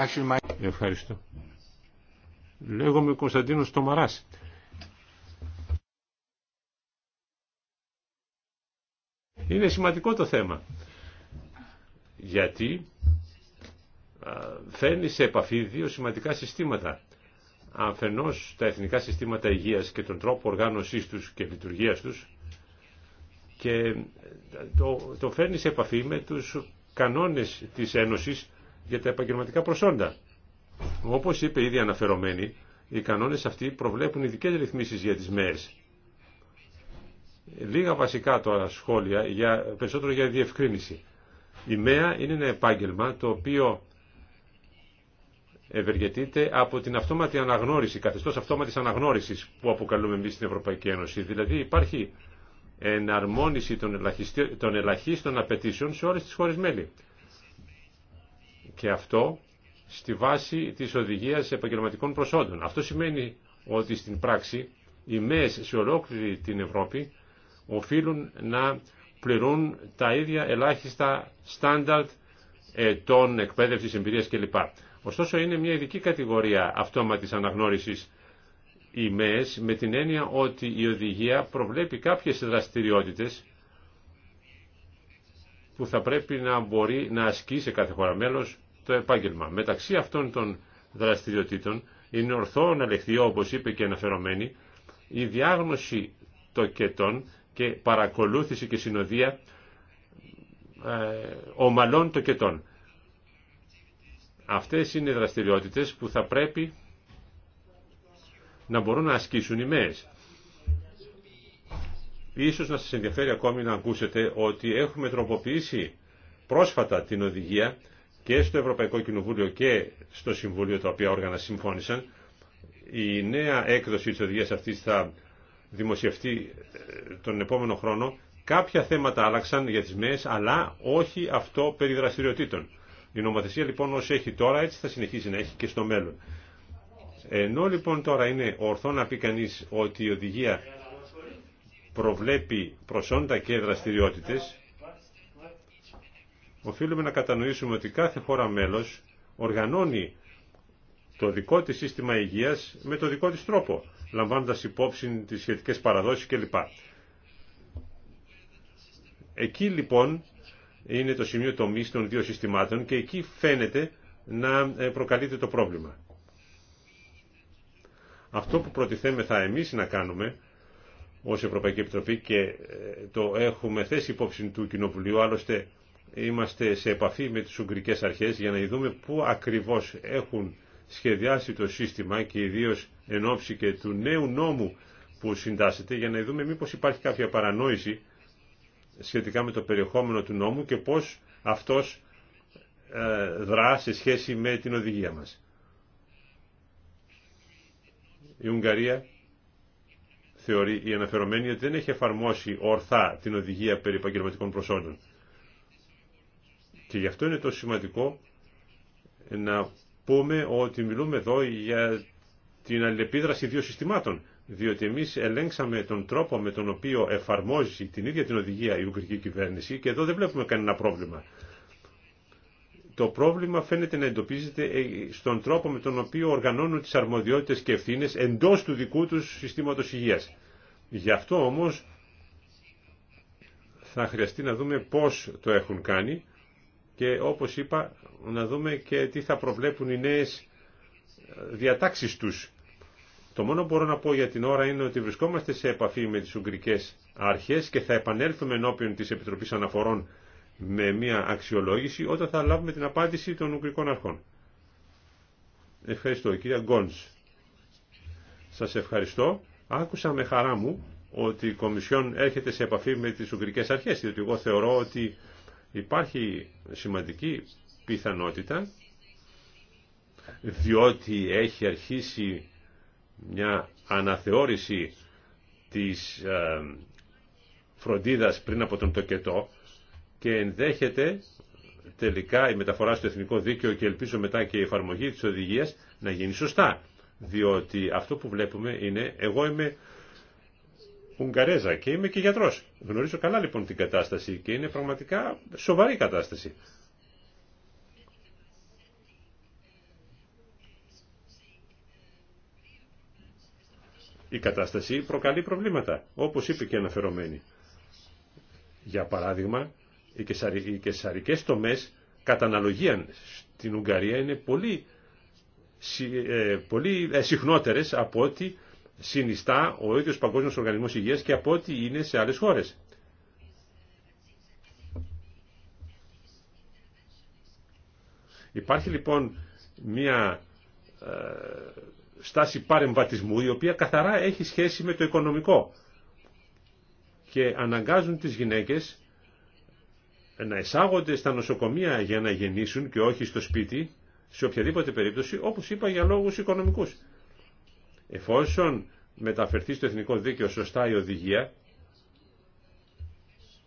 Actually, my... Ευχαριστώ. Λέγομαι Κωνσταντίνος Τομαράς. Είναι σημαντικό το θέμα. Γιατί φέρνει σε επαφή δύο σημαντικά συστήματα αφενός τα εθνικά συστήματα υγείας και τον τρόπο οργάνωσής τους και λειτουργίας τους και το, το φέρνει σε επαφή με τους κανόνες της Ένωσης για τα επαγγελματικά προσόντα. Όπως είπε ήδη αναφερομένη, οι κανόνες αυτοί προβλέπουν ειδικέ ρυθμίσεις για τις ΜΕΕΣ. Λίγα βασικά τώρα σχόλια, για, περισσότερο για διευκρίνηση. Η ΜΕΑ είναι ένα επάγγελμα το οποίο ευεργετείται από την αυτόματη αναγνώριση, καθεστώς αυτόματης αναγνώρισης που αποκαλούμε εμείς στην Ευρωπαϊκή Ένωση. Δηλαδή υπάρχει εναρμόνιση των ελαχίστων απαιτήσεων σε όλες τις χώρες μέλη. Και αυτό στη βάση της οδηγίας επαγγελματικών προσόντων. Αυτό σημαίνει ότι στην πράξη οι ΜΕΕΣ σε ολόκληρη την Ευρώπη οφείλουν να πληρούν τα ίδια ελάχιστα στάνταρτ ετών εκπαίδευσης, εμπειρίας κλπ. Ωστόσο είναι μια ειδική κατηγορία αυτόματης αναγνώρισης μές με την έννοια ότι η οδηγία προβλέπει κάποιες δραστηριότητες που θα πρέπει να μπορεί να ασκεί σε κάθε χώρα μέλος το επάγγελμα. Μεταξύ αυτών των δραστηριοτήτων είναι ορθό να λεχθεί όπως είπε και αναφερομένη η διάγνωση τοκετών και παρακολούθηση και συνοδεία ε, ομαλών τοκετών. Αυτές είναι οι δραστηριότητες που θα πρέπει να μπορούν να ασκήσουν οι ΜΕΕΣ. Ίσως να σας ενδιαφέρει ακόμη να ακούσετε ότι έχουμε τροποποιήσει πρόσφατα την οδηγία και στο Ευρωπαϊκό Κοινοβούλιο και στο Συμβούλιο τα οποία όργανα συμφώνησαν. Η νέα έκδοση της οδηγίας αυτής θα δημοσιευτεί ε, τον επόμενο χρόνο. Κάποια θέματα άλλαξαν για τις ΜΕΕΣ αλλά όχι αυτό περί δραστηριοτήτων. Η νομοθεσία λοιπόν όσο έχει τώρα έτσι θα συνεχίσει να έχει και στο μέλλον. Ενώ λοιπόν τώρα είναι ορθό να πει κανεί ότι η οδηγία προβλέπει προσόντα και δραστηριότητε, οφείλουμε να κατανοήσουμε ότι κάθε χώρα μέλος οργανώνει το δικό της σύστημα υγείας με το δικό της τρόπο, λαμβάνοντας υπόψη τις σχετικές παραδόσεις κλπ. Εκεί λοιπόν είναι το σημείο τομή των δύο συστημάτων και εκεί φαίνεται να ε, προκαλείται το πρόβλημα. Αυτό που προτιθέμεθα εμείς να κάνουμε ως Ευρωπαϊκή Επιτροπή και ε, το έχουμε θέσει υπόψη του Κοινοβουλίου, άλλωστε είμαστε σε επαφή με τις Ουγγρικές Αρχές για να δούμε πού ακριβώς έχουν σχεδιάσει το σύστημα και ιδίω εν ώψη και του νέου νόμου που συντάσσεται για να δούμε μήπως υπάρχει κάποια παρανόηση σχετικά με το περιεχόμενο του νόμου και πώς αυτός ε, δρά σε σχέση με την οδηγία μας. Η Ουγγαρία θεωρεί η αναφερομένη ότι δεν έχει εφαρμόσει ορθά την οδηγία περί επαγγελματικών προσόντων. Και γι' αυτό είναι το σημαντικό να πούμε ότι μιλούμε εδώ για την αλληλεπίδραση δύο συστημάτων διότι εμείς ελέγξαμε τον τρόπο με τον οποίο εφαρμόζει την ίδια την οδηγία η Ουγγρική κυβέρνηση και εδώ δεν βλέπουμε κανένα πρόβλημα. Το πρόβλημα φαίνεται να εντοπίζεται ε, στον τρόπο με τον οποίο οργανώνουν τις αρμοδιότητες και ευθύνες εντός του δικού τους συστήματος υγείας. Γι' αυτό όμως θα χρειαστεί να δούμε πώς το έχουν κάνει και όπως είπα να δούμε και τι θα προβλέπουν οι νέες ε, διατάξεις τους το μόνο που μπορώ να πω για την ώρα είναι ότι βρισκόμαστε σε επαφή με τις Ουγγρικές Αρχές και θα επανέλθουμε ενώπιον της Επιτροπής Αναφορών με μια αξιολόγηση όταν θα λάβουμε την απάντηση των Ουγγρικών Αρχών. Ευχαριστώ. Κυρία Γκόντς, σας ευχαριστώ. Άκουσα με χαρά μου ότι η Κομισιόν έρχεται σε επαφή με τις Ουγγρικές Αρχές, διότι εγώ θεωρώ ότι υπάρχει σημαντική πιθανότητα, διότι έχει αρχίσει μια αναθεώρηση της ε, φροντίδας πριν από τον τοκετό και ενδέχεται τελικά η μεταφορά στο εθνικό δίκαιο και ελπίζω μετά και η εφαρμογή της οδηγίας να γίνει σωστά. Διότι αυτό που βλέπουμε είναι, εγώ είμαι Ουγγαρέζα και είμαι και γιατρός. Γνωρίζω καλά λοιπόν την κατάσταση και είναι πραγματικά σοβαρή κατάσταση. η κατάσταση προκαλεί προβλήματα, όπως είπε και αναφερομένη. Για παράδειγμα, οι κεσαρικές τομές κατά αναλογία στην Ουγγαρία είναι πολύ, ε, πολύ ε, συχνότερες από ό,τι συνιστά ο ίδιος Παγκόσμιος Οργανισμός Υγείας και από ό,τι είναι σε άλλες χώρες. Υπάρχει λοιπόν μια ε, στάση παρεμβατισμού η οποία καθαρά έχει σχέση με το οικονομικό και αναγκάζουν τις γυναίκες να εισάγονται στα νοσοκομεία για να γεννήσουν και όχι στο σπίτι σε οποιαδήποτε περίπτωση όπως είπα για λόγους οικονομικούς. Εφόσον μεταφερθεί στο εθνικό δίκαιο σωστά η οδηγία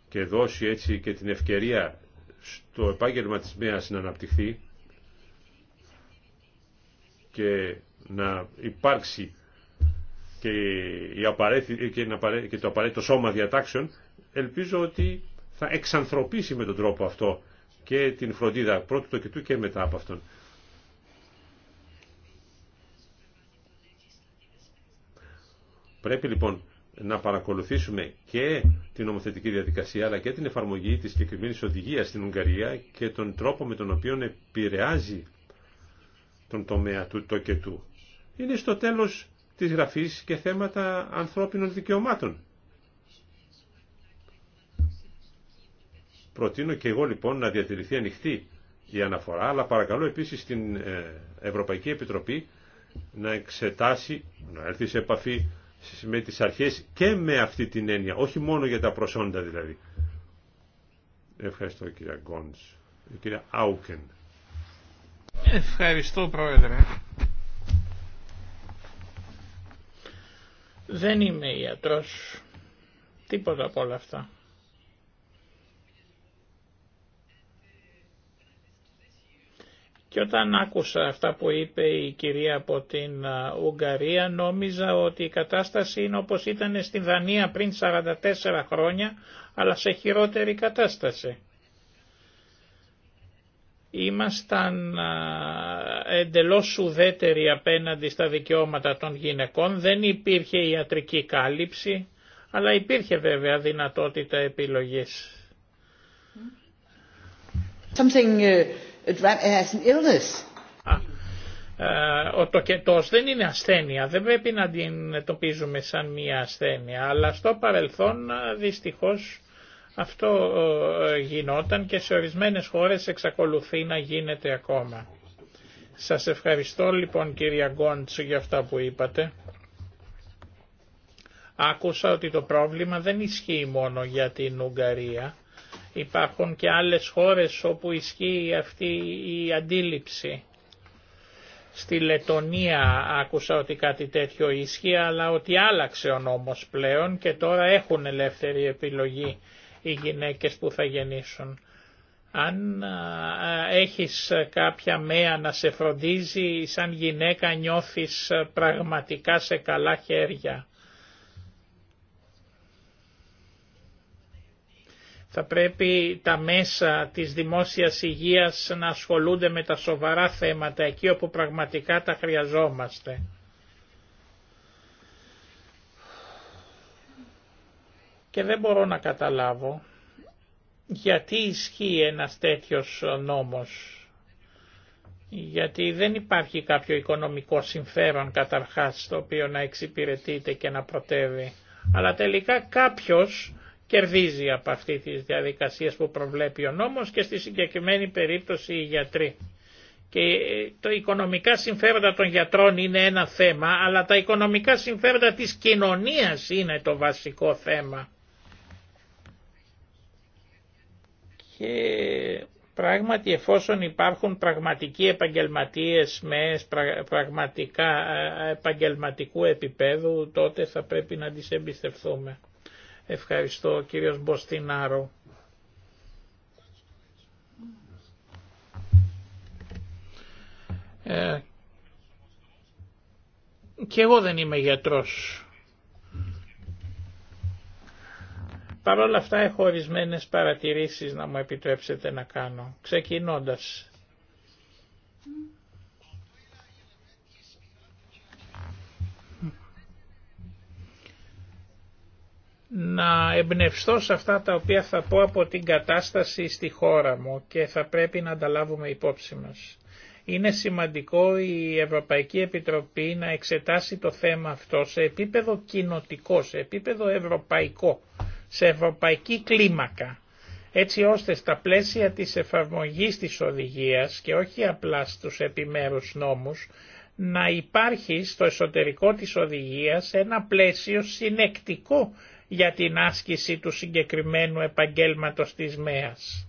και δώσει έτσι και την ευκαιρία στο επάγγελμα της ΜΕΑΣ να αναπτυχθεί και να υπάρξει και, η απαραίτη, και, το απαραίτητο σώμα διατάξεων, ελπίζω ότι θα εξανθρωπίσει με τον τρόπο αυτό και την φροντίδα πρώτου το κοιτού και μετά από αυτόν. Πρέπει λοιπόν να παρακολουθήσουμε και την νομοθετική διαδικασία αλλά και την εφαρμογή της συγκεκριμένη οδηγίας στην Ουγγαρία και τον τρόπο με τον οποίο επηρεάζει τον τομέα του το και του. Είναι στο τέλος της γραφής και θέματα ανθρώπινων δικαιωμάτων. Προτείνω και εγώ λοιπόν να διατηρηθεί ανοιχτή η αναφορά, αλλά παρακαλώ επίσης την ε, Ευρωπαϊκή Επιτροπή να εξετάσει, να έρθει σε επαφή με τις αρχές και με αυτή την έννοια, όχι μόνο για τα προσόντα δηλαδή. Ευχαριστώ κυρία Γκόντς, κυρία Άουκεν. Ευχαριστώ Πρόεδρε. Δεν είμαι ιατρός. Τίποτα από όλα αυτά. Και όταν άκουσα αυτά που είπε η κυρία από την Ουγγαρία νόμιζα ότι η κατάσταση είναι όπως ήταν στην Δανία πριν 44 χρόνια αλλά σε χειρότερη κατάσταση ήμασταν εντελώς ουδέτεροι απέναντι στα δικαιώματα των γυναικών, δεν υπήρχε ιατρική κάλυψη, αλλά υπήρχε βέβαια δυνατότητα επιλογής. Uh, ε, ο τοκετός δεν είναι ασθένεια, δεν πρέπει να την τοπίζουμε σαν μία ασθένεια, αλλά στο παρελθόν δυστυχώς αυτό ε, γινόταν και σε ορισμένες χώρες εξακολουθεί να γίνεται ακόμα. Σας ευχαριστώ λοιπόν κύριε Γκόντς για αυτά που είπατε. Άκουσα ότι το πρόβλημα δεν ισχύει μόνο για την Ουγγαρία. Υπάρχουν και άλλες χώρες όπου ισχύει αυτή η αντίληψη. Στη Λετωνία άκουσα ότι κάτι τέτοιο ισχύει, αλλά ότι άλλαξε ο νόμος πλέον και τώρα έχουν ελεύθερη επιλογή οι γυναίκες που θα γεννήσουν. Αν έχεις κάποια μέα να σε φροντίζει, σαν γυναίκα νιώθεις πραγματικά σε καλά χέρια. Θα πρέπει τα μέσα της δημόσιας υγείας να ασχολούνται με τα σοβαρά θέματα εκεί όπου πραγματικά τα χρειαζόμαστε. Και δεν μπορώ να καταλάβω γιατί ισχύει ένας τέτοιος νόμος. Γιατί δεν υπάρχει κάποιο οικονομικό συμφέρον καταρχάς το οποίο να εξυπηρετείται και να προτεύει. Αλλά τελικά κάποιος κερδίζει από αυτή τις διαδικασίες που προβλέπει ο νόμος και στη συγκεκριμένη περίπτωση οι γιατροί. Και ε, το οικονομικά συμφέροντα των γιατρών είναι ένα θέμα, αλλά τα οικονομικά συμφέροντα της κοινωνίας είναι το βασικό θέμα. και πράγματι εφόσον υπάρχουν πραγματικοί επαγγελματίες με πραγματικά ε, επαγγελματικού επίπεδου τότε θα πρέπει να τις εμπιστευτούμε. Ευχαριστώ κύριος Μποστινάρο. Ε, και εγώ δεν είμαι γιατρός. Παρ' όλα αυτά έχω ορισμένες παρατηρήσεις να μου επιτρέψετε να κάνω, ξεκινώντας. να εμπνευστώ σε αυτά τα οποία θα πω από την κατάσταση στη χώρα μου και θα πρέπει να ανταλάβουμε υπόψη μας. Είναι σημαντικό η Ευρωπαϊκή Επιτροπή να εξετάσει το θέμα αυτό σε επίπεδο κοινοτικό, σε επίπεδο ευρωπαϊκό σε ευρωπαϊκή κλίμακα, έτσι ώστε στα πλαίσια της εφαρμογής της οδηγίας και όχι απλά στους επιμέρους νόμους, να υπάρχει στο εσωτερικό της οδηγίας ένα πλαίσιο συνεκτικό για την άσκηση του συγκεκριμένου επαγγέλματος της ΜΕΑΣ.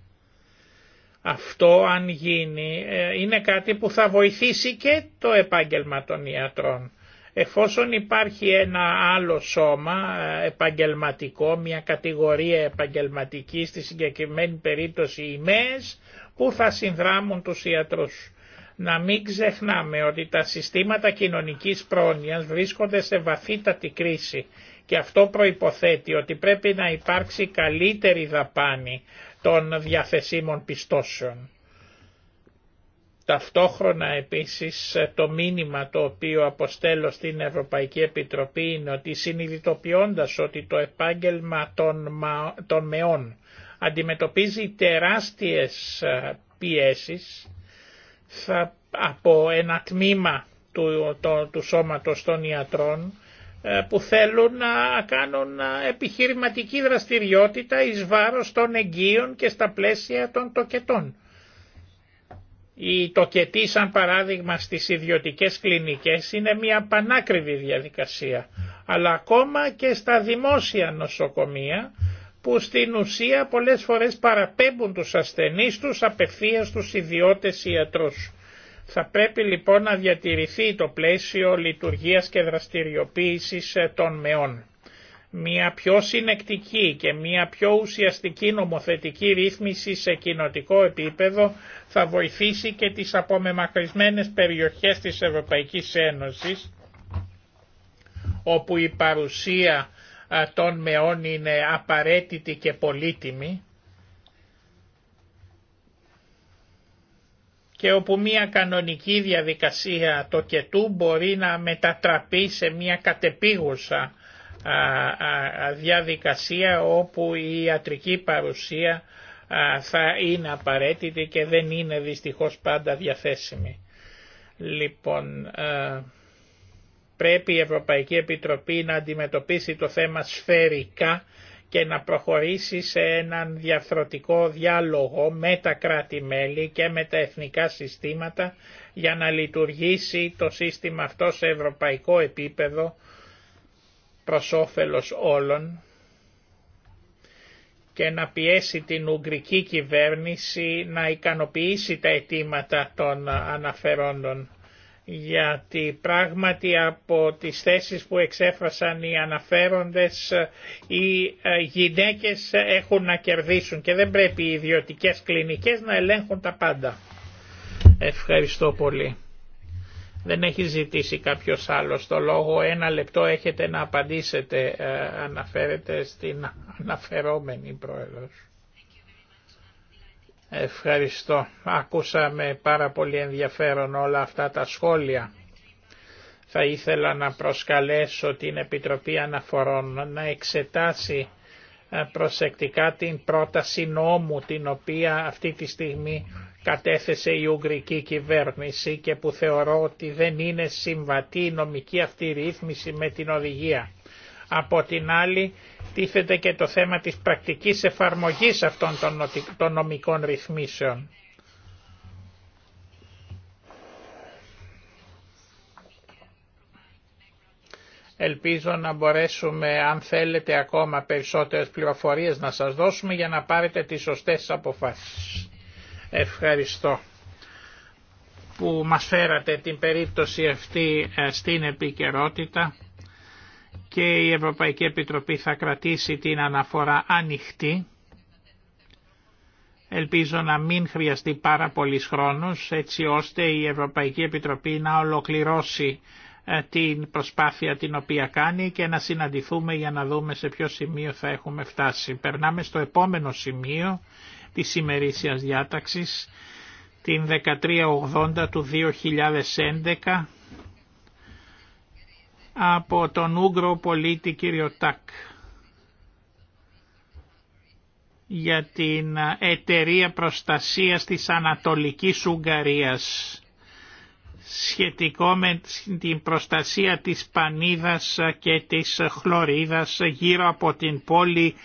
Αυτό αν γίνει ε, είναι κάτι που θα βοηθήσει και το επάγγελμα των ιατρών. Εφόσον υπάρχει ένα άλλο σώμα ε, επαγγελματικό, μια κατηγορία επαγγελματική, στη συγκεκριμένη περίπτωση οι που θα συνδράμουν τους ιατρούς. Να μην ξεχνάμε ότι τα συστήματα κοινωνικής πρόνοιας βρίσκονται σε βαθύτατη κρίση και αυτό προϋποθέτει ότι πρέπει να υπάρξει καλύτερη δαπάνη των διαθεσίμων πιστώσεων. Ταυτόχρονα επίσης ε, το μήνυμα το οποίο αποστέλω στην Ευρωπαϊκή Επιτροπή είναι ότι συνειδητοποιώντας ότι το επάγγελμα των, μεών αντιμετωπίζει τεράστιες ε, πιέσεις θα, από ένα τμήμα του, το, σώματος των ιατρών ε, που θέλουν να κάνουν επιχειρηματική δραστηριότητα εις βάρος των εγγύων και στα πλαίσια των τοκετών. Η τοκετή σαν παράδειγμα στις ιδιωτικές κλινικές είναι μια πανάκριβη διαδικασία, αλλά ακόμα και στα δημόσια νοσοκομεία που στην ουσία πολλές φορές παραπέμπουν τους ασθενείς τους απευθείας τους ιδιώτες ιατρούς. Θα πρέπει λοιπόν να διατηρηθεί το πλαίσιο λειτουργίας και δραστηριοποίησης ε, των μεών μια πιο συνεκτική και μια πιο ουσιαστική νομοθετική ρύθμιση σε κοινοτικό επίπεδο θα βοηθήσει και τις απομεμακρυσμένες περιοχές της Ευρωπαϊκής Ένωσης όπου η παρουσία των μεών είναι απαραίτητη και πολύτιμη και όπου μια κανονική διαδικασία το κετού μπορεί να μετατραπεί σε μια κατεπίγουσα διαδικασία όπου η ιατρική παρουσία θα είναι απαραίτητη και δεν είναι δυστυχώς πάντα διαθέσιμη. Λοιπόν, πρέπει η Ευρωπαϊκή Επιτροπή να αντιμετωπίσει το θέμα σφαιρικά και να προχωρήσει σε έναν διαφθρωτικό διάλογο με τα κράτη-μέλη και με τα εθνικά συστήματα για να λειτουργήσει το σύστημα αυτό σε ευρωπαϊκό επίπεδο προς όφελος όλων και να πιέσει την Ουγγρική κυβέρνηση να ικανοποιήσει τα αιτήματα των αναφερόντων. Γιατί πράγματι από τις θέσεις που εξέφρασαν οι αναφέροντες οι ε, γυναίκες έχουν να κερδίσουν και δεν πρέπει οι ιδιωτικές κλινικές να ελέγχουν τα πάντα. Ευχαριστώ πολύ. Δεν έχει ζητήσει κάποιος άλλος το λόγο. Ένα λεπτό έχετε να απαντήσετε, ε, αναφέρετε στην αναφερόμενη πρόεδρος. Ευχαριστώ. Ακούσαμε πάρα πολύ ενδιαφέρον όλα αυτά τα σχόλια. Θα ήθελα να προσκαλέσω την Επιτροπή Αναφορών να εξετάσει ε, προσεκτικά την πρόταση νόμου την οποία αυτή τη στιγμή κατέθεσε η Ουγγρική κυβέρνηση και που θεωρώ ότι δεν είναι συμβατή η νομική αυτή ρύθμιση με την οδηγία. Από την άλλη τίθεται και το θέμα της πρακτικής εφαρμογής αυτών των νομικών ρυθμίσεων. Ελπίζω να μπορέσουμε, αν θέλετε, ακόμα περισσότερες πληροφορίες να σας δώσουμε για να πάρετε τις σωστές αποφάσεις ευχαριστώ που μας φέρατε την περίπτωση αυτή ε, στην επικαιρότητα και η Ευρωπαϊκή Επιτροπή θα κρατήσει την αναφορά ανοιχτή. Ελπίζω να μην χρειαστεί πάρα πολλής χρόνος έτσι ώστε η Ευρωπαϊκή Επιτροπή να ολοκληρώσει ε, την προσπάθεια την οποία κάνει και να συναντηθούμε για να δούμε σε ποιο σημείο θα έχουμε φτάσει. Περνάμε στο επόμενο σημείο της ημερήσιας διάταξης, την 1380 του 2011 από τον Ούγκρο πολίτη κύριο Τάκ για την Εταιρεία Προστασίας της Ανατολικής Ουγγαρίας σχετικό με την προστασία της πανίδας και της χλωρίδας γύρω από την πόλη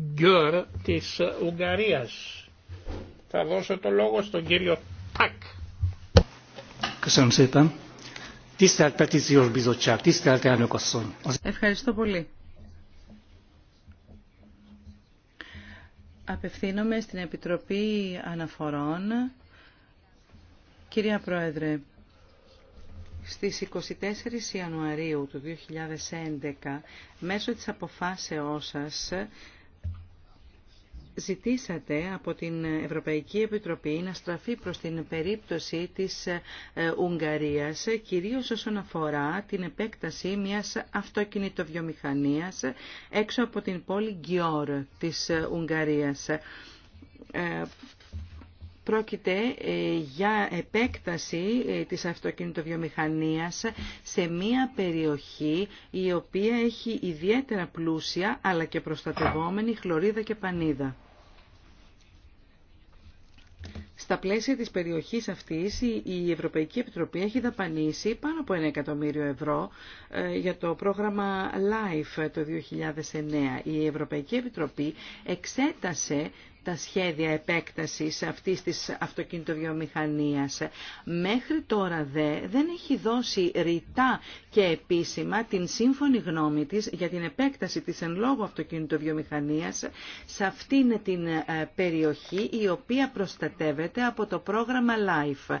Γκιόρ της Ουγγαρίας. Θα δώσω το λόγο στον κύριο Τάκ. Ευχαριστώ πολύ. Απευθύνομαι στην Επιτροπή Αναφορών. Κυρία Πρόεδρε, στις 24 Ιανουαρίου του 2011, μέσω της αποφάσεώς σας, ζητήσατε από την Ευρωπαϊκή Επιτροπή να στραφεί προς την περίπτωση της ε, Ουγγαρίας, κυρίως όσον αφορά την επέκταση μιας αυτοκινητοβιομηχανίας έξω από την πόλη Γκιόρ της ε, Ουγγαρίας. Ε, πρόκειται για επέκταση της αυτοκινητοβιομηχανίας σε μία περιοχή η οποία έχει ιδιαίτερα πλούσια αλλά και προστατευόμενη χλωρίδα και πανίδα. Στα πλαίσια της περιοχής αυτής η Ευρωπαϊκή Επιτροπή έχει δαπανίσει πάνω από ένα εκατομμύριο ευρώ ε, για το πρόγραμμα LIFE το 2009. Η Ευρωπαϊκή Επιτροπή εξέτασε τα σχέδια επέκτασης αυτής της αυτοκινητοβιομηχανίας. Μέχρι τώρα δε δεν έχει δώσει ρητά και επίσημα την σύμφωνη γνώμη της για την επέκταση της εν λόγω αυτοκινητοβιομηχανίας σε αυτήν την ε, περιοχή η οποία προστατεύεται από το πρόγραμμα LIFE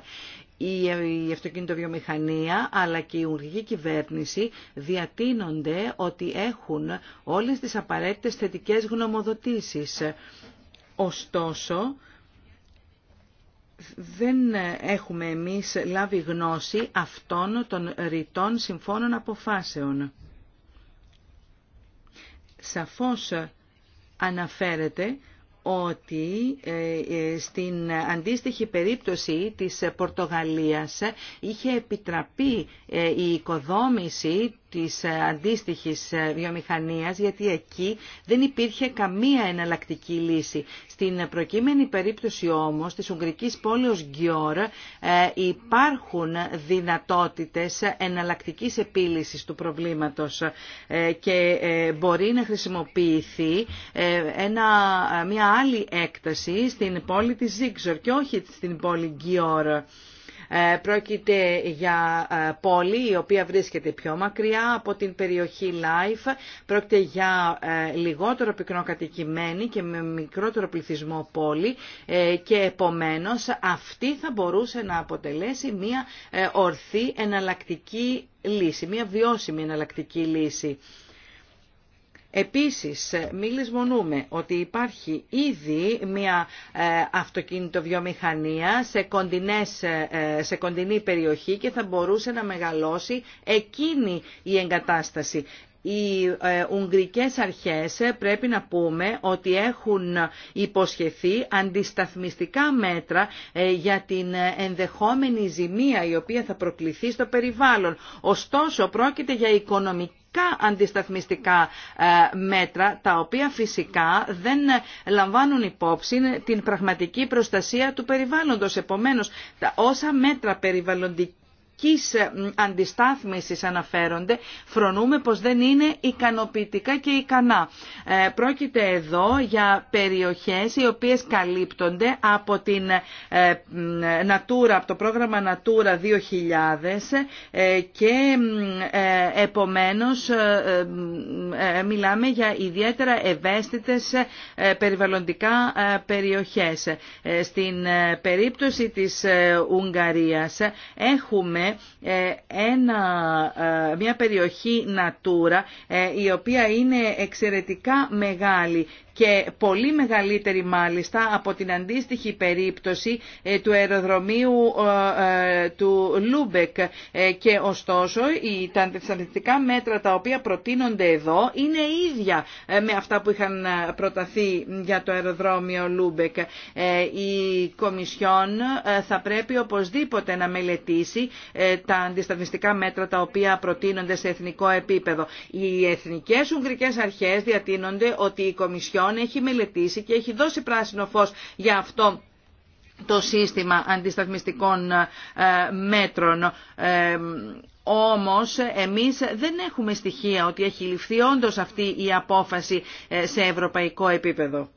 η αυτοκινητοβιομηχανία αλλά και η ουργική κυβέρνηση διατείνονται ότι έχουν όλες τις απαραίτητες θετικές γνωμοδοτήσεις Ωστόσο, δεν έχουμε εμείς λάβει γνώση αυτών των ρητών συμφώνων αποφάσεων. Σαφώς αναφέρεται ότι ε, ε, στην αντίστοιχη περίπτωση της Πορτογαλίας είχε επιτραπεί ε, η οικοδόμηση της ε, αντίστοιχης ε, βιομηχανίας, γιατί εκεί δεν υπήρχε καμία εναλλακτική λύση. Στην προκείμενη περίπτωση όμως της Ουγγρικής πόλεως Γκιόρ ε, υπάρχουν δυνατότητες εναλλακτικής επίλυσης του προβλήματος και μπορεί να χρησιμοποιηθεί ένα, μια άλλη έκταση στην πόλη της Ζίξορ και όχι στην πόλη Γκιόρ. Ε, πρόκειται για ε, πόλη η οποία βρίσκεται πιο μακριά από την περιοχή Life. Πρόκειται για ε, λιγότερο κατοικημένη και με μικρότερο πληθυσμό πόλη και επομένως αυτή θα μπορούσε να αποτελέσει μια ορθή εναλλακτική λύση, μια βιώσιμη εναλλακτική λύση. Επίσης, μη λησμονούμε ότι υπάρχει ήδη μια ε, αυτοκινητοβιομηχανία σε, κοντινές, ε, σε κοντινή περιοχή και θα μπορούσε να μεγαλώσει εκείνη η εγκατάσταση. Οι ε, Ουγγρικές αρχές πρέπει να πούμε ότι έχουν υποσχεθεί αντισταθμιστικά μέτρα για την ενδεχόμενη ζημία η οποία θα προκληθεί στο περιβάλλον. Ωστόσο πρόκειται για οικονομική αντισταθμιστικά ε, μέτρα τα οποία φυσικά δεν λαμβάνουν υπόψη την πραγματική προστασία του περιβάλλοντος. Επομένως, τα όσα μέτρα περιβαλλοντική κακής ε, αντιστάθμισης αναφέρονται, φρονούμε πως δεν είναι ικανοποιητικά και ικανά. Ε, πρόκειται εδώ για περιοχές οι οποίες καλύπτονται από την ε, Natura, από το πρόγραμμα Natura 2000 και επομένως μιλάμε για ιδιαίτερα ευαίσθητες περιβαλλοντικά περιοχές. Στην περίπτωση της Ουγγαρίας έχουμε ε, ένα, ε, μια περιοχή Natura ε, η οποία είναι εξαιρετικά μεγάλη και πολύ μεγαλύτερη μάλιστα από την αντίστοιχη περίπτωση ε, του αεροδρομίου ε, ε, του Λούμπεκ. Και ωστόσο τα αντισταθμιστικά μέτρα τα οποία προτείνονται εδώ είναι ίδια με αυτά που είχαν προταθεί για το αεροδρόμιο Λούμπεκ. Η Κομισιόν θα πρέπει οπωσδήποτε να μελετήσει τα αντισταθμιστικά μέτρα τα οποία προτείνονται σε εθνικό επίπεδο. Οι εθνικές ουγγρικές αρχές διατείνονται ότι η Κομισιόν έχει μελετήσει και έχει δώσει πράσινο φως για αυτό το σύστημα αντισταθμιστικών ε, μέτρων. Ε, όμως εμείς δεν έχουμε στοιχεία ότι έχει ληφθεί όντως αυτή η απόφαση ε, σε ευρωπαϊκό επίπεδο.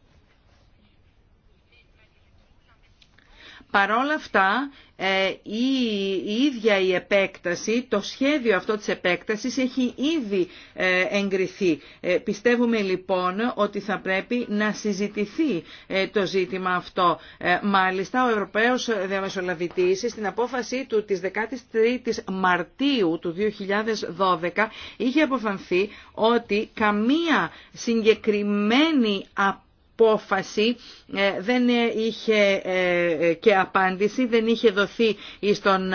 Παρόλα αυτά, ε, η, η ίδια η επέκταση, το σχέδιο αυτό της επέκτασης έχει ήδη ε, εγκριθεί. Ε, πιστεύουμε λοιπόν ότι θα πρέπει να συζητηθεί το ζήτημα αυτό. Μάλιστα, ο Ευρωπαίος Διαμεσολαβητής στην απόφαση του της 13ης Μαρτίου του 2012 είχε αποφανθεί ότι καμία συγκεκριμένη απόφαση απόφαση ε, δεν είχε ε, ε, και απάντηση δεν είχε δοθεί στον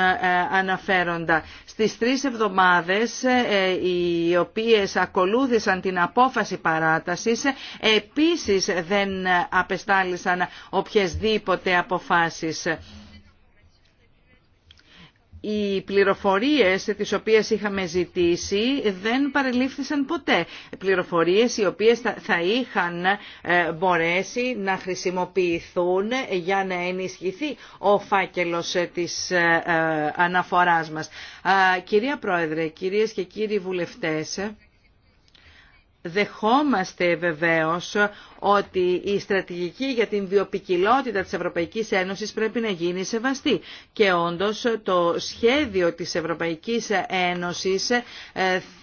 αναφέροντα. Στις τρεις εβδομάδες οι οποίες ακολούθησαν την απόφαση παράτασης επίσης δεν απεστάλησαν οποιασδήποτε αποφάσεις οι πληροφορίες τις οποίες είχαμε ζητήσει δεν παρελήφθησαν ποτέ. Πληροφορίες οι οποίες θα είχαν ε, μπορέσει να χρησιμοποιηθούν για να ενισχυθεί ο φάκελος ε, της ε, αναφοράς μας. Κυρία Πρόεδρε, κυρίες και κύριοι βουλευτές, Δεχόμαστε βεβαίως ότι η στρατηγική για την βιοπικιλότητα της Ευρωπαϊκής Ένωσης πρέπει να γίνει σεβαστή και όντως το σχέδιο της Ευρωπαϊκής Ένωσης ε,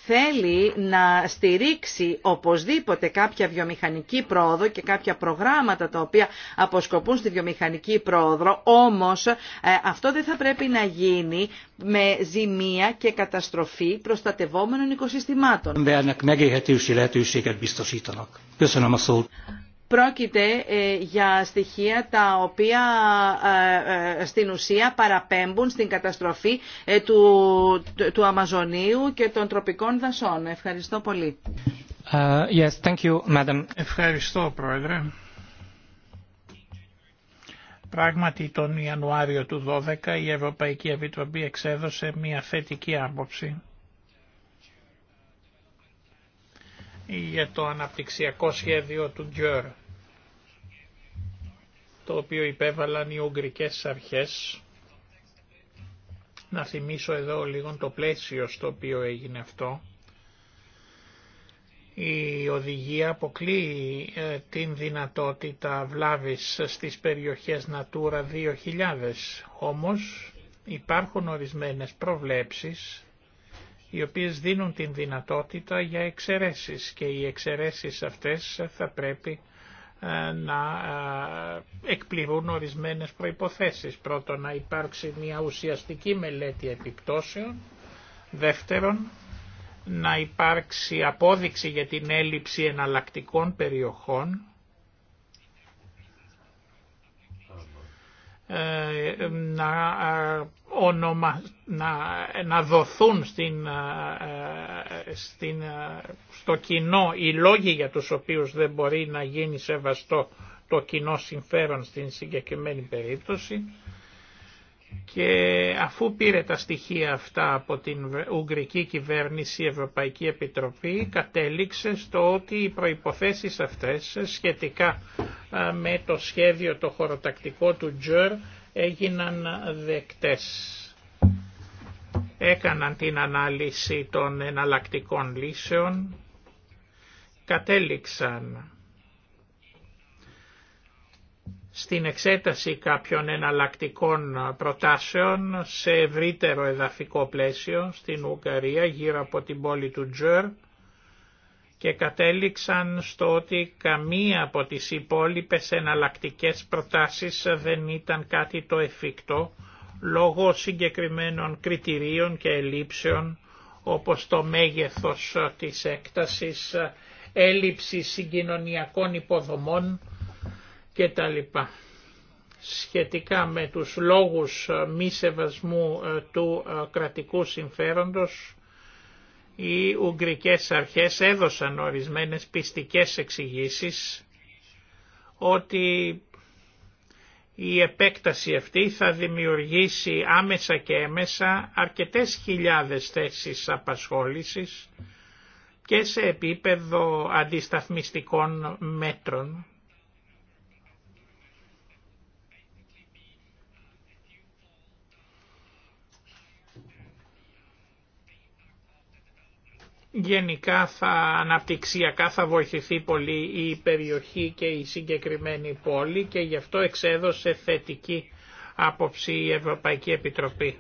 θέλει να στηρίξει οπωσδήποτε κάποια βιομηχανική πρόοδο και κάποια προγράμματα τα οποία αποσκοπούν στη βιομηχανική πρόοδο, όμως ε, αυτό δεν θα πρέπει να γίνει με ζημία και καταστροφή προστατευόμενων οικοσυστημάτων. Πρόκειται ε, για στοιχεία τα οποία ε, ε, στην ουσία παραπέμπουν στην καταστροφή του, του Αμαζονίου και των τροπικών δασών. Ευχαριστώ πολύ. Uh, yes, thank you, madam. Ευχαριστώ, Πρόεδρε. Πράγματι, τον Ιανουάριο του 2012 η Ευρωπαϊκή Επιτροπή εξέδωσε μια θετική άποψη για το αναπτυξιακό σχέδιο του Γκιόρ, το οποίο υπέβαλαν οι Ουγγρικές αρχές. Να θυμίσω εδώ λίγο το πλαίσιο στο οποίο έγινε αυτό. Η οδηγία αποκλείει ε, την δυνατότητα βλάβης στις περιοχές Natura 2000, όμως υπάρχουν ορισμένες προβλέψεις οι οποίες δίνουν την δυνατότητα για εξαιρέσεις και οι εξαιρέσεις αυτές θα πρέπει ε, να ε, εκπληρούν ορισμένες προϋποθέσεις. Πρώτον, να υπάρξει μια ουσιαστική μελέτη επιπτώσεων. Δεύτερον, να υπάρξει απόδειξη για την έλλειψη εναλλακτικών περιοχών. Ε, να ονομα, να, να δοθούν στην, ε, ε, στην, ε, στο κοινό οι λόγοι για τους οποίους δεν μπορεί να γίνει σεβαστό το κοινό συμφέρον στην συγκεκριμένη περίπτωση και αφού πήρε τα στοιχεία αυτά από την Ουγγρική κυβέρνηση η Ευρωπαϊκή Επιτροπή κατέληξε στο ότι οι προϋποθέσεις αυτές σχετικά με το σχέδιο το χωροτακτικό του Τζερ έγιναν δεκτές. Έκαναν την ανάλυση των εναλλακτικών λύσεων, κατέληξαν στην εξέταση κάποιων εναλλακτικών προτάσεων σε ευρύτερο εδαφικό πλαίσιο στην Ουγγαρία γύρω από την πόλη του Τζερ και κατέληξαν στο ότι καμία από τις υπόλοιπες εναλλακτικές προτάσεις δεν ήταν κάτι το εφικτό λόγω συγκεκριμένων κριτηρίων και ελλείψεων όπως το μέγεθος της έκτασης, έλλειψη συγκοινωνιακών υποδομών κτλ. Σχετικά με τους λόγους μη σεβασμού ε, του ε, κρατικού συμφέροντος, οι Ουγγρικές αρχές έδωσαν ορισμένες πιστικές εξηγήσεις ότι η επέκταση αυτή θα δημιουργήσει άμεσα και έμεσα αρκετές χιλιάδες θέσεις απασχόλησης και σε επίπεδο αντισταθμιστικών μέτρων Γενικά θα αναπτυξιακά θα βοηθηθεί πολύ η περιοχή και η συγκεκριμένη πόλη και γι' αυτό εξέδωσε θετική άποψη η Ευρωπαϊκή Επιτροπή.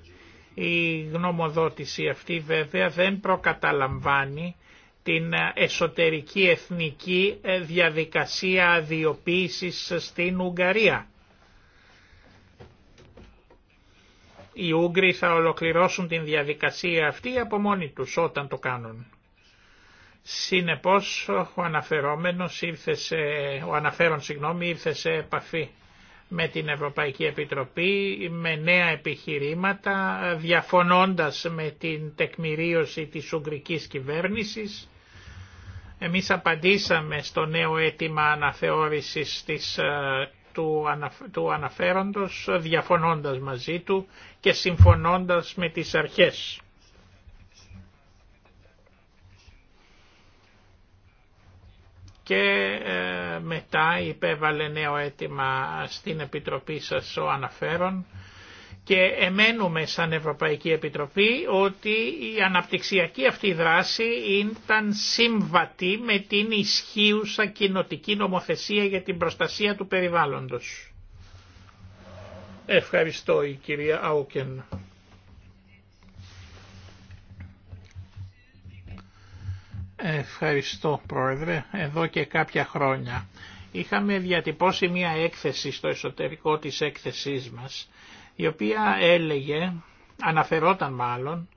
Η γνωμοδότηση αυτή βέβαια δεν προκαταλαμβάνει την εσωτερική εθνική διαδικασία αδειοποίησης στην Ουγγαρία. Οι Ούγγροι θα ολοκληρώσουν την διαδικασία αυτή από μόνοι τους όταν το κάνουν. Συνεπώς ο αναφερόμενος ήρθε ο αναφέρον συγγνώμη, ήρθε σε επαφή με την Ευρωπαϊκή Επιτροπή με νέα επιχειρήματα διαφωνώντας με την τεκμηρίωση της Ουγγρικής κυβέρνησης. Εμείς απαντήσαμε στο νέο αίτημα αναθεώρησης ε, του, του αναφέροντος διαφωνώντας μαζί του και συμφωνώντας με τις αρχές. και ε, μετά υπέβαλε νέο αίτημα στην Επιτροπή σας ο αναφέρον και εμένουμε σαν Ευρωπαϊκή Επιτροπή ότι η αναπτυξιακή αυτή δράση ήταν συμβατή με την ισχύουσα κοινοτική νομοθεσία για την προστασία του περιβάλλοντος. Ευχαριστώ η κυρία Άουκεν. Ευχαριστώ Πρόεδρε. Εδώ και κάποια χρόνια είχαμε διατυπώσει μια έκθεση στο εσωτερικό της έκθεσής μας η οποία έλεγε, αναφερόταν μάλλον,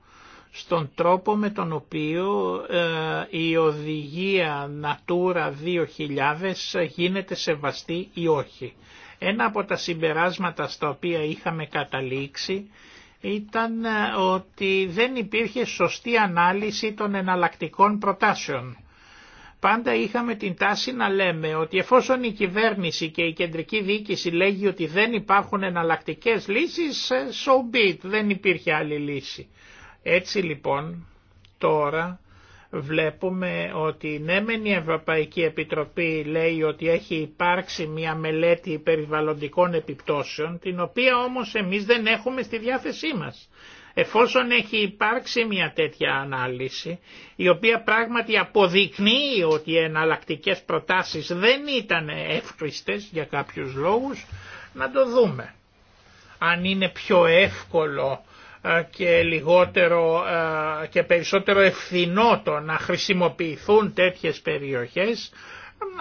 στον τρόπο με τον οποίο ε, η οδηγία Natura 2000 γίνεται σεβαστή ή όχι. Ένα από τα συμπεράσματα στα οποία είχαμε καταλήξει ήταν ε, ότι δεν υπήρχε σωστή ανάλυση των εναλλακτικών προτάσεων. Πάντα είχαμε την τάση να λέμε ότι εφόσον η κυβέρνηση και η κεντρική διοίκηση λέγει ότι δεν υπάρχουν εναλλακτικές λύσεις, ε, so be δεν υπήρχε άλλη λύση. Έτσι λοιπόν τώρα βλέπουμε ότι ναι μεν η Ευρωπαϊκή Επιτροπή λέει ότι έχει υπάρξει μια μελέτη περιβαλλοντικών επιπτώσεων, την οποία όμως εμείς δεν έχουμε στη διάθεσή μας. Εφόσον έχει υπάρξει μια τέτοια ανάλυση, η οποία πράγματι αποδεικνύει ότι οι εναλλακτικές προτάσεις δεν ήταν εύκριστες για κάποιους λόγους, να το δούμε. Αν είναι πιο εύκολο ε, και λιγότερο ε, και περισσότερο ευθυνό να χρησιμοποιηθούν τέτοιες περιοχές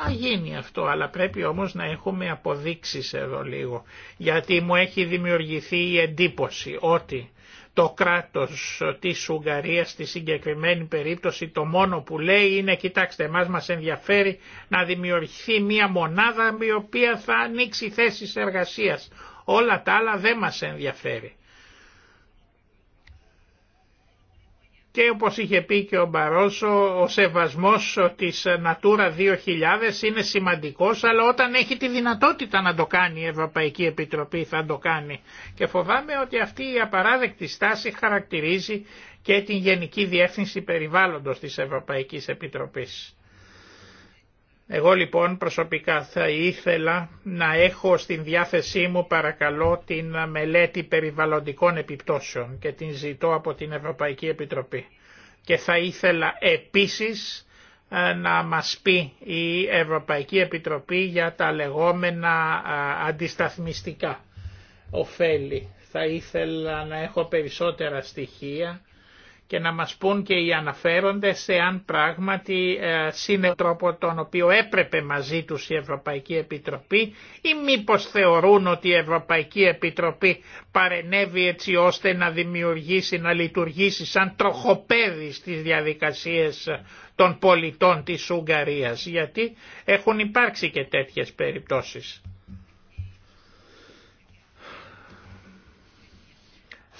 να γίνει αυτό, αλλά πρέπει όμως να έχουμε αποδείξεις εδώ λίγο, γιατί μου έχει δημιουργηθεί η εντύπωση ότι το κράτος της Ουγγαρίας στη συγκεκριμένη περίπτωση το μόνο που λέει είναι κοιτάξτε εμάς μας ενδιαφέρει να δημιουργηθεί μια μονάδα η οποία θα ανοίξει θέσεις εργασίας. Όλα τα άλλα δεν μας ενδιαφέρει. και όπως είχε πει και ο Μπαρόσο, ο σεβασμός της Natura 2000 είναι σημαντικός, αλλά όταν έχει τη δυνατότητα να το κάνει η Ευρωπαϊκή Επιτροπή θα το κάνει. Και φοβάμαι ότι αυτή η απαράδεκτη στάση χαρακτηρίζει και την Γενική Διεύθυνση Περιβάλλοντος της Ευρωπαϊκής Επιτροπής. Εγώ λοιπόν προσωπικά θα ήθελα να έχω στην διάθεσή μου παρακαλώ την μελέτη περιβαλλοντικών επιπτώσεων και την ζητώ από την Ευρωπαϊκή Επιτροπή. Και θα ήθελα επίσης ε, να μας πει η Ευρωπαϊκή Επιτροπή για τα λεγόμενα ε, αντισταθμιστικά ωφέλη. Θα ήθελα να έχω περισσότερα στοιχεία και να μας πούν και οι αναφέροντες εάν πράγματι ε, είναι τρόπο τον οποίο έπρεπε μαζί τους η Ευρωπαϊκή Επιτροπή ή μήπως θεωρούν ότι η Ευρωπαϊκή Επιτροπή παρενέβη έτσι ώστε να δημιουργήσει, να λειτουργήσει σαν τροχοπέδι στις διαδικασίες των πολιτών της Ουγγαρίας γιατί έχουν υπάρξει και τέτοιες περιπτώσεις.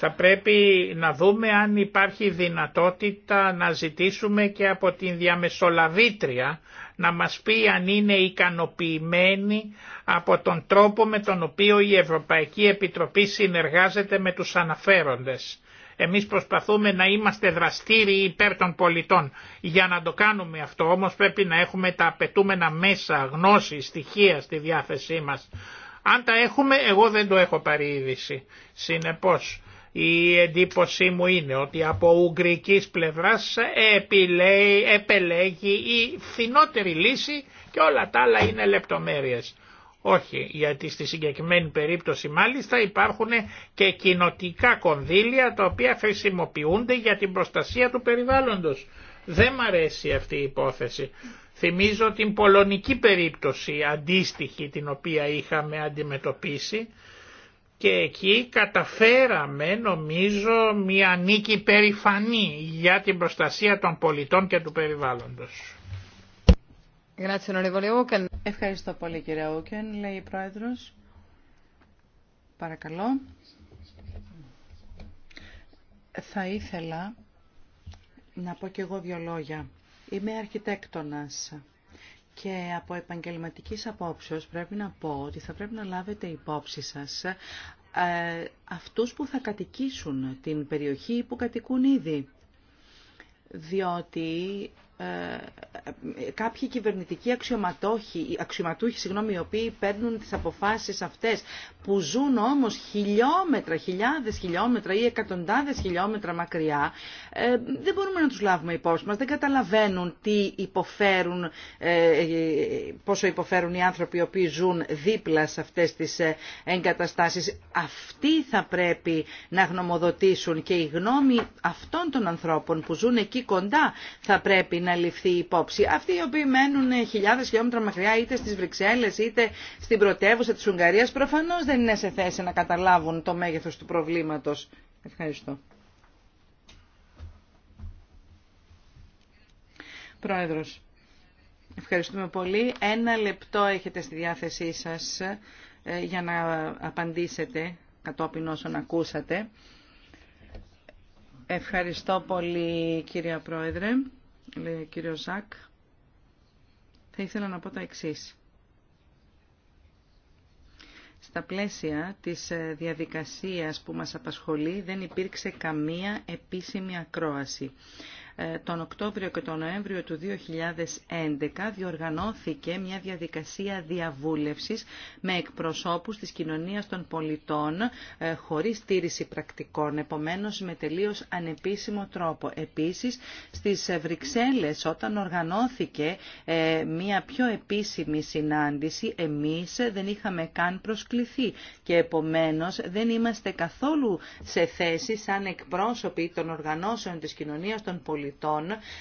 θα πρέπει να δούμε αν υπάρχει δυνατότητα να ζητήσουμε και από την διαμεσολαβήτρια να μας πει αν είναι ικανοποιημένη από τον τρόπο με τον οποίο η Ευρωπαϊκή Επιτροπή συνεργάζεται με τους αναφέροντες. Εμείς προσπαθούμε να είμαστε δραστήριοι υπέρ των πολιτών. Για να το κάνουμε αυτό όμως πρέπει να έχουμε τα απαιτούμενα μέσα, γνώση, στοιχεία στη διάθεσή μας. Αν τα έχουμε εγώ δεν το έχω πάρει είδηση. Συνεπώς η εντύπωσή μου είναι ότι από ουγγρικής πλευράς επιλέγει επελέγει η φθηνότερη λύση και όλα τα άλλα είναι λεπτομέρειες. Όχι, γιατί στη συγκεκριμένη περίπτωση μάλιστα υπάρχουν και κοινοτικά κονδύλια τα οποία χρησιμοποιούνται για την προστασία του περιβάλλοντος. Δεν μ' αρέσει αυτή η υπόθεση. Θυμίζω την πολωνική περίπτωση αντίστοιχη την οποία είχαμε αντιμετωπίσει και εκεί καταφέραμε νομίζω μια νίκη περηφανή για την προστασία των πολιτών και του περιβάλλοντος. Ευχαριστώ πολύ κύριε Ούκεν, λέει η Πρόεδρος. Παρακαλώ. Θα ήθελα να πω και εγώ δύο λόγια. Είμαι αρχιτέκτονας και από επαγγελματική απόψεως πρέπει να πω ότι θα πρέπει να λάβετε υπόψη σας ε, αυτούς που θα κατοικήσουν την περιοχή που κατοικούν ήδη. Διότι ε, ε, κάποιοι κυβερνητικοί αξιωματούχοι, αξιωματούχοι οι οποίοι παίρνουν τις αποφάσεις αυτές που ζουν όμως χιλιόμετρα, χιλιάδες χιλιόμετρα ή εκατοντάδες χιλιόμετρα μακριά ε, δεν μπορούμε να τους λάβουμε υπόψη μας, δεν καταλαβαίνουν τι υποφέρουν, ε, πόσο υποφέρουν οι άνθρωποι οι οποίοι ζουν δίπλα σε αυτές τις εγκαταστάσεις. Αυτοί θα πρέπει να γνωμοδοτήσουν και η γνώμη αυτών των ανθρώπων που ζουν εκεί κοντά θα πρέπει να να ληφθεί υπόψη. Αυτοί οι οποίοι μένουν χιλιάδε χιλιόμετρα μακριά είτε στι Βρυξέλλες είτε στην πρωτεύουσα της Ουγγαρία. προφανώς δεν είναι σε θέση να καταλάβουν το μέγεθος του προβλήματος. Ευχαριστώ. Πρόεδρο. ευχαριστούμε πολύ. Ένα λεπτό έχετε στη διάθεσή σας ε, για να απαντήσετε κατόπιν όσων ακούσατε. Ευχαριστώ πολύ κυρία Πρόεδρε λέει ο κύριος Ζακ, θα ήθελα να πω τα εξής. Στα πλαίσια της ε, διαδικασίας που μας απασχολεί δεν υπήρξε καμία επίσημη ακρόαση. Ε, τον Οκτώβριο και τον Νοέμβριο του 2011 διοργανώθηκε μια διαδικασία διαβούλευσης με εκπροσώπους της κοινωνίας των πολιτών ε, χωρίς στήριση πρακτικών, επομένως με τελείως ανεπίσημο τρόπο. Επίσης, στις Βρυξέλλες όταν οργανώθηκε ε, μια πιο επίσημη συνάντηση, εμείς δεν είχαμε καν προσκληθεί και επομένως δεν είμαστε καθόλου σε θέση σαν εκπρόσωποι των οργανώσεων της κοινωνίας των πολιτών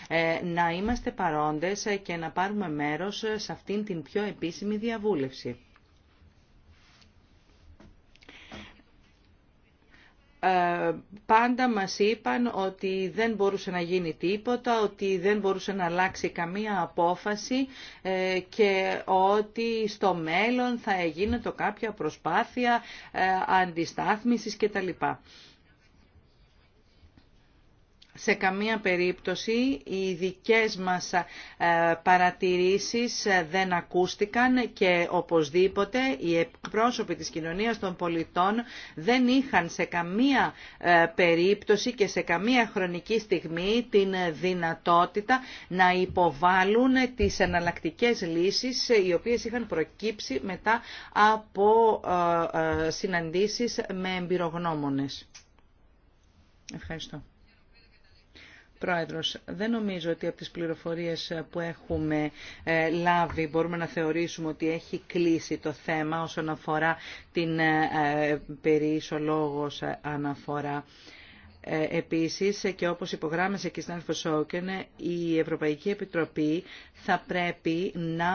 ε, να είμαστε παρόντες και να πάρουμε μέρος σε αυτήν την πιο επίσημη διαβούλευση. Ε, πάντα μας είπαν ότι δεν μπορούσε να γίνει τίποτα, ότι δεν μπορούσε να αλλάξει καμία απόφαση ε, και ότι στο μέλλον θα έγινε το κάποια προσπάθεια αντιστάθμισης κτλ σε καμία περίπτωση οι δικές μας ε, παρατηρήσεις ε, δεν ακούστηκαν και οπωσδήποτε οι εκπρόσωποι της κοινωνίας των πολιτών δεν είχαν σε καμία ε, περίπτωση και σε καμία χρονική στιγμή την δυνατότητα να υποβάλουν τις εναλλακτικέ λύσεις οι οποίες είχαν προκύψει μετά από συναντήσεις με εμπειρογνώμονες. Ευχαριστώ. Πρόεδρος, δεν νομίζω ότι από τις πληροφορίες που έχουμε ε, λάβει μπορούμε να θεωρήσουμε ότι έχει κλείσει το θέμα όσον αφορά την ε, ε, περί λόγος αναφορά. Ε, επίσης και όπως υπογράμμισε και η Σόκεν, η Ευρωπαϊκή Επιτροπή θα πρέπει να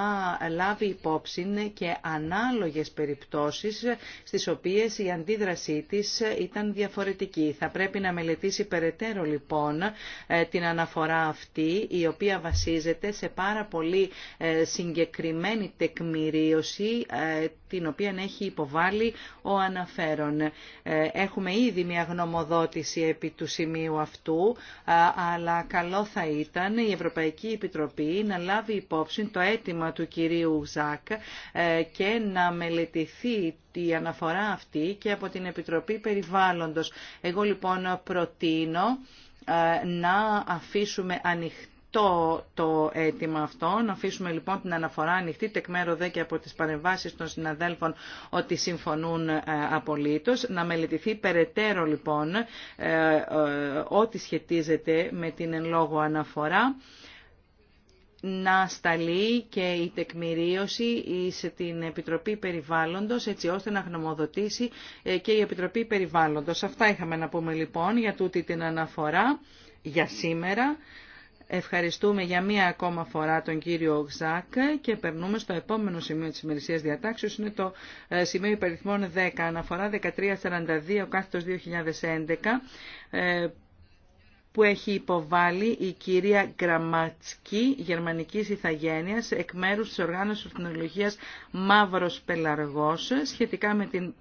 λάβει υπόψη και ανάλογες περιπτώσεις στις οποίες η αντίδρασή της ήταν διαφορετική. Θα πρέπει να μελετήσει περαιτέρω λοιπόν ε, την αναφορά αυτή η οποία βασίζεται σε πάρα πολύ ε, συγκεκριμένη τεκμηρίωση την οποία έχει υποβάλει ο αναφέρον. Έχουμε ήδη μια γνωμοδότηση επί του σημείου αυτού, αλλά καλό θα ήταν η Ευρωπαϊκή Επιτροπή να λάβει υπόψη το αίτημα του κυρίου Ζακ ε, και να μελετηθεί η αναφορά αυτή και από την Επιτροπή Περιβάλλοντος. Εγώ λοιπόν προτείνω ε, να αφήσουμε ανοιχτή το το αίτημα αυτό. Να αφήσουμε λοιπόν την αναφορά ανοιχτή τεκμέρο δε και από τις παρεμβάσεις των συναδέλφων ότι συμφωνούν ε, απολύτως. Να μελετηθεί περαιτέρω λοιπόν ε, ε, ό,τι σχετίζεται με την εν λόγω αναφορά να σταλεί και η τεκμηρίωση σε την Επιτροπή Περιβάλλοντος έτσι ώστε να γνωμοδοτήσει και η Επιτροπή Περιβάλλοντος. Αυτά είχαμε να πούμε λοιπόν για τούτη την αναφορά για σήμερα. Ευχαριστούμε για μία ακόμα φορά τον κύριο Ζάκ και περνούμε στο επόμενο σημείο της ημερησίας διατάξεως. Είναι το ε, σημείο υπεριθμών 10, αναφορά 1342 κάθετος 2011 ε, που έχει υποβάλει η κυρία Γκραματσκή, γερμανικής ηθαγένειας, εκ μέρους της οργάνωσης ορθινολογίας Μαύρος Πελαργός, σχετικά με την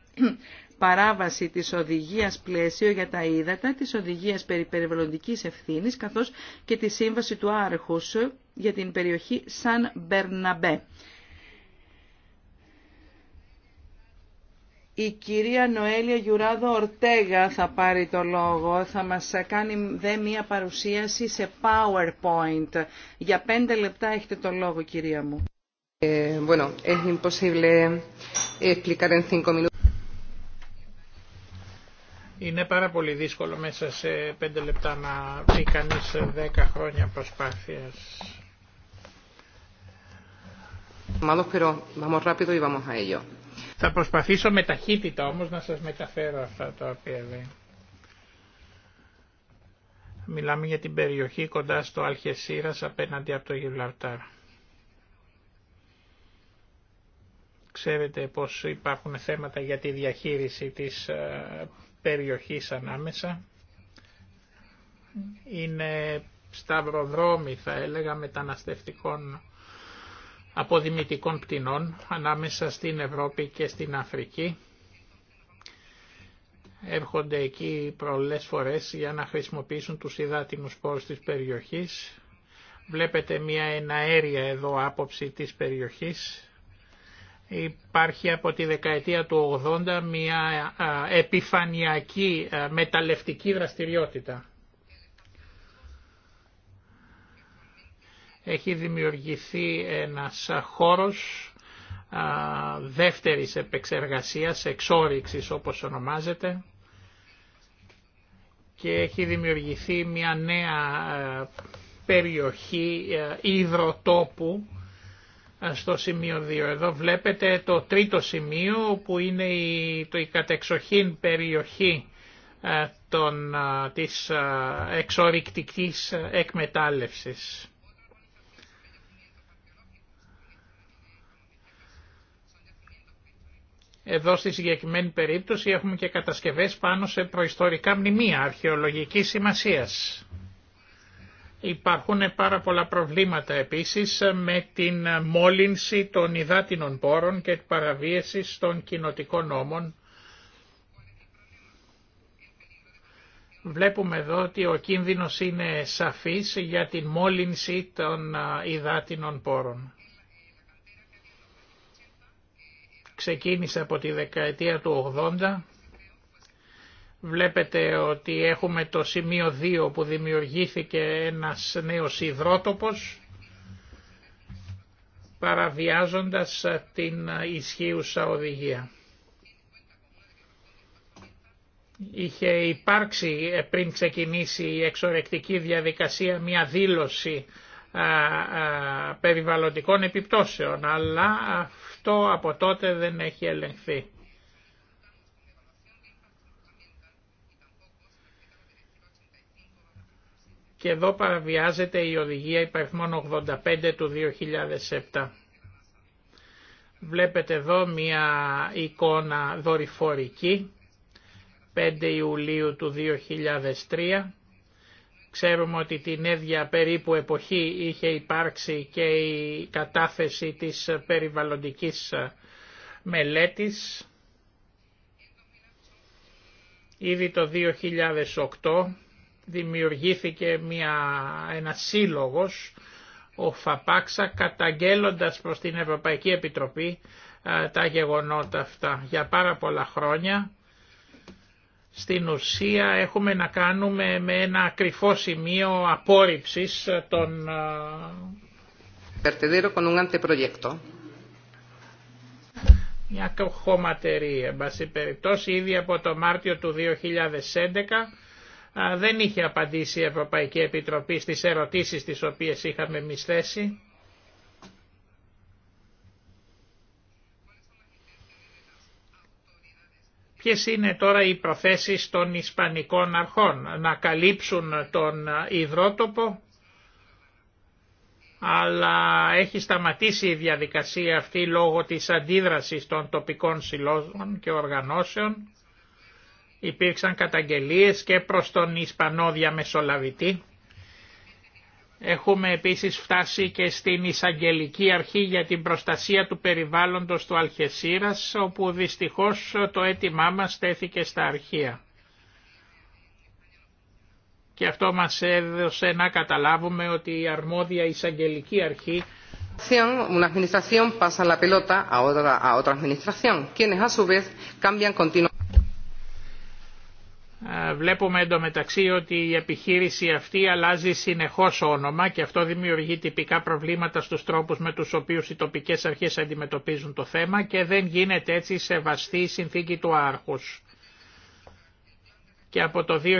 παράβαση της οδηγίας πλαίσιο για τα ύδατα, της οδηγίας περί περιβαλλοντικής ευθύνης, καθώς και τη σύμβαση του Άρχους για την περιοχή Σαν Μπερναμπέ. Η κυρία Νοέλια Γιουράδο Ορτέγα θα πάρει το λόγο. Θα μας κάνει δε μία παρουσίαση σε PowerPoint. Για πέντε λεπτά έχετε το λόγο κυρία μου. Ε, bueno, es imposible explicar en cinco minutos. Είναι πάρα πολύ δύσκολο μέσα σε πέντε λεπτά να πει κανεί δέκα χρόνια προσπάθειας. Θα προσπαθήσω με ταχύτητα όμως να σας μεταφέρω αυτά τα οποία λέει. Μιλάμε για την περιοχή κοντά στο Αλχεσίρας απέναντι από το Γιβλαρτάρ. Ξέρετε πως υπάρχουν θέματα για τη διαχείριση της ε, περιοχής ανάμεσα. Είναι σταυροδρόμοι θα έλεγα μεταναστευτικών αποδημητικών πτηνών ανάμεσα στην Ευρώπη και στην Αφρική. Έρχονται εκεί προλες φορές για να χρησιμοποιήσουν τους υδάτινους πόρους της περιοχής. Βλέπετε μια εναέρια εδώ άποψη της περιοχής Υπάρχει από τη δεκαετία του 80 μια επιφανειακή μεταλλευτική δραστηριότητα. Έχει δημιουργηθεί ένας χώρος δεύτερης επεξεργασίας, εξόριξης όπως ονομάζεται και έχει δημιουργηθεί μια νέα περιοχή υδροτόπου στο σημείο 2. Εδώ βλέπετε το τρίτο σημείο που είναι η, το, η κατεξοχήν περιοχή ε, των, ε, της ε, εξορρυκτικής εκμετάλλευσης. Εδώ στη συγκεκριμένη περίπτωση έχουμε και κατασκευές πάνω σε προϊστορικά μνημεία αρχαιολογικής σημασίας. Υπάρχουν πάρα πολλά προβλήματα επίσης με την μόλυνση των υδάτινων πόρων και την παραβίαση των κοινοτικών νόμων. Βλέπουμε εδώ ότι ο κίνδυνος είναι σαφής για την μόλυνση των υδάτινων πόρων. Ξεκίνησε από τη δεκαετία του 80 Βλέπετε ότι έχουμε το σημείο 2 που δημιουργήθηκε ένας νέος υδρότοπος παραβιάζοντας την ισχύουσα οδηγία. Είχε υπάρξει ε, πριν ξεκινήσει η εξορεκτική διαδικασία μια δήλωση περιβαλλοντικών επιπτώσεων, αλλά αυτό από τότε δεν έχει ελεγχθεί. και εδώ παραβιάζεται η οδηγία υπαριθμών 85 του 2007. Βλέπετε εδώ μία εικόνα δορυφορική, 5 Ιουλίου του 2003. Ξέρουμε ότι την ίδια περίπου εποχή είχε υπάρξει και η κατάθεση της περιβαλλοντικής μελέτης. Ήδη το 2008 δημιουργήθηκε μια, ένα σύλλογος, ο Φαπάξα, καταγγέλλοντας προς την Ευρωπαϊκή Επιτροπή τα γεγονότα αυτά για πάρα πολλά χρόνια. Στην ουσία έχουμε να κάνουμε με ένα κρυφό σημείο απόρριψης των... Μια κοχωματερή, εν πάση περιπτώσει, ήδη από το Μάρτιο του 2011 δεν είχε απαντήσει η Ευρωπαϊκή Επιτροπή στις ερωτήσεις τις οποίες είχαμε εμείς θέσει. Ποιες είναι τώρα οι προθέσεις των Ισπανικών αρχών να καλύψουν τον υδρότοπο αλλά έχει σταματήσει η διαδικασία αυτή λόγω της αντίδρασης των τοπικών συλλόγων και οργανώσεων Υπήρξαν καταγγελίες και προς τον Ισπανό διαμεσολαβητή. Έχουμε επίσης φτάσει και στην εισαγγελική αρχή για την προστασία του περιβάλλοντος του Αλχεσίρας, όπου δυστυχώς το αίτημά μας στέθηκε στα αρχεία. Και αυτό μας έδωσε να καταλάβουμε ότι η αρμόδια εισαγγελική αρχή Una administración pasa la pelota a otra, a otra administración, quienes a su vez cambian continuamente. Ε, βλέπουμε εντωμεταξύ ότι η επιχείρηση αυτή αλλάζει συνεχώς όνομα και αυτό δημιουργεί τυπικά προβλήματα στους τρόπους με τους οποίους οι τοπικές αρχές αντιμετωπίζουν το θέμα και δεν γίνεται έτσι σεβαστή η συνθήκη του άρχους. Και από το 2013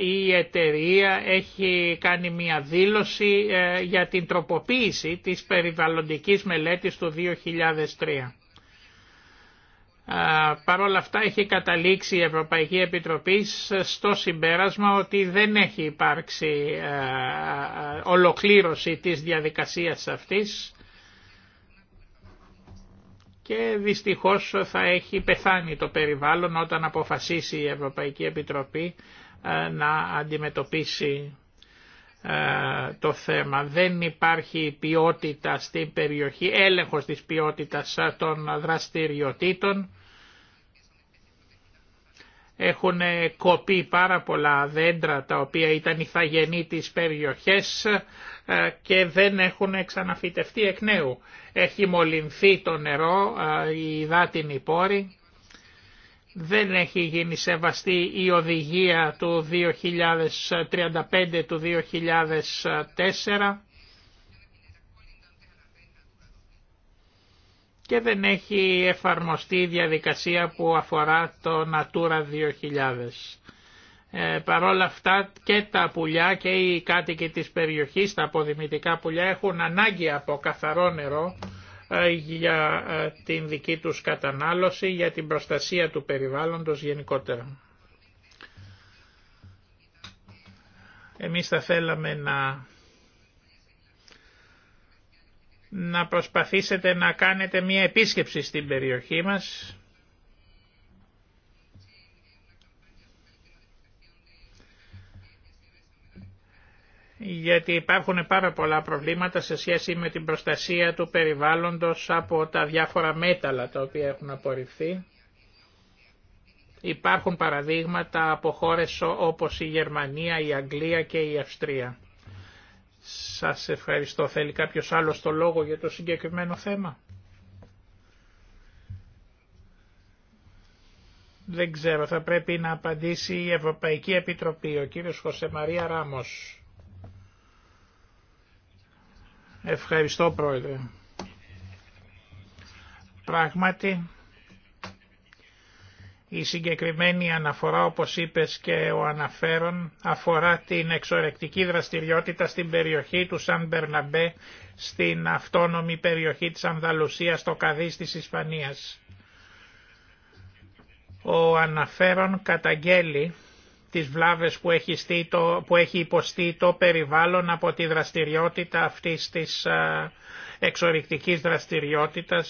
η εταιρεία έχει κάνει μια δήλωση ε, για την τροποποίηση της περιβαλλοντικής μελέτης του 2003. Παρ' όλα αυτά έχει καταλήξει η Ευρωπαϊκή Επιτροπή στο συμπέρασμα ότι δεν έχει υπάρξει ολοκλήρωση της διαδικασίας αυτής και δυστυχώς θα έχει πεθάνει το περιβάλλον όταν αποφασίσει η Ευρωπαϊκή Επιτροπή να αντιμετωπίσει το θέμα. Δεν υπάρχει ποιότητα στην περιοχή, έλεγχος της ποιότητας των δραστηριοτήτων έχουν κοπεί πάρα πολλά δέντρα τα οποία ήταν ηθαγενή της περιοχές ε, και δεν έχουν ξαναφυτευτεί εκ νέου. Έχει μολυνθεί το νερό, ε, η υδάτινη πόρη. Δεν έχει γίνει σεβαστή η οδηγία του 2035 του 2004 και δεν έχει εφαρμοστεί η διαδικασία που αφορά το Natura 2000. Ε, Παρ' όλα αυτά και τα πουλιά και οι κάτοικοι της περιοχής, τα αποδημητικά πουλιά έχουν ανάγκη από καθαρό νερό ε, για ε, την δική τους κατανάλωση, για την προστασία του περιβάλλοντος γενικότερα. Εμείς θα θέλαμε να να προσπαθήσετε να κάνετε μία επίσκεψη στην περιοχή μας. γιατί υπάρχουν πάρα πολλά προβλήματα σε σχέση με την προστασία του περιβάλλοντος από τα διάφορα μέταλλα τα οποία έχουν απορριφθεί. Υπάρχουν παραδείγματα από χώρες όπως η Γερμανία, η Αγγλία και η Αυστρία. Σας ευχαριστώ. Θέλει κάποιος άλλος το λόγο για το συγκεκριμένο θέμα. Δεν ξέρω, θα πρέπει να απαντήσει η Ευρωπαϊκή Επιτροπή, ο κύριος Χωσεμαρία Ράμος. Ευχαριστώ πρόεδρε. Πράγματι, η συγκεκριμένη αναφορά, όπως είπες και ο αναφέρον, αφορά την εξορεκτική δραστηριότητα στην περιοχή του Σαν Μπερναμπέ, στην αυτόνομη περιοχή της Ανδαλουσίας, στο Καδί της Ισπανίας. Ο αναφέρον καταγγέλει τις βλάβες που έχει, το που έχει υποστεί το περιβάλλον από τη δραστηριότητα αυτής της εξορεκτικής δραστηριότητας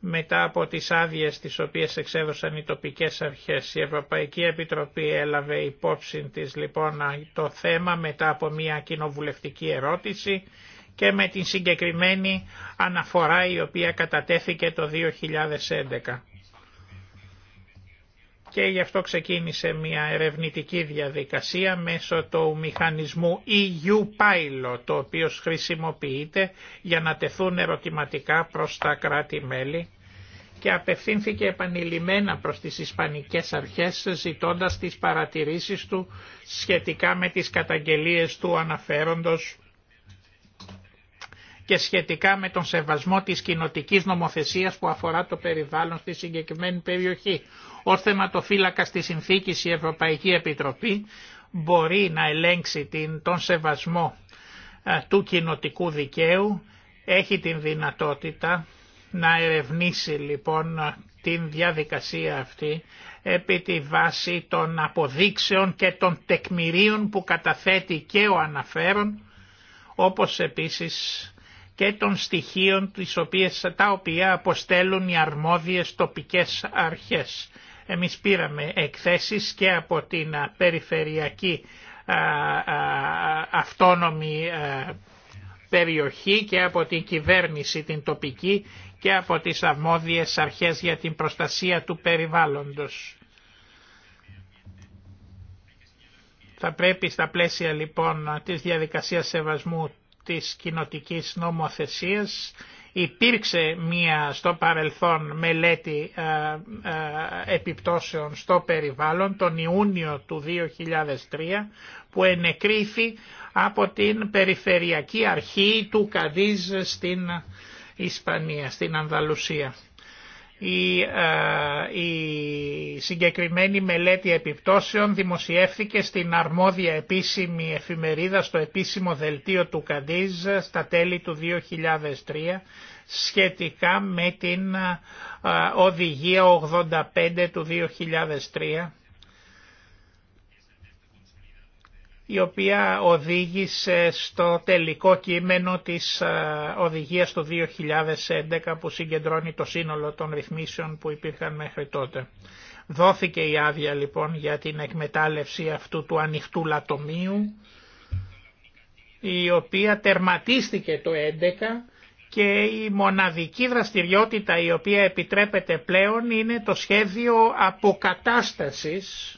μετά από τις άδειες τις οποίες εξέδωσαν οι τοπικές αρχές. Η Ευρωπαϊκή Επιτροπή έλαβε υπόψη της λοιπόν το θέμα μετά από μια κοινοβουλευτική ερώτηση και με την συγκεκριμένη αναφορά η οποία κατατέθηκε το 2011 και γι' αυτό ξεκίνησε μια ερευνητική διαδικασία μέσω του μηχανισμού EU Pilot, το οποίο χρησιμοποιείται για να τεθούν ερωτηματικά προς τα κράτη-μέλη και απευθύνθηκε επανειλημμένα προς τις Ισπανικές αρχές ζητώντας τις παρατηρήσεις του σχετικά με τις καταγγελίες του αναφέροντος και σχετικά με τον σεβασμό της κοινοτική νομοθεσίας που αφορά το περιβάλλον στη συγκεκριμένη περιοχή. Ο θεματοφύλακα της συνθήκης η Ευρωπαϊκή Επιτροπή μπορεί να ελέγξει την, τον σεβασμό ε, του κοινοτικού δικαίου, έχει την δυνατότητα να ερευνήσει λοιπόν ε, την διαδικασία αυτή επί τη βάση των αποδείξεων και των τεκμηρίων που καταθέτει και ο αναφέρον, όπως επίσης και των στοιχείων τις οποίες, τα οποία αποστέλουν οι αρμόδιες τοπικές αρχές. Εμείς πήραμε εκθέσεις και από την περιφερειακή αυτόνομη περιοχή και από την κυβέρνηση την τοπική και από τις αρμόδιες αρχές για την προστασία του περιβάλλοντος. Θα πρέπει στα πλαίσια λοιπόν της διαδικασίας σεβασμού της κοινοτικής νομοθεσίας. Υπήρξε μία στο παρελθόν μελέτη ε, ε, επιπτώσεων στο περιβάλλον τον Ιούνιο του 2003 που ενεκρίθη από την Περιφερειακή Αρχή του Καδίζ στην Ισπανία, στην Ανδαλουσία. Η, ε, η συγκεκριμένη μελέτη επιπτώσεων δημοσιεύθηκε στην αρμόδια επίσημη εφημερίδα στο επίσημο δελτίο του Καντίζ στα τέλη του 2003 σχετικά με την ε, οδηγία 85 του 2003 η οποία οδήγησε στο τελικό κείμενο της ε, οδηγίας του 2011 που συγκεντρώνει το σύνολο των ρυθμίσεων που υπήρχαν μέχρι τότε. Δόθηκε η άδεια λοιπόν για την εκμετάλλευση αυτού του ανοιχτού λατομείου η οποία τερματίστηκε το 2011 και η μοναδική δραστηριότητα η οποία επιτρέπεται πλέον είναι το σχέδιο αποκατάστασης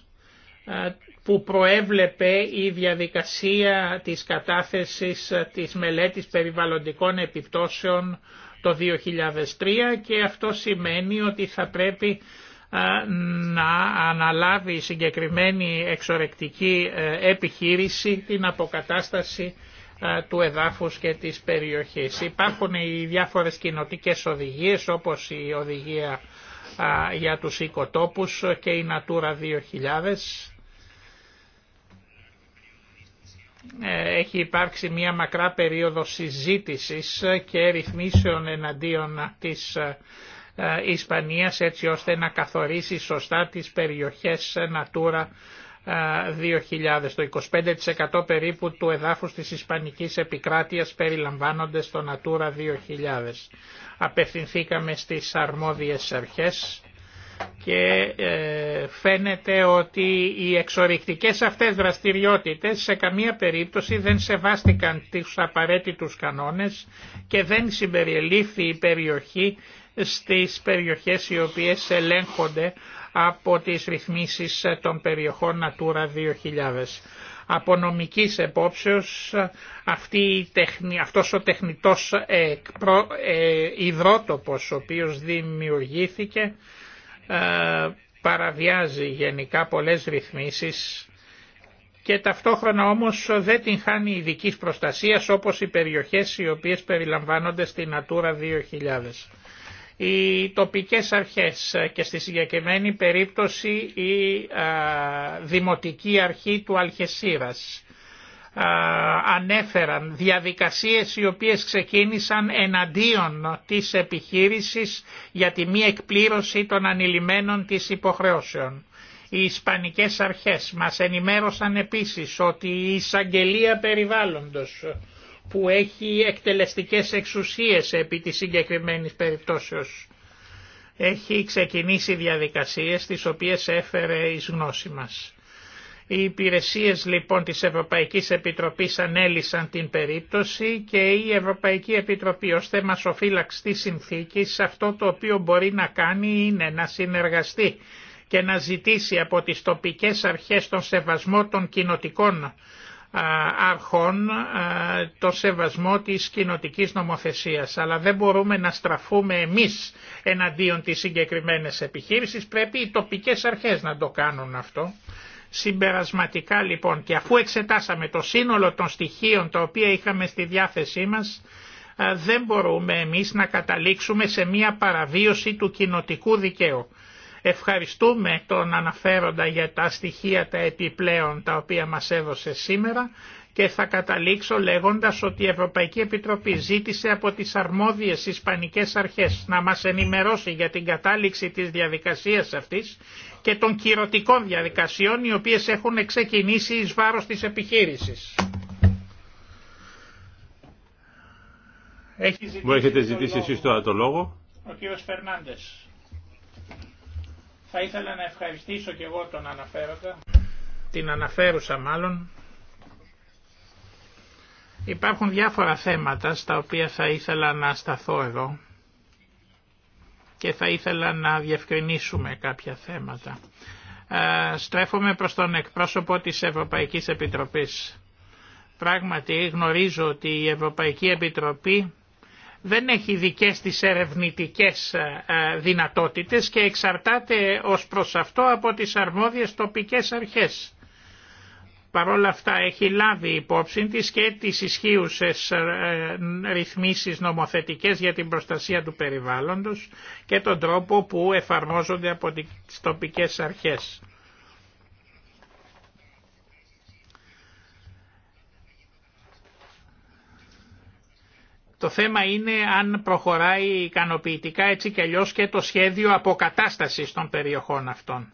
ε, που προέβλεπε η διαδικασία της κατάθεσης της μελέτης περιβαλλοντικών επιπτώσεων το 2003 και αυτό σημαίνει ότι θα πρέπει να αναλάβει η συγκεκριμένη εξορεκτική ε, επιχείρηση την αποκατάσταση του εδάφους και της περιοχής. Υπάρχουν οι διάφορες κοινοτικές οδηγίες όπως η οδηγία για τους οικοτόπους και η Natura 2000 Ε, έχει υπάρξει μια μακρά περίοδο συζήτησης και ρυθμίσεων εναντίον της ε, ε, Ισπανίας έτσι ώστε να καθορίσει σωστά τις περιοχές Natura 2000. Το 25% περίπου του εδάφους της Ισπανικής επικράτειας περιλαμβάνονται στο Natura 2000. Απευθυνθήκαμε στις αρμόδιες αρχές και ε, φαίνεται ότι οι εξορυκτικές αυτές δραστηριότητες σε καμία περίπτωση δεν σεβάστηκαν τους απαραίτητους κανόνες και δεν συμπεριελήφθη η περιοχή στις περιοχές οι οποίες ελέγχονται από τις ρυθμίσεις των περιοχών Natura 2000. Από νομικής επόψεως αυτή, αυτός ο τεχνητός ε, υδρότοπος ο οποίος δημιουργήθηκε ε, παραβιάζει γενικά πολλές ρυθμίσεις και ταυτόχρονα όμως δεν την χάνει ειδική προστασία όπως οι περιοχές οι οποίες περιλαμβάνονται στη Natura 2000. Οι τοπικές αρχές και στη συγκεκριμένη περίπτωση η ε, Δημοτική Αρχή του Αλχεσίρας ανέφεραν διαδικασίες οι οποίες ξεκίνησαν εναντίον της επιχείρησης για τη μη εκπλήρωση των ανηλυμένων της υποχρεώσεων. Οι Ισπανικές αρχές μας ενημέρωσαν επίσης ότι η εισαγγελία περιβάλλοντος που έχει εκτελεστικές εξουσίες επί της συγκεκριμένης περιπτώσεως έχει ξεκινήσει διαδικασίες τις οποίες έφερε εις γνώση μας. Οι υπηρεσίες λοιπόν της Ευρωπαϊκής Επιτροπής ανέλησαν την περίπτωση και η Ευρωπαϊκή Επιτροπή ως θέμασοφύλαξη της συνθήκης αυτό το οποίο μπορεί να κάνει είναι να συνεργαστεί και να ζητήσει από τις τοπικές αρχές τον σεβασμό των κοινοτικών αρχών τον σεβασμό της κοινοτικής νομοθεσίας. Αλλά δεν μπορούμε να στραφούμε εμείς εναντίον της συγκεκριμένης επιχείρησης, πρέπει οι τοπικές αρχές να το κάνουν αυτό. Συμπερασματικά λοιπόν και αφού εξετάσαμε το σύνολο των στοιχείων τα οποία είχαμε στη διάθεσή μας, δεν μπορούμε εμείς να καταλήξουμε σε μία παραβίωση του κοινοτικού δικαίου. Ευχαριστούμε τον αναφέροντα για τα στοιχεία τα επιπλέον τα οποία μας έδωσε σήμερα και θα καταλήξω λέγοντας ότι η Ευρωπαϊκή Επιτροπή ζήτησε από τις αρμόδιες ισπανικές αρχές να μας ενημερώσει για την κατάληξη της διαδικασίας αυτής και των κυρωτικών διαδικασιών οι οποίες έχουν ξεκινήσει εις βάρος της επιχείρησης. Μου έχετε ζητήσει εσείς τώρα το λόγο. Ο κύριος Φερνάντες. Θα ήθελα να ευχαριστήσω και εγώ τον αναφέροντα, την αναφέρουσα μάλλον, Υπάρχουν διάφορα θέματα στα οποία θα ήθελα να σταθώ εδώ και θα ήθελα να διευκρινίσουμε κάποια θέματα. Ε, στρέφομαι προς τον εκπρόσωπο της Ευρωπαϊκής Επιτροπής. Πράγματι γνωρίζω ότι η Ευρωπαϊκή Επιτροπή δεν έχει δικές της ερευνητικές ε, ε, δυνατότητες και εξαρτάται ως προς αυτό από τις αρμόδιες τοπικές αρχές παρόλα αυτά έχει λάβει υπόψη της και τις ισχύουσες ε, ρυθμίσεις νομοθετικές για την προστασία του περιβάλλοντος και τον τρόπο που εφαρμόζονται από τις τοπικές αρχές. Το θέμα είναι αν προχωράει ικανοποιητικά έτσι και αλλιώς και το σχέδιο αποκατάστασης των περιοχών αυτών.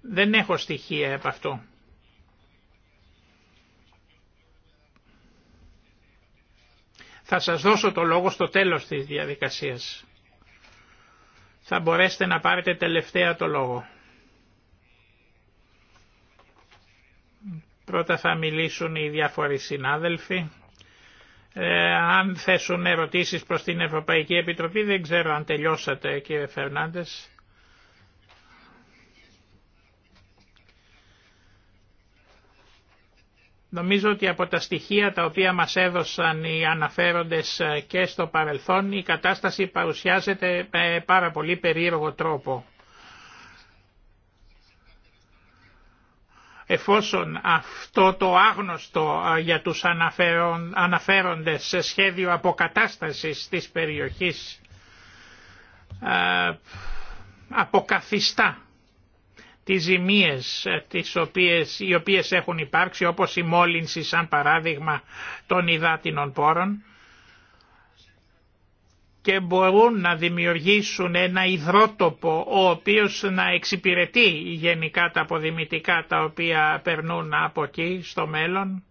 Δεν έχω στοιχεία από αυτό. Θα σας δώσω το λόγο στο τέλος της διαδικασίας. Θα μπορέσετε να πάρετε τελευταία το λόγο. Πρώτα θα μιλήσουν οι διάφοροι συνάδελφοι. Ε, αν θέσουν ερωτήσεις προς την Ευρωπαϊκή Επιτροπή, δεν ξέρω αν τελειώσατε κύριε Φερνάντες. Νομίζω ότι από τα στοιχεία τα οποία μας έδωσαν οι αναφέροντες ε, και στο παρελθόν η κατάσταση παρουσιάζεται με πάρα πολύ περίεργο τρόπο. Εφόσον αυτό το άγνωστο ε, για τους αναφέροντες σε σχέδιο αποκατάστασης της περιοχής ε, αποκαθιστά τις ζημίες ε, τις οποίες, οι οποίες έχουν υπάρξει όπως η μόλυνση σαν παράδειγμα των υδάτινων πόρων και μπορούν να δημιουργήσουν ένα υδρότοπο ο οποίος να εξυπηρετεί γενικά τα αποδημητικά τα οποία περνούν από εκεί στο μέλλον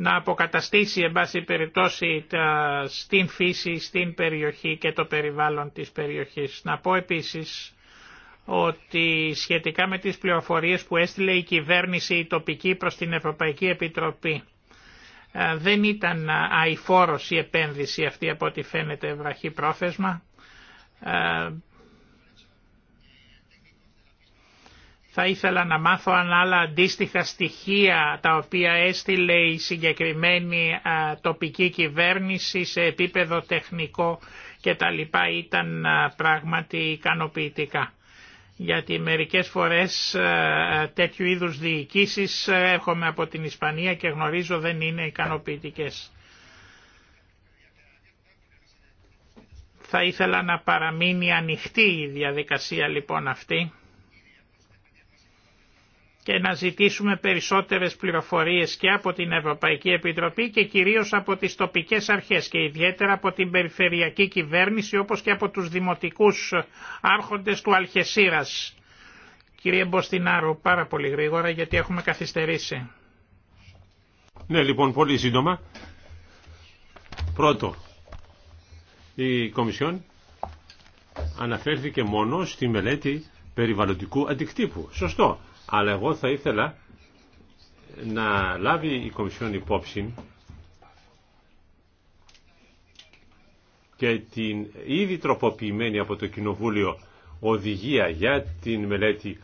να αποκαταστήσει εν πάση περιπτώσει στην φύση, στην περιοχή και το περιβάλλον της περιοχής. Να πω επίσης ότι σχετικά με τις πληροφορίες που έστειλε η κυβέρνηση η τοπική προς την Ευρωπαϊκή Επιτροπή ε, δεν ήταν αηφόρος η επένδυση αυτή από ό,τι φαίνεται βραχή πρόθεσμα ε, Θα ήθελα να μάθω αν άλλα αντίστοιχα στοιχεία τα οποία έστειλε η συγκεκριμένη τοπική κυβέρνηση σε επίπεδο τεχνικό και τα λοιπά ήταν πράγματι ικανοποιητικά. Γιατί μερικές φορές τέτοιου είδους διοικήσεις έρχομαι από την Ισπανία και γνωρίζω δεν είναι ικανοποιητικές. Θα ήθελα να παραμείνει ανοιχτή η διαδικασία λοιπόν αυτή και να ζητήσουμε περισσότερες πληροφορίες και από την Ευρωπαϊκή Επιτροπή και κυρίως από τις τοπικές αρχές και ιδιαίτερα από την περιφερειακή κυβέρνηση όπως και από τους δημοτικούς άρχοντες του Αλχεσίρας. Κύριε Μποστινάρου, πάρα πολύ γρήγορα γιατί έχουμε καθυστερήσει. Ναι, λοιπόν, πολύ σύντομα. Πρώτο, η Κομισιόν αναφέρθηκε μόνο στη μελέτη περιβαλλοντικού αντικτύπου. Σωστό αλλά εγώ θα ήθελα να λάβει η Κομισιόν υπόψη και την ήδη τροποποιημένη από το Κοινοβούλιο οδηγία για την μελέτη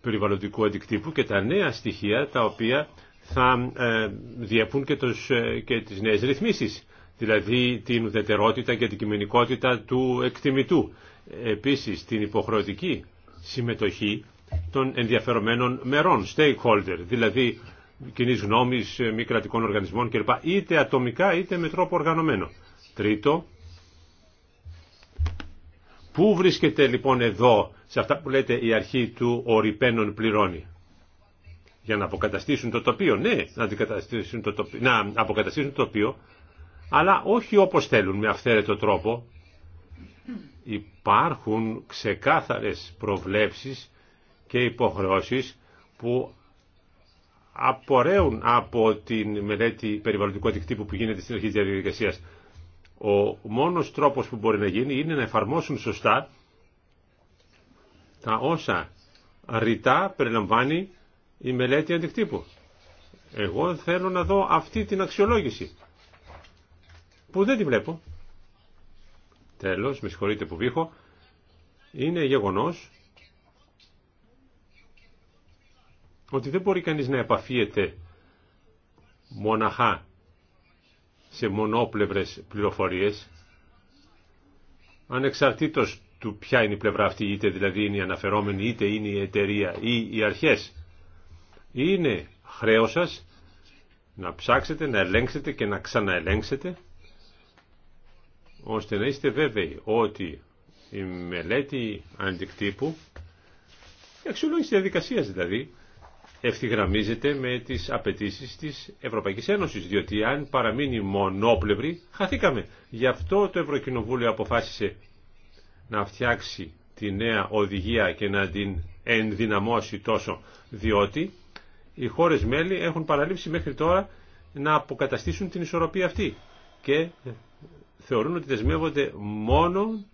περιβαλλοντικού αντικτύπου και τα νέα στοιχεία τα οποία θα ε, διαπούν και, τους, ε, και τις νέες ρυθμίσεις, δηλαδή την ουδετερότητα και την κειμενικότητα του εκτιμητού. Επίσης την υποχρεωτική συμμετοχή των ενδιαφερομένων μερών, stakeholder, δηλαδή κοινή γνώμη, ε, μη κρατικών οργανισμών κλπ. Είτε ατομικά είτε με τρόπο οργανωμένο. Τρίτο, πού βρίσκεται λοιπόν εδώ, σε αυτά που λέτε η αρχή του ορυπαίνων πληρώνει. Για να αποκαταστήσουν το τοπίο, ναι, να, το αποκαταστήσουν το τοπίο, αλλά όχι όπως θέλουν με αυθαίρετο τρόπο. Υπάρχουν ξεκάθαρες προβλέψεις και υποχρεώσεις που απορρέουν από την μελέτη περιβαλλοντικού αντικτύπου που γίνεται στην αρχή της διαδικασίας. Ο μόνος τρόπος που μπορεί να γίνει είναι να εφαρμόσουν σωστά τα όσα ρητά περιλαμβάνει η μελέτη αντικτύπου. Εγώ θέλω να δω αυτή την αξιολόγηση που δεν τη βλέπω. Τέλος, με συγχωρείτε που βήχω, είναι γεγονός ότι δεν μπορεί κανείς να επαφίεται μοναχά σε μονόπλευρες πληροφορίες, ανεξαρτήτως του ποια είναι η πλευρά αυτή, είτε δηλαδή είναι η αναφερόμενη, είτε είναι η εταιρεία ή οι αρχές. Είναι χρέος σας να ψάξετε, να ελέγξετε και να ξαναελέγξετε, ώστε να είστε βέβαιοι ότι η μελέτη αντικτύπου, η αξιολόγηση διαδικασίας δηλαδή, ευθυγραμμίζεται με τις απαιτήσει της Ευρωπαϊκής Ένωσης, διότι αν παραμείνει μονόπλευρη, χαθήκαμε. Γι' αυτό το Ευρωκοινοβούλιο αποφάσισε να φτιάξει τη νέα οδηγία και να την ενδυναμώσει τόσο, διότι οι χώρες μέλη έχουν παραλείψει μέχρι τώρα να αποκαταστήσουν την ισορροπία αυτή και θεωρούν ότι δεσμεύονται μόνο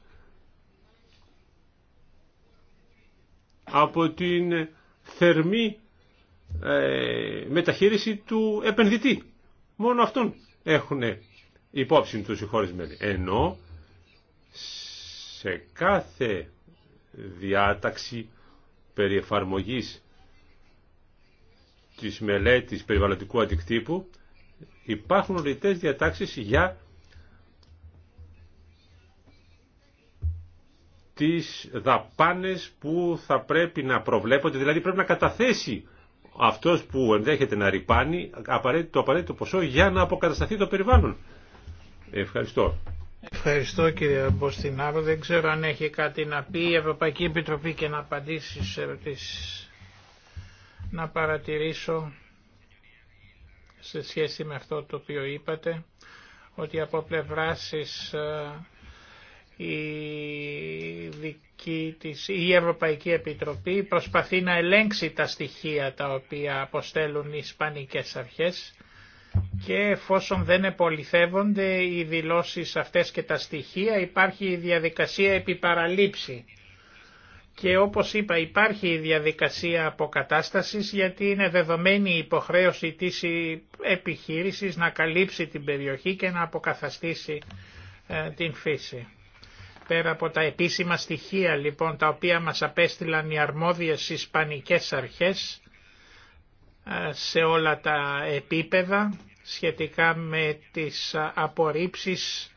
από την θερμή ε, μεταχείριση του επενδυτή. Μόνο αυτόν έχουν υπόψη τους οι Ενώ σε κάθε διάταξη περί εφαρμογής της μελέτης περιβαλλοντικού αντικτύπου υπάρχουν ρητές διατάξεις για τις δαπάνες που θα πρέπει να προβλέπονται, δηλαδή πρέπει να καταθέσει αυτό που ενδέχεται να ρηπάνει το απαραίτητο ποσό για να αποκατασταθεί το περιβάλλον. Ευχαριστώ. Ευχαριστώ κύριε Μποστινάρο. Δεν ξέρω αν έχει κάτι να πει η Ευρωπαϊκή Επιτροπή και να απαντήσει στις ερωτήσεις. Να παρατηρήσω σε σχέση με αυτό το οποίο είπατε ότι από πλευράς ε, η, η Ευρωπαϊκή Επιτροπή προσπαθεί να ελέγξει τα στοιχεία τα οποία αποστέλουν οι Ισπανικές Αρχές και εφόσον δεν επολιθεύονται οι δηλώσεις αυτές και τα στοιχεία υπάρχει η διαδικασία επιπαραλήψη. Και όπως είπα υπάρχει η διαδικασία αποκατάστασης γιατί είναι δεδομένη η υποχρέωση της επιχείρησης να καλύψει την περιοχή και να αποκαθαστήσει ε, την φύση. Πέρα από τα επίσημα στοιχεία λοιπόν τα οποία μας απέστειλαν οι αρμόδιες ισπανικές αρχές ε, σε όλα τα επίπεδα σχετικά με τις απορρίψεις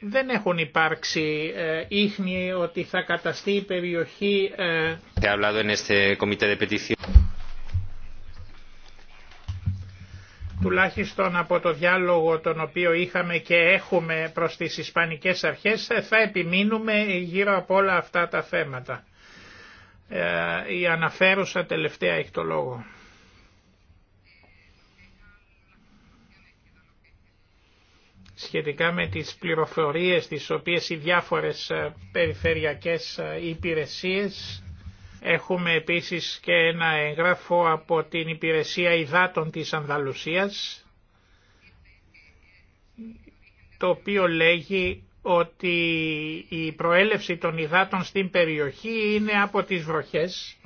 δεν έχουν υπάρξει ε, ίχνη ότι θα καταστεί η περιοχή ε, τουλάχιστον από το διάλογο τον οποίο είχαμε και έχουμε προς τις Ισπανικές Αρχές θα επιμείνουμε γύρω από όλα αυτά τα θέματα. Ε, η αναφέρουσα τελευταία έχει το λόγο. σχετικά με τις πληροφορίες τις οποίες οι διάφορες ε, περιφερειακές ε, υπηρεσίες Έχουμε επίσης και ένα έγγραφο από την Υπηρεσία Ιδάτων της Ανδαλουσίας, το οποίο λέγει ότι η προέλευση των υδάτων στην περιοχή είναι από τις βροχές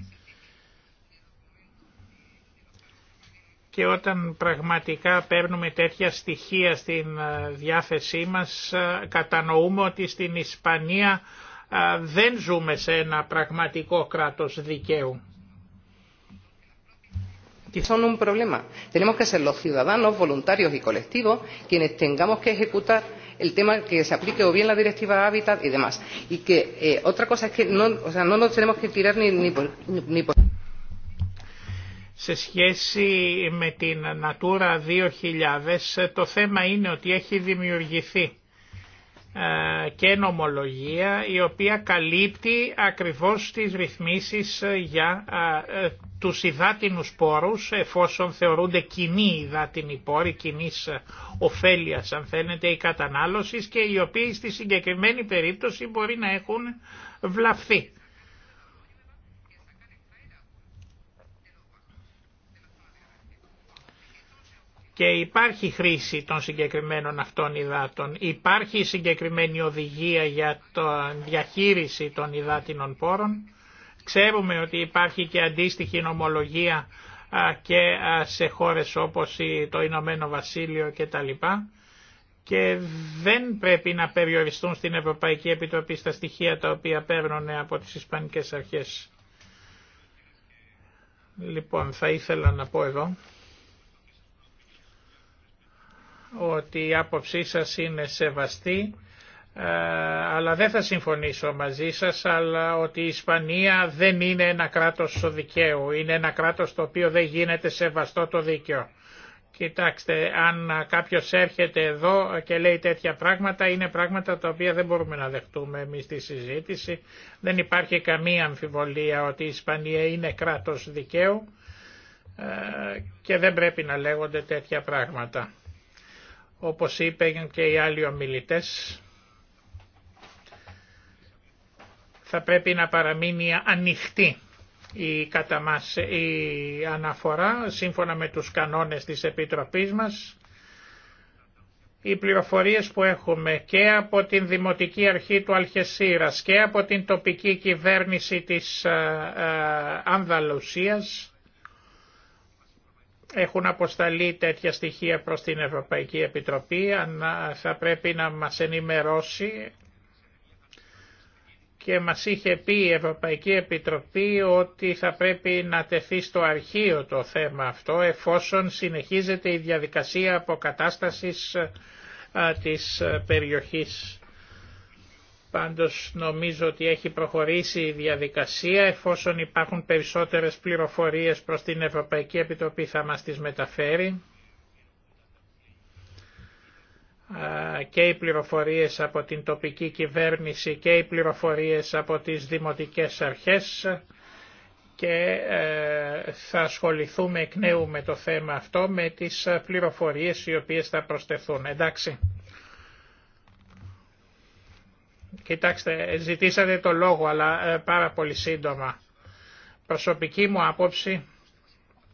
και όταν πραγματικά παίρνουμε τέτοια στοιχεία στην ε, διάθεσή μας ε, κατανοούμε ότι στην Ισπανία δεν ζούμε σε ένα πραγματικό κράτος δικαίου. Son un problema. Tenemos que ser los ciudadanos, voluntarios y colectivos quienes tengamos que ejecutar el tema que se aplique o bien la directiva Hábitat y demás. Y que eh, otra cosa es que no, o sea, no nos tenemos que tirar ni, ni, por, ni por... Σε σχέση με την Natura 2000 το θέμα είναι ότι έχει δημιουργηθεί ε, και νομολογία η οποία καλύπτει ακριβώς τις ρυθμίσεις ε, για ε, τους υδάτινους πόρους εφόσον θεωρούνται κοινοί υδάτινοι πόροι, κοινή ωφέλειας αν θέλετε η κατανάλωσης και οι οποίοι στη συγκεκριμένη περίπτωση μπορεί να έχουν βλαφθεί. και υπάρχει χρήση των συγκεκριμένων αυτών υδάτων. Υπάρχει συγκεκριμένη οδηγία για το διαχείριση των υδάτινων πόρων. Ξέρουμε ότι υπάρχει και αντίστοιχη νομολογία και σε χώρες όπως το Ηνωμένο Βασίλειο κτλ. Και δεν πρέπει να περιοριστούν στην Ευρωπαϊκή Επιτροπή στα στοιχεία τα οποία παίρνουν από τις Ισπανικές Αρχές. Λοιπόν, θα ήθελα να πω εδώ ότι η άποψή σας είναι σεβαστή, ε, αλλά δεν θα συμφωνήσω μαζί σας, αλλά ότι η Ισπανία δεν είναι ένα κράτος δικαίου, είναι ένα κράτος το οποίο δεν γίνεται σεβαστό το δίκαιο. Κοιτάξτε, αν κάποιος έρχεται εδώ και λέει τέτοια πράγματα, είναι πράγματα τα οποία δεν μπορούμε να δεχτούμε εμείς στη συζήτηση. Δεν υπάρχει καμία αμφιβολία ότι η Ισπανία είναι κράτος δικαίου ε, και δεν πρέπει να λέγονται τέτοια πράγματα. Όπως είπαν και οι άλλοι ομιλητές, θα πρέπει να παραμείνει ανοιχτή η, η αναφορά σύμφωνα με τους κανόνες της Επιτροπής μας. Οι πληροφορίες που έχουμε και από την Δημοτική Αρχή του Αλχεσίρας και από την τοπική κυβέρνηση της ε, ε, Ανδαλουσίας έχουν αποσταλεί τέτοια στοιχεία προς την Ευρωπαϊκή Επιτροπή, αν θα πρέπει να μας ενημερώσει και μας είχε πει η Ευρωπαϊκή Επιτροπή ότι θα πρέπει να τεθεί στο αρχείο το θέμα αυτό εφόσον συνεχίζεται η διαδικασία αποκατάστασης της ε, περιοχής. Πάντως νομίζω ότι έχει προχωρήσει η διαδικασία εφόσον υπάρχουν περισσότερες πληροφορίες προς την Ευρωπαϊκή Επιτροπή θα μας τις μεταφέρει και οι πληροφορίες από την τοπική κυβέρνηση και οι πληροφορίες από τις δημοτικές αρχές και ε, θα ασχοληθούμε εκ νέου με το θέμα αυτό με τις πληροφορίες οι οποίες θα προσθεθούν. Εντάξει. Κοιτάξτε, ζητήσατε το λόγο, αλλά ε, πάρα πολύ σύντομα. Προσωπική μου άποψη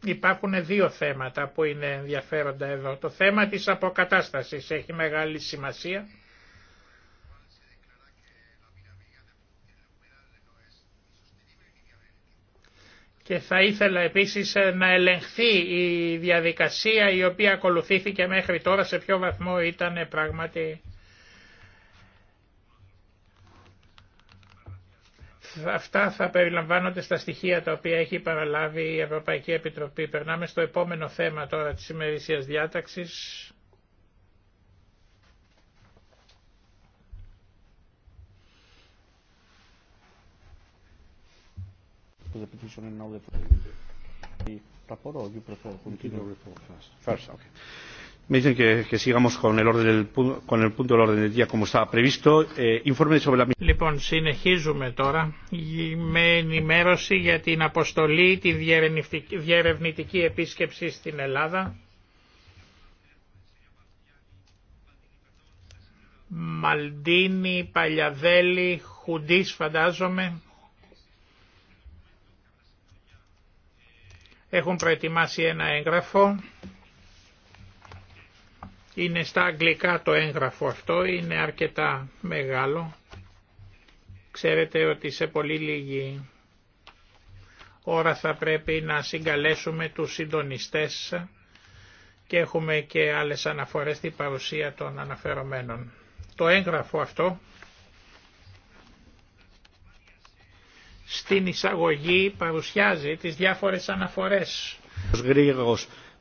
υπάρχουν δύο θέματα που είναι ενδιαφέροντα εδώ. Το θέμα της αποκατάστασης έχει μεγάλη σημασία. Και θα ήθελα επίσης ε, να ελεγχθεί η διαδικασία η οποία ακολουθήθηκε μέχρι τώρα σε ποιο βαθμό ήταν ε, πράγματι Αυτά θα περιλαμβάνονται στα στοιχεία τα οποία έχει παραλάβει η Ευρωπαϊκή Επιτροπή. Περνάμε στο επόμενο θέμα τώρα της ημερησίας διάταξης. Λοιπόν, συνεχίζουμε τώρα με ενημέρωση για την αποστολή, τη διερευνητική επίσκεψη στην Ελλάδα. Μαλτίνη Παλιαδέλη, Χουντής φαντάζομαι. Έχουν προετοιμάσει ένα έγγραφο. Είναι στα αγγλικά το έγγραφο αυτό, είναι αρκετά μεγάλο. Ξέρετε ότι σε πολύ λίγη ώρα θα πρέπει να συγκαλέσουμε τους συντονιστές και έχουμε και άλλες αναφορές στην παρουσία των αναφερομένων. Το έγγραφο αυτό στην εισαγωγή παρουσιάζει τις διάφορες αναφορές.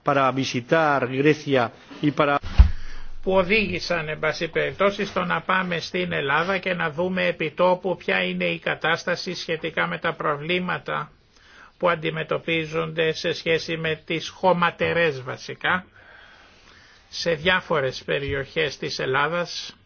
Para visitar Grecia y που οδήγησαν εν πάση περιπτώσει στο να πάμε στην Ελλάδα και να δούμε επιτόπου ποια είναι η κατάσταση σχετικά με τα προβλήματα που αντιμετωπίζονται σε σχέση με τις χωματερές βασικά σε διάφορες περιοχές της Ελλάδας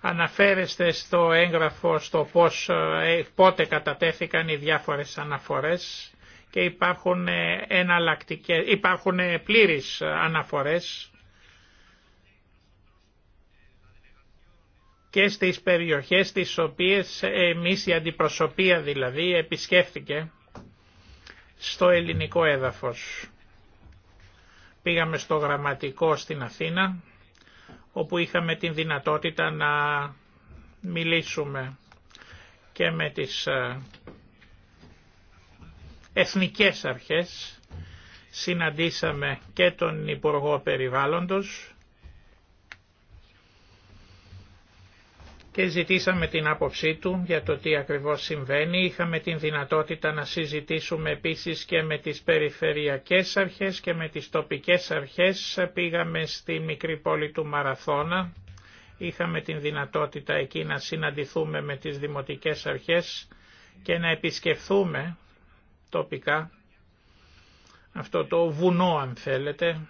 αναφέρεστε στο έγγραφο στο πώς, ε, πότε κατατέθηκαν οι διάφορες αναφορές και υπάρχουν, ε, εναλλακτικές, υπάρχουν ε, αναφορές και στις περιοχές τις οποίες ε, εμείς η αντιπροσωπεία δηλαδή επισκέφθηκε στο ελληνικό έδαφος. Πήγαμε στο γραμματικό στην Αθήνα όπου είχαμε την δυνατότητα να μιλήσουμε και με τις εθνικές αρχές. Συναντήσαμε και τον Υπουργό Περιβάλλοντος και ζητήσαμε την άποψή του για το τι ακριβώς συμβαίνει. Είχαμε την δυνατότητα να συζητήσουμε επίσης και με τις περιφερειακές αρχές και με τις τοπικές αρχές. Πήγαμε στη μικρή πόλη του Μαραθώνα. Είχαμε την δυνατότητα εκεί να συναντηθούμε με τις δημοτικές αρχές και να επισκεφθούμε τοπικά αυτό το βουνό αν θέλετε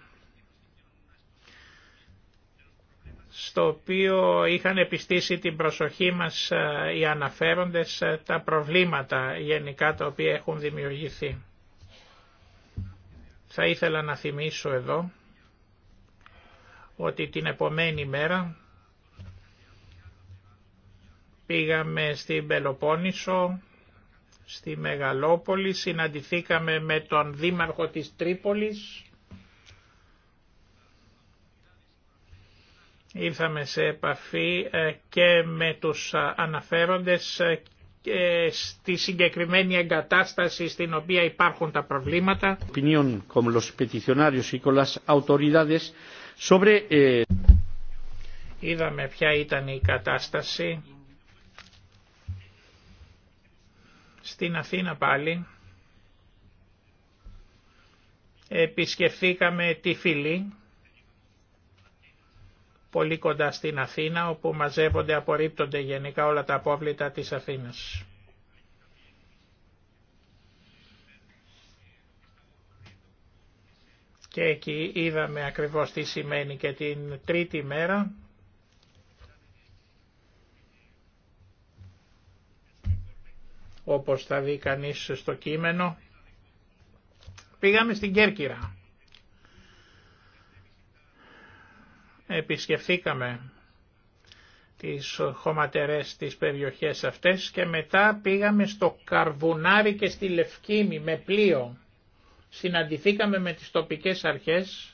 στο οποίο είχαν επιστήσει την προσοχή μας ε, οι αναφέροντες ε, τα προβλήματα γενικά τα οποία έχουν δημιουργηθεί. Θα ήθελα να θυμίσω εδώ ότι την επομένη μέρα πήγαμε στην Πελοπόννησο στη Μεγαλόπολη, συναντηθήκαμε με τον δήμαρχο της Τρίπολης, ήρθαμε σε επαφή ε, και με τους ε, αναφέροντες ε, και στη συγκεκριμένη εγκατάσταση στην οποία υπάρχουν τα προβλήματα. Opinión los peticionarios y con las eh, Είδαμε ποια ήταν η κατάσταση Στην Αθήνα πάλι επισκεφθήκαμε τη Φιλή, πολύ κοντά στην Αθήνα, όπου μαζεύονται, απορρίπτονται γενικά όλα τα απόβλητα της Αθήνας. Και εκεί είδαμε ακριβώς τι σημαίνει και την τρίτη μέρα όπως θα δει κανείς στο κείμενο. Πήγαμε στην Κέρκυρα. Επισκεφθήκαμε τις χωματερές της περιοχές αυτές και μετά πήγαμε στο Καρβουνάρι και στη Λευκήμη με πλοίο. Συναντηθήκαμε με τις τοπικές αρχές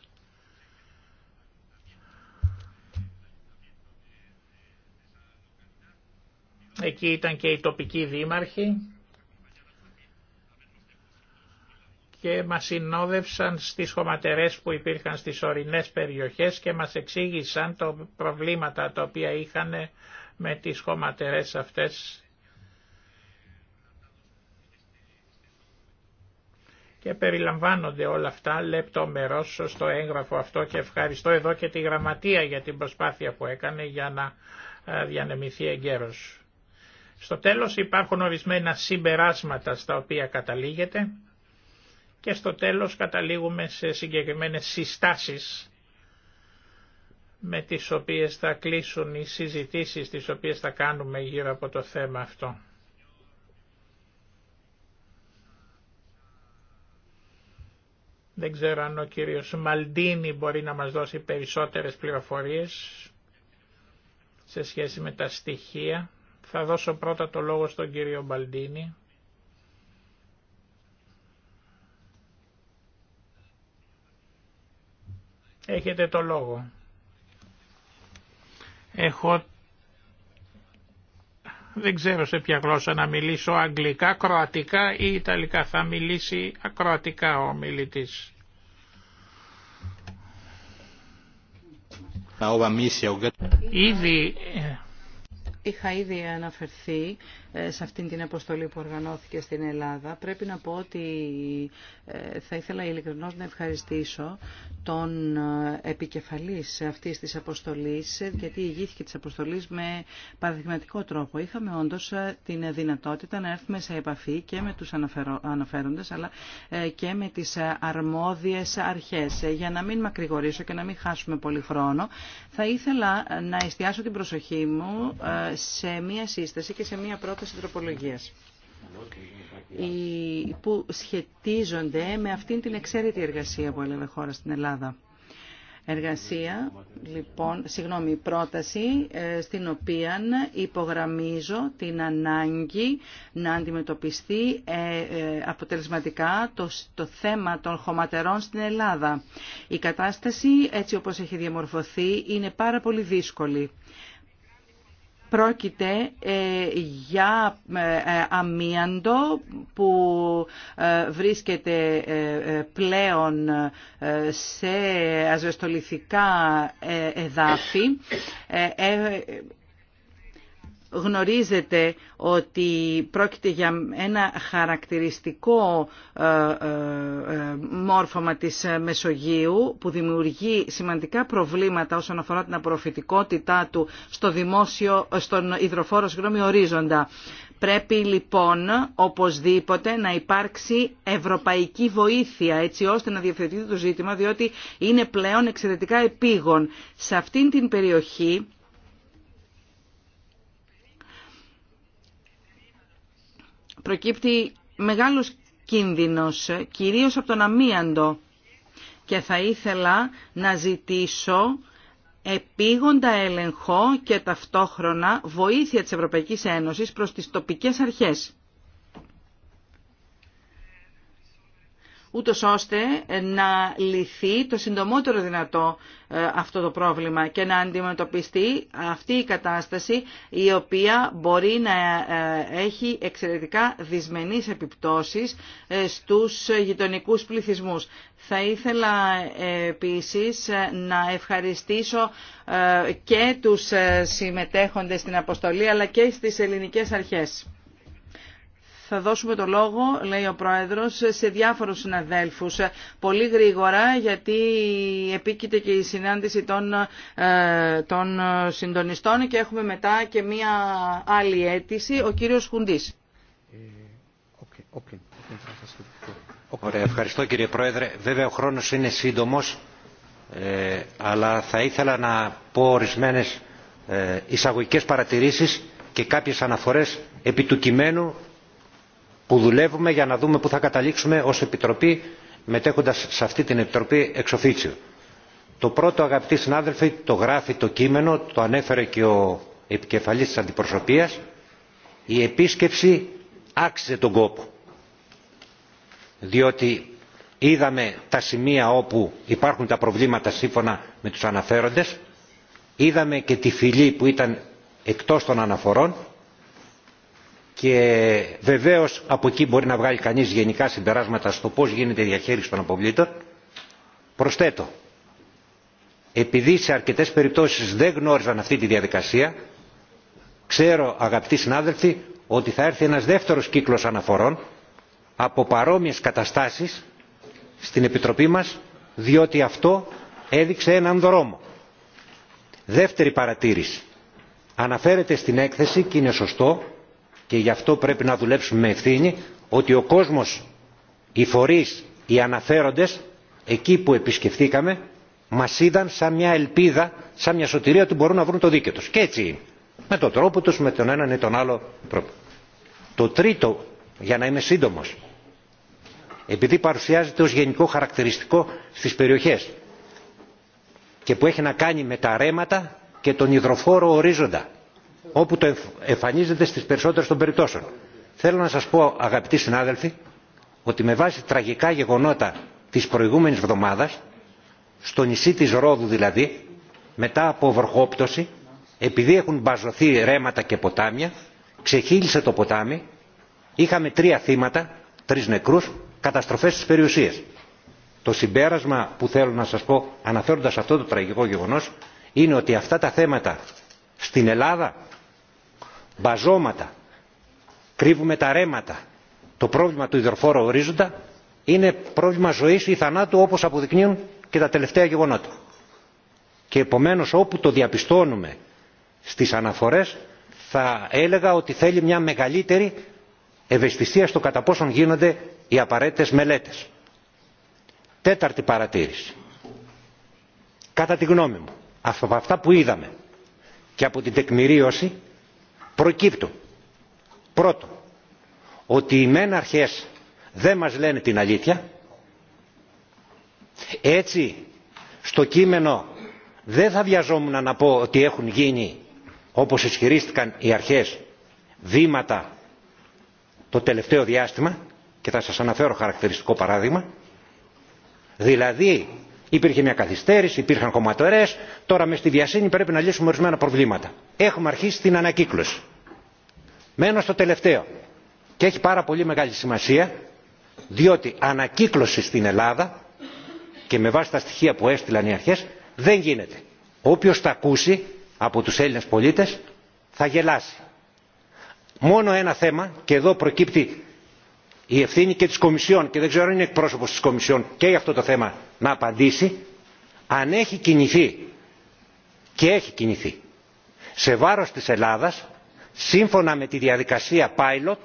Εκεί ήταν και οι τοπικοί δήμαρχοι και μας συνόδευσαν στις χωματερές που υπήρχαν στις ορεινές περιοχές και μας εξήγησαν τα προβλήματα τα οποία είχαν με τις χωματερές αυτές και περιλαμβάνονται όλα αυτά λεπτομερώς στο έγγραφο αυτό και ευχαριστώ εδώ και τη γραμματεία για την προσπάθεια που έκανε για να ε, διανεμηθεί εγκαίρως. Στο τέλος υπάρχουν ορισμένα συμπεράσματα στα οποία καταλήγεται και στο τέλος καταλήγουμε σε συγκεκριμένες συστάσεις με τις οποίες θα κλείσουν οι συζητήσεις τις οποίες θα κάνουμε γύρω από το θέμα αυτό. Δεν ξέρω αν ο κύριος Μαλτίνη μπορεί να μας δώσει περισσότερες πληροφορίες σε σχέση με τα στοιχεία θα δώσω πρώτα το λόγο στον κύριο Μπαλντίνη. Έχετε το λόγο. Έχω... Δεν ξέρω σε ποια γλώσσα να μιλήσω, αγγλικά, κροατικά ή ιταλικά. Θα μιλήσει ακροατικά ο μιλητής. Ήδη ε, Είχα ήδη αναφερθεί ε, σε αυτή την αποστολή που οργανώθηκε στην Ελλάδα. Πρέπει να πω ότι ε, θα ήθελα ειλικρινώς να ευχαριστήσω τον ε, επικεφαλής αυτής της αποστολής, γιατί ηγήθηκε της αποστολής με παραδειγματικό τρόπο. Είχαμε όντως την δυνατότητα να έρθουμε σε επαφή και με τους αναφέροντες, αλλά και με τις αρμόδιες αρχές. Για να μην μακρηγορήσω και να μην χάσουμε πολύ χρόνο, θα ήθελα να εστιάσω την προσοχή μου σε μία σύσταση και σε μία πρόταση πρόταση τροπολογίας που σχετίζονται με αυτήν την εξαίρετη εργασία που έλαβε χώρα στην Ελλάδα. Εργασία, λοιπόν, συγγνώμη, πρόταση ε, στην οποία υπογραμμίζω την ανάγκη να αντιμετωπιστεί ε, ε, αποτελεσματικά το, το θέμα των χωματερών στην Ελλάδα. Η κατάσταση, έτσι όπως έχει διαμορφωθεί, είναι πάρα πολύ δύσκολη. Πρόκειται ε, για ε, ε, αμίαντο που βρίσκεται πλέον σε ασβεστολιθικά εδάφη γνωρίζετε ότι πρόκειται για ένα χαρακτηριστικό ε, ε, ε, μόρφωμα της Μεσογείου που δημιουργεί σημαντικά προβλήματα όσον αφορά την απορροφητικότητά του στο δημόσιο, στον υδροφόρο συγγνώμη, ορίζοντα. Πρέπει λοιπόν οπωσδήποτε να υπάρξει ευρωπαϊκή βοήθεια έτσι ώστε να διευθετηθεί το ζήτημα διότι είναι πλέον εξαιρετικά επίγον. Σε αυτήν την περιοχή προκύπτει μεγάλος κίνδυνος, κυρίως από τον αμίαντο. Και θα ήθελα να ζητήσω επίγοντα έλεγχο και ταυτόχρονα βοήθεια της Ευρωπαϊκής Ένωσης προς τις τοπικές αρχές. ούτως ώστε να λυθεί το συντομότερο δυνατό ε, αυτό το πρόβλημα και να αντιμετωπιστεί αυτή η κατάσταση η οποία μπορεί να ε, έχει εξαιρετικά δυσμενείς επιπτώσεις ε, στους γειτονικούς πληθυσμούς. Θα ήθελα επίσης να ευχαριστήσω και τους συμμετέχοντες στην αποστολή αλλά και στις ελληνικές αρχές. Θα δώσουμε το λόγο, λέει ο Πρόεδρος, σε διάφορους συναδέλφους. Πολύ γρήγορα, γιατί επίκειται και η συνάντηση των, ε, συντονιστών και έχουμε μετά και μία άλλη αίτηση, ο κύριος Χουντής. Ε, Ωραία, ευχαριστώ κύριε Πρόεδρε. Βέβαια ο χρόνος είναι σύντομος, ε, αλλά θα ήθελα να πω ορισμένες εισαγωγικές παρατηρήσεις και κάποιες αναφορές επί του κειμένου που δουλεύουμε για να δούμε πού θα καταλήξουμε ως Επιτροπή μετέχοντας σε αυτή την Επιτροπή οφίτσιο. Το πρώτο αγαπητοί συνάδελφοι το γράφει το κείμενο, το ανέφερε και ο επικεφαλής της αντιπροσωπείας. Η επίσκεψη άξιζε τον κόπο. Διότι είδαμε τα σημεία όπου υπάρχουν τα προβλήματα σύμφωνα με τους αναφέροντες. Είδαμε και τη φυλή που ήταν εκτός των αναφορών και βεβαίως από εκεί μπορεί να βγάλει κανείς γενικά συμπεράσματα στο πώς γίνεται η διαχείριση των αποβλήτων. Προσθέτω, επειδή σε αρκετές περιπτώσεις δεν γνώριζαν αυτή τη διαδικασία, ξέρω αγαπητοί συνάδελφοι ότι θα έρθει ένας δεύτερος κύκλος αναφορών από παρόμοιες καταστάσεις στην Επιτροπή μας, διότι αυτό έδειξε έναν δρόμο. Δεύτερη παρατήρηση. Αναφέρεται στην έκθεση και είναι σωστό και γι' αυτό πρέπει να δουλέψουμε με ευθύνη ότι ο κόσμος, οι φορείς, οι αναφέροντες εκεί που επισκεφθήκαμε μας είδαν σαν μια ελπίδα, σαν μια σωτηρία ότι μπορούν να βρουν το δίκαιο τους. Και έτσι είναι. Με τον τρόπο τους, με τον έναν ή τον άλλο τρόπο. Το τρίτο, για να είμαι σύντομος, επειδή παρουσιάζεται ως γενικό χαρακτηριστικό στις περιοχές και που έχει να κάνει με τα ρέματα και τον υδροφόρο ορίζοντα όπου το εμφανίζεται στις περισσότερες των περιπτώσεων. Θέλω να σας πω αγαπητοί συνάδελφοι ότι με βάση τραγικά γεγονότα της προηγούμενης εβδομάδας στο νησί της Ρόδου δηλαδή μετά από βροχόπτωση επειδή έχουν μπαζωθεί ρέματα και ποτάμια ξεχύλισε το ποτάμι είχαμε τρία θύματα, τρεις νεκρούς καταστροφές στις περιουσίες. Το συμπέρασμα που θέλω να σας πω αναφέροντας αυτό το τραγικό γεγονός είναι ότι αυτά τα θέματα στην Ελλάδα μπαζώματα, κρύβουμε τα ρέματα. Το πρόβλημα του υδροφόρου ορίζοντα είναι πρόβλημα ζωής ή θανάτου όπως αποδεικνύουν και τα τελευταία γεγονότα. Και επομένως όπου το διαπιστώνουμε στις αναφορές θα έλεγα ότι θέλει μια μεγαλύτερη ευαισθησία στο κατά πόσον γίνονται οι απαραίτητες μελέτες. Τέταρτη παρατήρηση. Κατά τη γνώμη μου, από αυτά που είδαμε και από την τεκμηρίωση προκύπτουν πρώτο ότι οι μεν αρχές δεν μας λένε την αλήθεια έτσι στο κείμενο δεν θα βιαζόμουν να πω ότι έχουν γίνει όπως ισχυρίστηκαν οι αρχές βήματα το τελευταίο διάστημα και θα σας αναφέρω χαρακτηριστικό παράδειγμα δηλαδή υπήρχε μια καθυστέρηση υπήρχαν κομματερές τώρα με στη βιασύνη πρέπει να λύσουμε ορισμένα προβλήματα. έχουμε αρχίσει την ανακύκλωση. Μένω στο τελευταίο και έχει πάρα πολύ μεγάλη σημασία διότι ανακύκλωση στην Ελλάδα και με βάση τα στοιχεία που έστειλαν οι αρχές δεν γίνεται. Όποιος τα ακούσει από τους Έλληνες πολίτες θα γελάσει. Μόνο ένα θέμα και εδώ προκύπτει η ευθύνη και της Κομισιόν και δεν ξέρω αν είναι εκπρόσωπος της Κομισιόν και για αυτό το θέμα να απαντήσει αν έχει κινηθεί και έχει κινηθεί σε βάρος της Ελλάδας σύμφωνα με τη διαδικασία pilot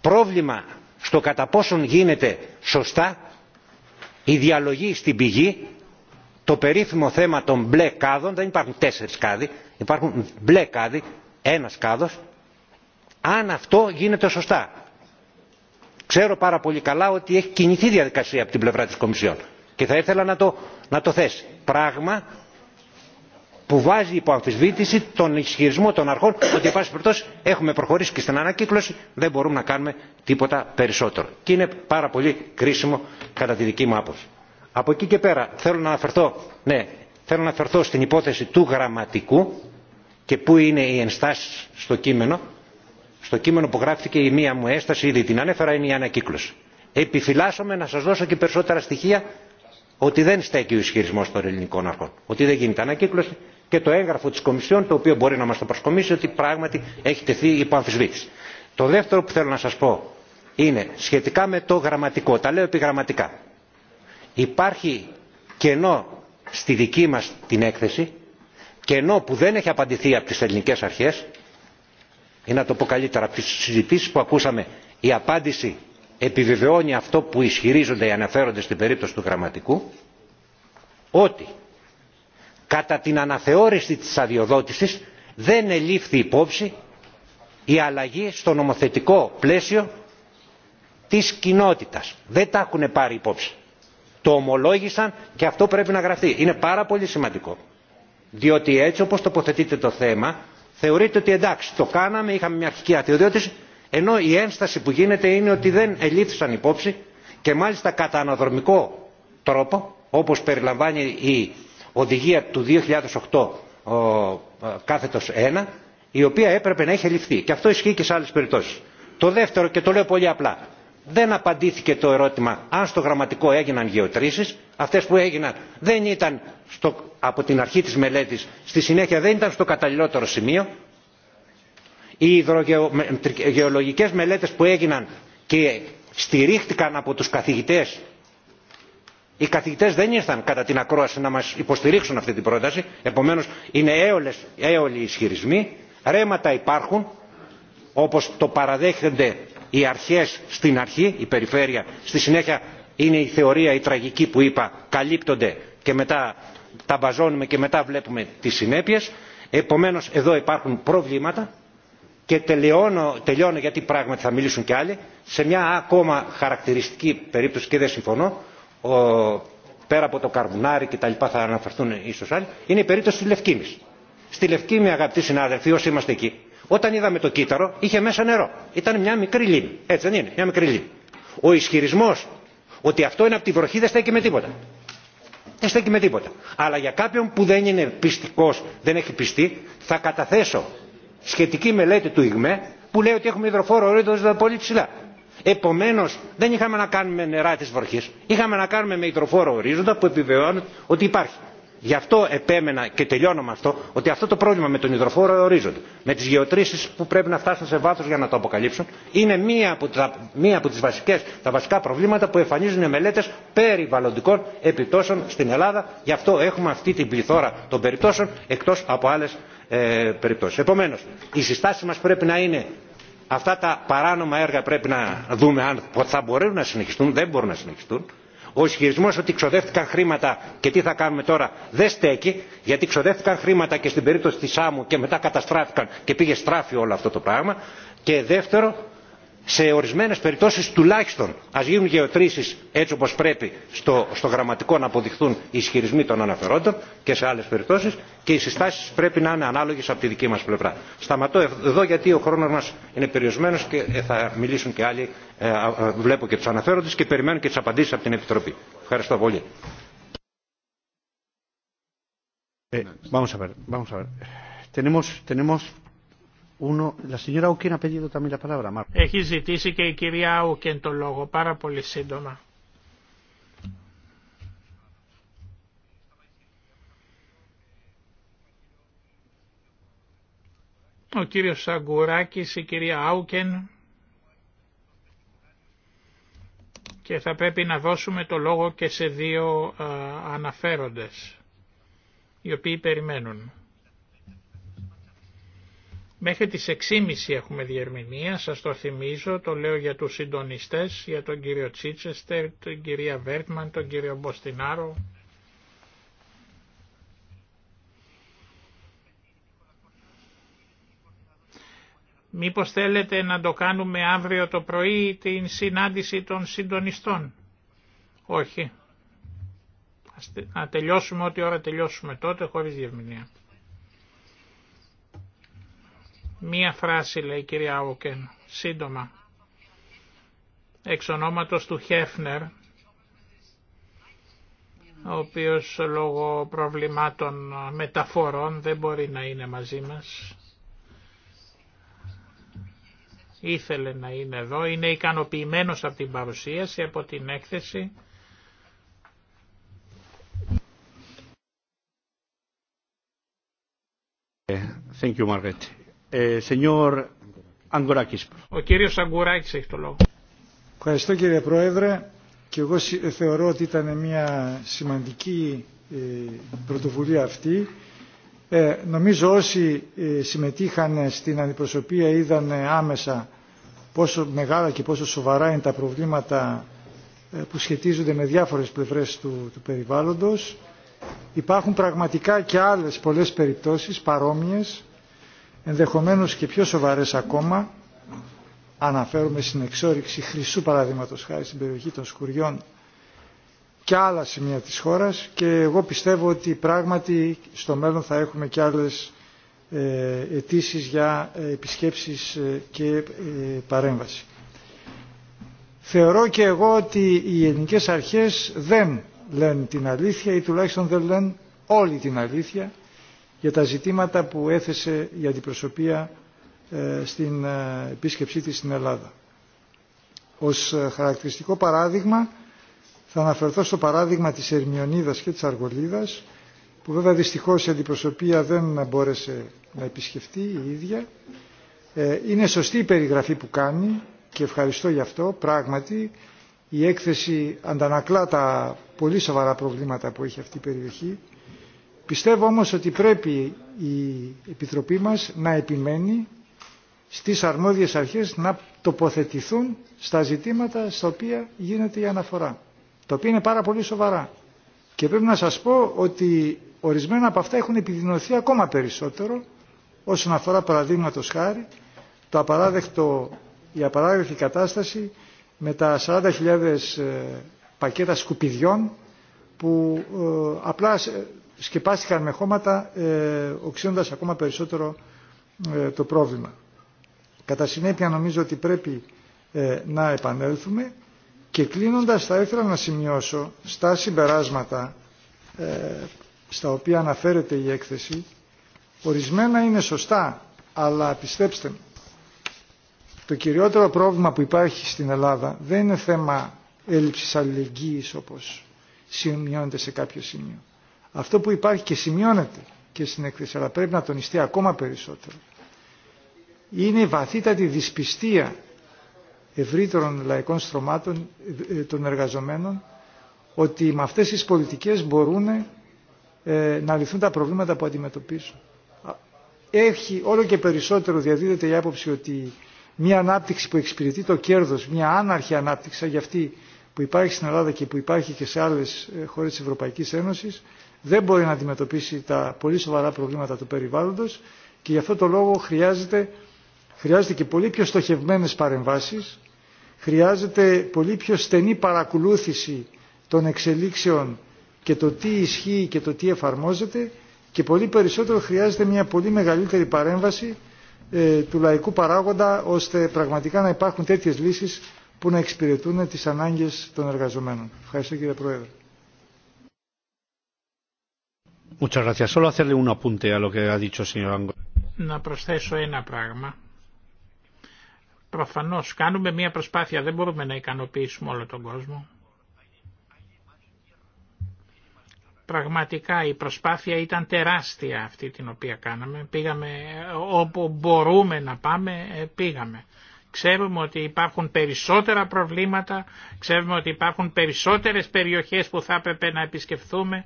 πρόβλημα στο κατά πόσον γίνεται σωστά η διαλογή στην πηγή το περίφημο θέμα των μπλε κάδων δεν υπάρχουν τέσσερις κάδοι υπάρχουν μπλε κάδοι ένας κάδος αν αυτό γίνεται σωστά. Ξέρω πάρα πολύ καλά ότι έχει κινηθεί διαδικασία από την πλευρά της Κομισιόν και θα ήθελα να το, θέσει. Πράγμα που βάζει υπό αμφισβήτηση τον ισχυρισμό των αρχών ότι, εν πάση περιπτώσει, έχουμε προχωρήσει και στην ανακύκλωση, δεν μπορούμε να κάνουμε τίποτα περισσότερο. Και είναι πάρα πολύ κρίσιμο κατά τη δική μου άποψη. Από εκεί και πέρα θέλω να αναφερθώ, ναι, θέλω να αναφερθώ στην υπόθεση του γραμματικού και πού είναι οι ενστάσεις στο κείμενο. Στο κείμενο που ειναι οι ενστάσει στο κειμενο στο κειμενο που γραφτηκε η μία μου έσταση, ήδη την ανέφερα, είναι η ανακύκλωση. Επιφυλάσσομαι να σας δώσω και περισσότερα στοιχεία ότι δεν στέκει ο ισχυρισμό των ελληνικών αρχών. Ότι δεν γίνεται ανακύκλωση, και το έγγραφο της Κομισιόν το οποίο μπορεί να μας το προσκομίσει ότι πράγματι έχει τεθεί υπό αμφισβήτηση. Το δεύτερο που θέλω να σας πω είναι σχετικά με το γραμματικό, τα λέω επιγραμματικά. Υπάρχει κενό στη δική μας την έκθεση, κενό που δεν έχει απαντηθεί από τις ελληνικές αρχές, ή να το πω καλύτερα από τις συζητήσεις που ακούσαμε η απάντηση επιβεβαιώνει αυτό που ισχυρίζονται οι αναφέρονται στην περίπτωση του γραμματικού ότι κατά την αναθεώρηση της αδειοδότησης δεν ελήφθη υπόψη η αλλαγή στο νομοθετικό πλαίσιο της κοινότητας. Δεν τα έχουν πάρει υπόψη. Το ομολόγησαν και αυτό πρέπει να γραφτεί. Είναι πάρα πολύ σημαντικό. Διότι έτσι όπως τοποθετείτε το θέμα θεωρείτε ότι εντάξει το κάναμε, είχαμε μια αρχική αδειοδότηση ενώ η ένσταση που γίνεται είναι ότι δεν ελήφθησαν υπόψη και μάλιστα κατά αναδρομικό τρόπο όπως περιλαμβάνει η οδηγία του 2008 κάθετος 1 η οποία έπρεπε να είχε ληφθεί και αυτό ισχύει και σε άλλες περιπτώσεις. Το δεύτερο και το λέω πολύ απλά δεν απαντήθηκε το ερώτημα αν στο γραμματικό έγιναν γεωτρήσεις αυτές που έγιναν δεν ήταν στο, από την αρχή της μελέτης στη συνέχεια δεν ήταν στο καταλληλότερο σημείο οι υδρογεωλογικές μελέτες που έγιναν και στηρίχτηκαν από τους καθηγητές οι καθηγητές δεν ήρθαν κατά την ακρόαση να μας υποστηρίξουν αυτή την πρόταση επομένως είναι έολες, έολοι οι ισχυρισμοί ρέματα υπάρχουν όπως το παραδέχονται οι αρχές στην αρχή η περιφέρεια στη συνέχεια είναι η θεωρία η τραγική που είπα καλύπτονται και μετά τα μπαζώνουμε και μετά βλέπουμε τις συνέπειες επομένως εδώ υπάρχουν προβλήματα και τελειώνω, τελειώνω γιατί πράγματι θα μιλήσουν και άλλοι σε μια ακόμα χαρακτηριστική περίπτωση και δεν συμφωνώ πέρα από το καρβουνάρι κτλ. θα αναφερθούν ίσω άλλοι, είναι η περίπτωση τη Λευκήμη. Στη Λευκήμη, αγαπητοί συνάδελφοι, όσοι είμαστε εκεί, όταν είδαμε το κύτταρο, είχε μέσα νερό. Ήταν μια μικρή λίμνη. Έτσι δεν είναι, μια μικρή λίμνη. Ο ισχυρισμό ότι αυτό είναι από τη βροχή δεν στέκει με τίποτα. Δεν στέκει με τίποτα. Αλλά για κάποιον που δεν είναι πιστικό, δεν έχει πιστεί, θα καταθέσω σχετική μελέτη του ΙΓΜΕ που λέει ότι έχουμε υδροφόρο ορίζοντα πολύ ψηλά. Επομένως δεν είχαμε να κάνουμε νερά της βροχής, είχαμε να κάνουμε με υδροφόρο ορίζοντα που επιβεβαιώνει ότι υπάρχει. Γι' αυτό επέμενα και τελειώνω με αυτό ότι αυτό το πρόβλημα με τον υδροφόρο ορίζοντα, με τις γεωτρήσεις που πρέπει να φτάσουν σε βάθος για να το αποκαλύψουν, είναι μία από, τα, μία από τις βασικές, τα βασικά προβλήματα που εμφανίζουν οι μελέτες περιβαλλοντικών επιπτώσεων στην Ελλάδα. Γι' αυτό έχουμε αυτή την πληθώρα των περιπτώσεων εκτός από άλλες ε, περιπτώσεις. Επομένως, οι συστάσεις μας πρέπει να είναι αυτά τα παράνομα έργα πρέπει να δούμε αν θα μπορούν να συνεχιστούν, δεν μπορούν να συνεχιστούν. Ο ισχυρισμό ότι ξοδεύτηκαν χρήματα και τι θα κάνουμε τώρα δεν στέκει, γιατί ξοδεύτηκαν χρήματα και στην περίπτωση τη Σάμου και μετά καταστράφηκαν και πήγε στράφη όλο αυτό το πράγμα. Και δεύτερο, σε ορισμένες περιπτώσεις τουλάχιστον ας γίνουν γεωτρήσεις έτσι όπως πρέπει στο, γραμματικό να αποδειχθούν οι ισχυρισμοί των αναφερόντων και σε άλλες περιπτώσεις και οι συστάσεις πρέπει να είναι ανάλογες από τη δική μας πλευρά. Σταματώ εδώ γιατί ο χρόνος μας είναι περιορισμένος και ε, θα μιλήσουν και άλλοι, ε, βλέπω και τους αναφέροντες και περιμένω και τις απαντήσεις από την Επιτροπή. Ευχαριστώ πολύ. Ε, vamos a ver, vamos έχει ζητήσει και η κυρία Άουκεν το λόγο, πάρα πολύ σύντομα. Ο κύριος Σαγκουράκης, η κυρία Άουκεν και θα πρέπει να δώσουμε το λόγο και σε δύο α, αναφέροντες οι οποίοι περιμένουν. Μέχρι τις 6.30 έχουμε διερμηνία, σας το θυμίζω, το λέω για τους συντονιστές, για τον κύριο Τσίτσεστερ, την κυρία Βέρτμαν, τον κύριο Μποστινάρο. Μήπως θέλετε να το κάνουμε αύριο το πρωί την συνάντηση των συντονιστών. Όχι. Να τελειώσουμε ό,τι ώρα τελειώσουμε τότε χωρίς διερμηνία. Μία φράση λέει η κυρία Οκεν, σύντομα, εξ ονόματος του Χέφνερ, ο οποίος λόγω προβλημάτων μεταφορών δεν μπορεί να είναι μαζί μας. Ήθελε να είναι εδώ, είναι ικανοποιημένος από την παρουσίαση, από την έκθεση. Ε, thank you, ε, Ο κύριος Αγγουράκης έχει το λόγο. Ευχαριστώ κύριε Πρόεδρε και εγώ θεωρώ ότι ήταν μια σημαντική ε, πρωτοβουλία αυτή. Ε, νομίζω όσοι συμμετείχαν στην αντιπροσωπεία είδαν άμεσα πόσο μεγάλα και πόσο σοβαρά είναι τα προβλήματα που σχετίζονται με διάφορες πλευρές του, του περιβάλλοντος. Υπάρχουν πραγματικά και άλλες πολλές περιπτώσεις παρόμοιες ενδεχομένως και πιο σοβαρές ακόμα, αναφέρουμε στην εξόριξη χρυσού παραδείγματος χάρη στην περιοχή των Σκουριών και άλλα σημεία της χώρας και εγώ πιστεύω ότι πράγματι στο μέλλον θα έχουμε και άλλες ε, αιτήσει για ε, επισκέψεις ε, και παρέμβαση. Θεωρώ και εγώ ότι οι ελληνικές αρχές δεν λένε την αλήθεια ή τουλάχιστον δεν λένε όλη την αλήθεια για τα ζητήματα που έθεσε η αντιπροσωπεία ε, στην ε, επίσκεψή της στην Ελλάδα. Ως ε, χαρακτηριστικό παράδειγμα θα αναφερθώ στο παράδειγμα της Ερμιονίδας και της Αργολίδας που βέβαια δυστυχώς η αντιπροσωπεία δεν μπόρεσε να επισκεφτεί η ίδια. Είναι σωστή η περιγραφή που κάνει και ευχαριστώ γι' αυτό. Πράγματι η έκθεση αντανακλά τα πολύ σοβαρά προβλήματα που έχει αυτή η περιοχή Πιστεύω όμως ότι πρέπει η Επιτροπή μας να επιμένει στις αρμόδιες αρχές να τοποθετηθούν στα ζητήματα στα οποία γίνεται η αναφορά, Το οποίο είναι πάρα πολύ σοβαρά. Και πρέπει να σας πω ότι ορισμένα από αυτά έχουν επιδεινωθεί ακόμα περισσότερο όσον αφορά παραδείγματο χάρη το απαράδεκτο, η απαράδεκτη κατάσταση με τα 40.000 ε, πακέτα σκουπιδιών που ε, απλά σκεπάστηκαν με χώματα ε, οξύνοντας ακόμα περισσότερο ε, το πρόβλημα. Κατά συνέπεια νομίζω ότι πρέπει ε, να επανέλθουμε και κλείνοντας θα ήθελα να σημειώσω στα συμπεράσματα στα οποία αναφέρεται η έκθεση ορισμένα είναι σωστά αλλά πιστέψτε μου, το κυριότερο πρόβλημα που υπάρχει στην Ελλάδα δεν είναι θέμα έλλειψης αλληλεγγύης όπως σημειώνεται σε κάποιο σημείο. Αυτό που υπάρχει και σημειώνεται και στην έκθεση, αλλά πρέπει να τονιστεί ακόμα περισσότερο, είναι η βαθύτατη δυσπιστία ευρύτερων λαϊκών στρωμάτων ε, των εργαζομένων ότι με αυτές τις πολιτικές μπορούν ε, να λυθούν τα προβλήματα που αντιμετωπίζουν. Έχει όλο και περισσότερο διαδίδεται η άποψη ότι μια ανάπτυξη που εξυπηρετεί το κέρδος, μια άναρχη ανάπτυξη για αυτή που υπάρχει στην Ελλάδα και που υπάρχει και σε άλλες ε, χώρες της Ευρωπαϊκής Ένωσης δεν μπορεί να αντιμετωπίσει τα πολύ σοβαρά προβλήματα του περιβάλλοντος και γι' αυτό το λόγο χρειάζεται, χρειάζεται και πολύ πιο στοχευμένες παρεμβάσεις, χρειάζεται πολύ πιο στενή παρακολούθηση των εξελίξεων και το τι ισχύει και το τι εφαρμόζεται και πολύ περισσότερο χρειάζεται μια πολύ μεγαλύτερη παρέμβαση ε, του λαϊκού παράγοντα ώστε πραγματικά να υπάρχουν τέτοιες λύσεις που να εξυπηρετούν τις ανάγκες των εργαζομένων. Ευχαριστώ κύριε Πρόεδρε. Να προσθέσω ένα πράγμα. Προφανώς κάνουμε μια προσπάθεια, δεν μπορούμε να ικανοποιήσουμε όλο τον κόσμο. Πραγματικά η προσπάθεια ήταν τεράστια αυτή την οποία κάναμε. Πήγαμε όπου μπορούμε να πάμε, ε, πήγαμε. Ξέρουμε ότι υπάρχουν περισσότερα προβλήματα, ξέρουμε ότι υπάρχουν περισσότερες περιοχές που θα έπρεπε να επισκεφθούμε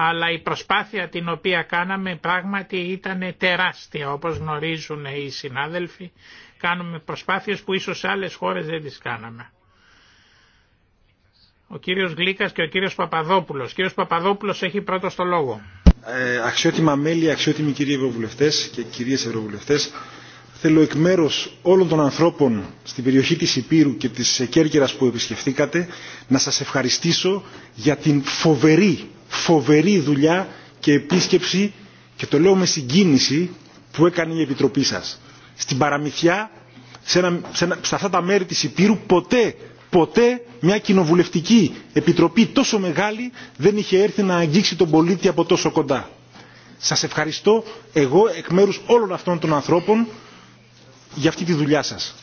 αλλά η προσπάθεια την οποία κάναμε πράγματι ήταν τεράστια όπως γνωρίζουν οι συνάδελφοι. Κάνουμε προσπάθειες που ίσως άλλες χώρες δεν τις κάναμε. Ο κύριος Γλίκας και ο κύριος Παπαδόπουλος. Ο κύριος Παπαδόπουλος έχει πρώτο το λόγο. Ε, αξιότιμα μέλη, αξιότιμοι κύριοι Ευρωβουλευτές και κυρίες Ευρωβουλευτές, θέλω εκ μέρους όλων των ανθρώπων στην περιοχή της Υπήρου και της Κέρκυρας που επισκεφθήκατε να σας ευχαριστήσω για την φοβερή φοβερή δουλειά και επίσκεψη και το λέω με συγκίνηση που έκανε η Επιτροπή σας. Στην παραμυθιά, σε, ένα, σε, αυτά τα μέρη της Υπήρου, ποτέ, ποτέ μια κοινοβουλευτική επιτροπή τόσο μεγάλη δεν είχε έρθει να αγγίξει τον πολίτη από τόσο κοντά. Σας ευχαριστώ εγώ εκ μέρους όλων αυτών των ανθρώπων για αυτή τη δουλειά σας.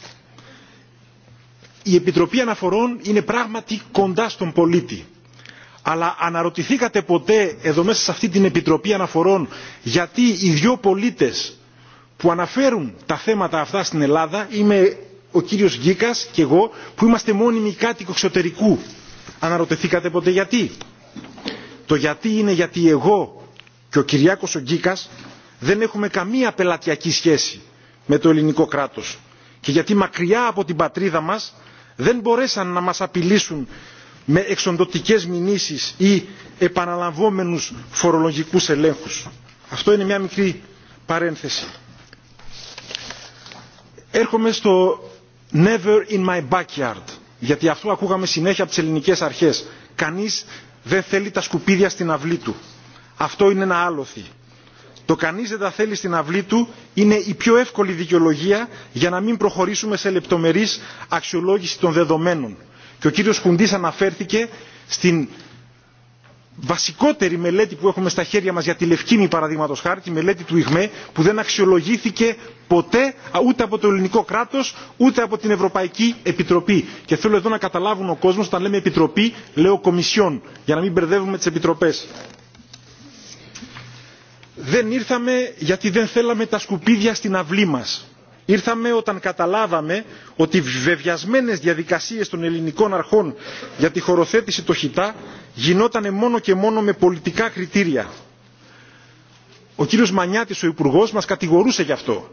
Η Επιτροπή Αναφορών είναι πράγματι κοντά στον πολίτη αλλά αναρωτηθήκατε ποτέ εδώ μέσα σε αυτή την Επιτροπή Αναφορών γιατί οι δυο πολίτες που αναφέρουν τα θέματα αυτά στην Ελλάδα είμαι ο κύριος Γκίκας και εγώ που είμαστε μόνιμοι κάτοικοι εξωτερικού. Αναρωτηθήκατε ποτέ γιατί. Το γιατί είναι γιατί εγώ και ο Κυριάκος ο Γκίκας δεν έχουμε καμία πελατειακή σχέση με το ελληνικό κράτος και γιατί μακριά από την πατρίδα μας δεν μπορέσαν να μας απειλήσουν με εξοντοτικές μηνύσεις ή επαναλαμβόμενους φορολογικούς ελέγχους. Αυτό είναι μια μικρή παρένθεση. Έρχομαι στο «never in my backyard», γιατί αυτό ακούγαμε συνέχεια από τις ελληνικές αρχές. Κανείς δεν θέλει τα σκουπίδια στην αυλή του. Αυτό είναι ένα άλοθη. Το κανείς δεν τα θέλει στην αυλή του είναι η πιο εύκολη δικαιολογία για να μην προχωρήσουμε σε λεπτομερής αξιολόγηση των δεδομένων και ο κύριος Χουντής αναφέρθηκε στην βασικότερη μελέτη που έχουμε στα χέρια μας για τη Λευκίνη παραδείγματος χάρη, τη μελέτη του ΙΓΜΕ, που δεν αξιολογήθηκε ποτέ ούτε από το ελληνικό κράτος, ούτε από την Ευρωπαϊκή Επιτροπή. Και θέλω εδώ να καταλάβουν ο κόσμος, όταν λέμε Επιτροπή, λέω Κομισιόν, για να μην μπερδεύουμε τις Επιτροπές. Δεν ήρθαμε γιατί δεν θέλαμε τα σκουπίδια στην αυλή μας Ήρθαμε όταν καταλάβαμε ότι βεβιασμένες διαδικασίες των ελληνικών αρχών για τη χωροθέτηση το χιτά γινότανε μόνο και μόνο με πολιτικά κριτήρια. Ο κύριος Μανιάτης, ο Υπουργός, μας κατηγορούσε γι' αυτό.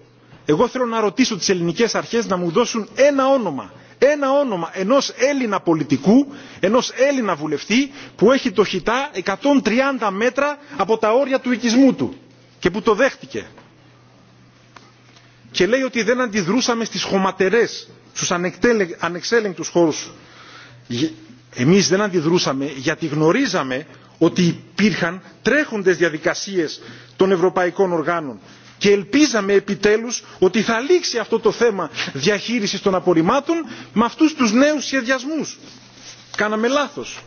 Εγώ θέλω να ρωτήσω τις ελληνικές αρχές να μου δώσουν ένα όνομα. Ένα όνομα ενός Έλληνα πολιτικού, ενός Έλληνα βουλευτή που έχει το χιτά 130 μέτρα από τα όρια του οικισμού του και που το δέχτηκε και λέει ότι δεν αντιδρούσαμε στις χωματερές, στους ανεξέλεγκτους χώρους. Εμείς δεν αντιδρούσαμε γιατί γνωρίζαμε ότι υπήρχαν τρέχοντες διαδικασίες των ευρωπαϊκών οργάνων και ελπίζαμε επιτέλους ότι θα λήξει αυτό το θέμα διαχείρισης των απορριμμάτων με αυτούς τους νέους σχεδιασμούς. Κάναμε λάθος.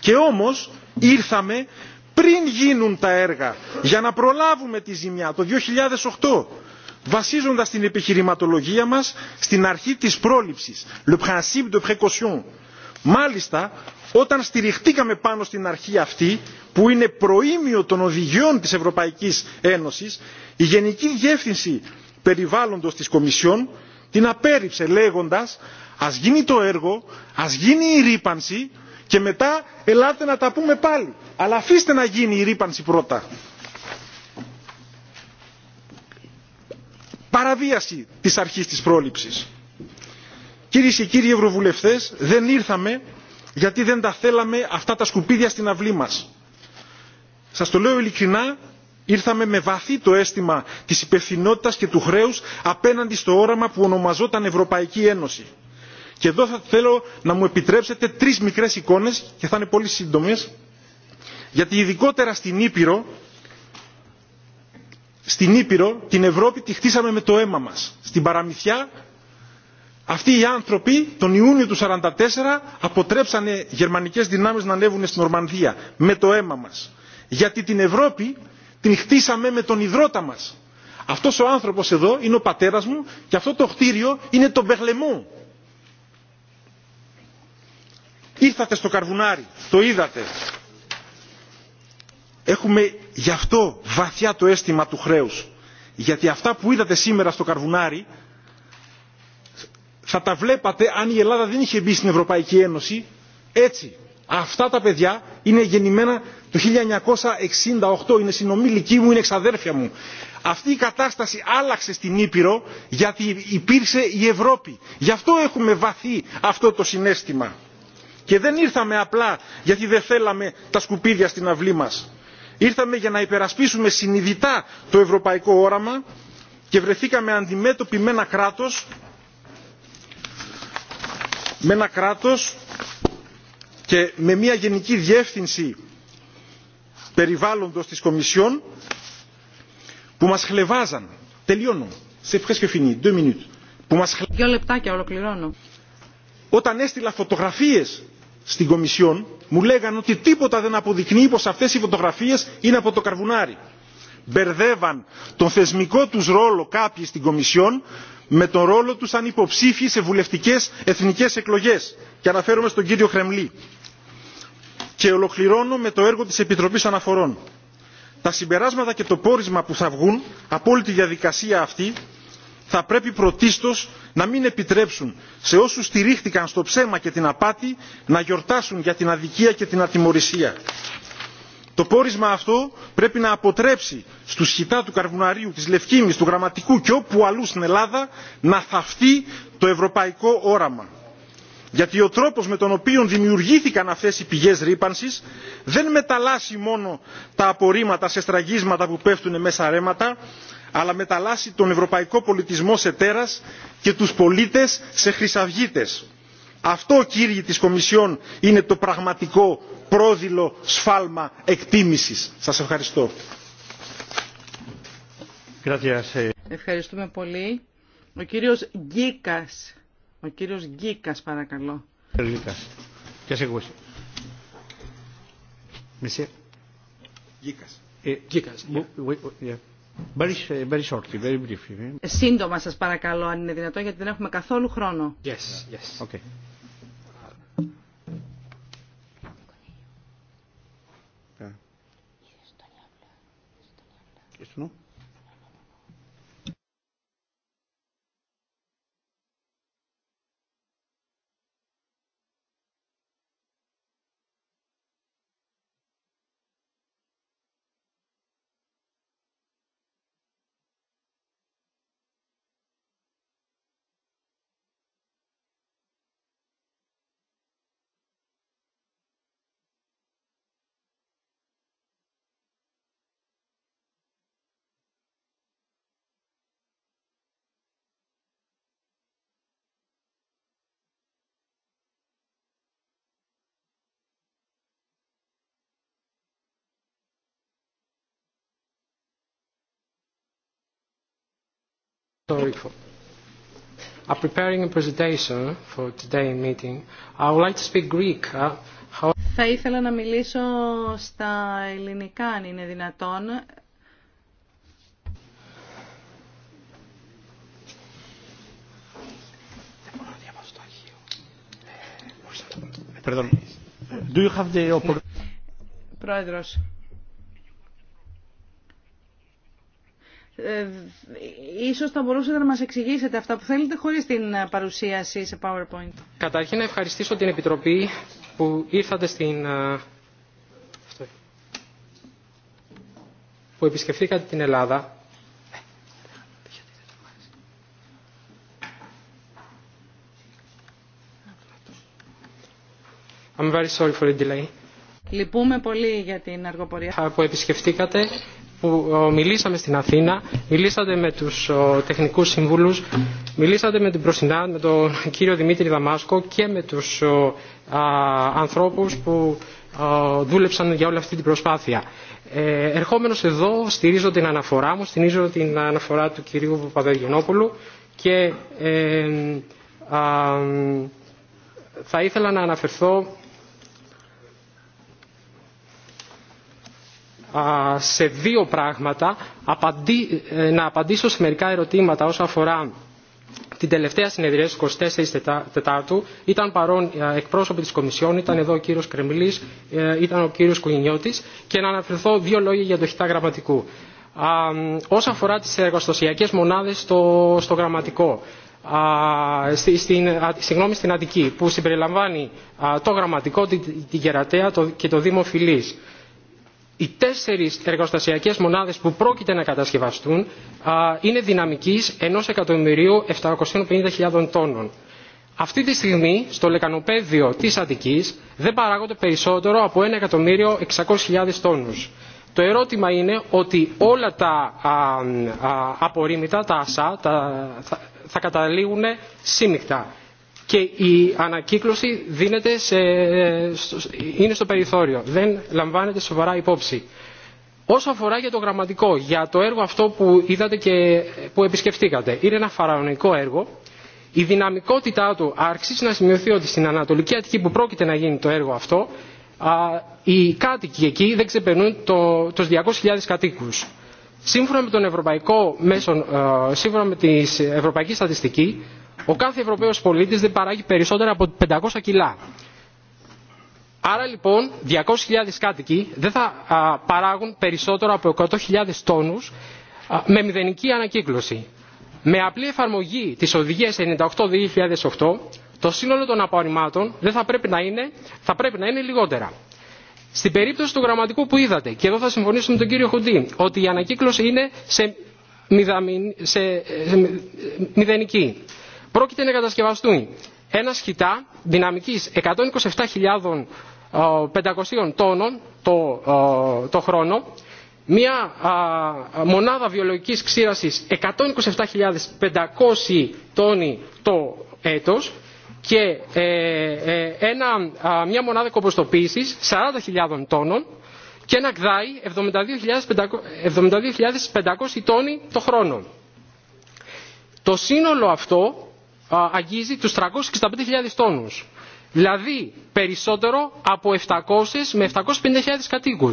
Και όμως ήρθαμε πριν γίνουν τα έργα για να προλάβουμε τη ζημιά το 2008 βασίζοντας την επιχειρηματολογία μας στην αρχή της πρόληψης, le principe de précaution. Μάλιστα, όταν στηριχτήκαμε πάνω στην αρχή αυτή, που είναι προήμιο των οδηγιών της Ευρωπαϊκής Ένωσης, η Γενική Διεύθυνση Περιβάλλοντος της Κομισιόν την απέρριψε λέγοντας «Ας γίνει το έργο, ας γίνει η ρήπανση και μετά ελάτε να τα πούμε πάλι, αλλά αφήστε να γίνει η ρήπανση πρώτα». παραβίαση της αρχής της πρόληψης. Κυρίε και κύριοι Ευρωβουλευτές, δεν ήρθαμε γιατί δεν τα θέλαμε αυτά τα σκουπίδια στην αυλή μας. Σας το λέω ειλικρινά, ήρθαμε με βαθύ το αίσθημα της υπευθυνότητας και του χρέους απέναντι στο όραμα που ονομαζόταν Ευρωπαϊκή Ένωση. Και εδώ θα θέλω να μου επιτρέψετε τρεις μικρές εικόνες και θα είναι πολύ σύντομες, γιατί ειδικότερα στην Ήπειρο στην Ήπειρο, την Ευρώπη τη χτίσαμε με το αίμα μας. Στην παραμυθιά αυτοί οι άνθρωποι τον Ιούνιο του 1944 αποτρέψανε γερμανικές δυνάμεις να ανέβουν στην Ορμανδία με το αίμα μας. Γιατί την Ευρώπη την χτίσαμε με τον υδρότα μας. Αυτός ο άνθρωπος εδώ είναι ο πατέρας μου και αυτό το χτίριο είναι το Μπεγλεμό. Ήρθατε στο Καρβουνάρι, το είδατε. Έχουμε γι' αυτό βαθιά το αίσθημα του χρέους. Γιατί αυτά που είδατε σήμερα στο Καρβουνάρι θα τα βλέπατε αν η Ελλάδα δεν είχε μπει στην Ευρωπαϊκή Ένωση έτσι. Αυτά τα παιδιά είναι γεννημένα το 1968, είναι συνομιλικοί μου, είναι εξαδέρφια μου. Αυτή η κατάσταση άλλαξε στην Ήπειρο γιατί υπήρξε η Ευρώπη. Γι' αυτό έχουμε βαθύ αυτό το συνέστημα. Και δεν ήρθαμε απλά γιατί δεν θέλαμε τα σκουπίδια στην αυλή μας ήρθαμε για να υπερασπίσουμε συνειδητά το ευρωπαϊκό όραμα και βρεθήκαμε αντιμέτωποι με ένα κράτος με ένα κράτος και με μια γενική διεύθυνση περιβάλλοντος της Κομισιόν που μας χλεβάζαν. Τελειώνω. Σε presque fini. Δύο minutes. Που μας... Δύο λεπτάκια ολοκληρώνω. Όταν έστειλα φωτογραφίες στην Κομισιόν μου λέγανε ότι τίποτα δεν αποδεικνύει πως αυτές οι φωτογραφίες είναι από το καρβουνάρι. Μπερδεύαν τον θεσμικό τους ρόλο κάποιοι στην Κομισιόν με τον ρόλο τους σαν υποψήφιοι σε βουλευτικές εθνικές εκλογές. Και αναφέρομαι στον κύριο Χρεμλή. Και ολοκληρώνω με το έργο της Επιτροπής Αναφορών. Τα συμπεράσματα και το πόρισμα που θα βγουν από όλη τη διαδικασία αυτή θα πρέπει πρωτίστως να μην επιτρέψουν σε όσους στηρίχτηκαν στο ψέμα και την απάτη να γιορτάσουν για την αδικία και την ατιμορρησία. Το πόρισμα αυτό πρέπει να αποτρέψει στους χιτά του Καρβουναρίου, της Λευκήμης, του Γραμματικού και όπου αλλού στην Ελλάδα να θαυτεί το ευρωπαϊκό όραμα. Γιατί ο τρόπος με τον οποίο δημιουργήθηκαν αυτές οι πηγές ρήπανσης δεν μεταλλάσσει μόνο τα απορρίμματα σε στραγίσματα που πέφτουν μέσα ρέματα, αλλά μεταλλάσσει τον ευρωπαϊκό πολιτισμό σε τέρας και τους πολίτες σε χρυσαυγίτες. Αυτό κύριοι της Κομισιόν είναι το πραγματικό πρόδειλο σφάλμα εκτίμησης. Σας ευχαριστώ. Eh. Ευχαριστούμε πολύ. Ο κύριος Γκίκας. Ο κύριος Γκίκας παρακαλώ. Γκίκας. Γκίκας. Ε, Γκίκας. Ε, Very, very shortly, very briefly. Σύντομα σας παρακαλώ αν είναι δυνατόν γιατί δεν έχουμε καθόλου χρόνο. Yes, yes. Okay. Yeah. Yes, no? Sorry for are preparing a presentation for today's meeting. I would like to speak Greek. How... Θα ήθελα να μιλήσω στα ελληνικά, αν είναι δυνατόν. Do you have the... Πρόεδρος, Ε, ίσως θα μπορούσατε να μας εξηγήσετε αυτά που θέλετε χωρίς την παρουσίαση σε PowerPoint. Καταρχήν να ευχαριστήσω την Επιτροπή που ήρθατε στην... Ε, που επισκεφθήκατε την Ελλάδα I'm very sorry for the delay. Λυπούμε πολύ για την αργοπορία. Που επισκεφτήκατε που ε, μιλήσαμε στην Αθήνα, μιλήσατε με τους ε, τεχνικούς συμβούλους, μιλήσατε με την Προσινά, με τον κύριο Δημήτρη Δαμάσκο και με τους ε, ανθρώπους που δούλεψαν για όλη αυτή την προσπάθεια. Ερχόμενος εδώ στηρίζω την αναφορά μου, στηρίζω την αναφορά του κυρίου Παπαδογενόπουλου και θα ήθελα να αναφερθώ σε δύο πράγματα ε, να απαντήσω σε μερικά ερωτήματα όσον αφορά την τελευταία συνεδρία στις 24 Τετάρτου. Ήταν παρόν ε, εκπρόσωποι της Κομισιόν, ήταν εδώ ο κύριος Κρεμλής, ε, ήταν ο κύριος Κουγινιώτης και να αναφερθώ δύο λόγια για το χιτά γραμματικού. Όσον αφορά τις εργοστοσιακές μονάδες στο, στο γραμματικό, στην, συγγνώμη, στην Αττική, που συμπεριλαμβάνει το γραμματικό, την, Γερατέα το, και το Δήμο Φιλής οι τέσσερις εργοστασιακές μονάδες που πρόκειται να κατασκευαστούν είναι δυναμικής 750.000 τόνων. Αυτή τη στιγμή στο λεκανοπέδιο της Αττικής δεν παράγονται περισσότερο από 1.600.000 τόνους. Το ερώτημα είναι ότι όλα τα απορρίμητα, τα ασά, θα καταλήγουν σύμμυκτα και η ανακύκλωση δίνεται σε, είναι στο περιθώριο, δεν λαμβάνεται σοβαρά υπόψη. Όσο αφορά για το γραμματικό, για το έργο αυτό που είδατε και που επισκεφτήκατε, είναι ένα φαραωνικό έργο. Η δυναμικότητά του αρχίσει να σημειωθεί ότι στην Ανατολική Αττική που πρόκειται να γίνει το έργο αυτό, οι κάτοικοι εκεί δεν ξεπερνούν το, τους 200.000 κατοίκους. Σύμφωνα με, τον ευρωπαϊκό μέσον, ε, σύμφωνα με την ε, ευρωπαϊκή στατιστική, ο κάθε Ευρωπαίος πολίτης δεν παράγει περισσότερα από 500 κιλά. Άρα λοιπόν 200.000 κάτοικοι δεν θα παράγουν περισσότερο από 100.000 τόνους με μηδενική ανακύκλωση. Με απλή εφαρμογή της οδηγίας 98-2008 το σύνολο των απορριμμάτων θα, θα πρέπει να είναι λιγότερα. Στην περίπτωση του γραμματικού που είδατε, και εδώ θα συμφωνήσω με τον κύριο Χουντή, ότι η ανακύκλωση είναι σε, σε... μηδενική. Πρόκειται να κατασκευαστούν ένα σχητά δυναμικής 127.500 ε, τόνων το, ε, το χρόνο, μια μονάδα βιολογικής ξύρασης 127.500 τόνοι το έτος και ε, ε, ένα, μια μονάδα κομποστοποίησης 40.000 τόνων και ένα κδάι 72.500 τόνοι το χρόνο. Το σύνολο αυτό αγγίζει τους 365.000 τόνους. Δηλαδή περισσότερο από 700 με 750.000 κατοίκου.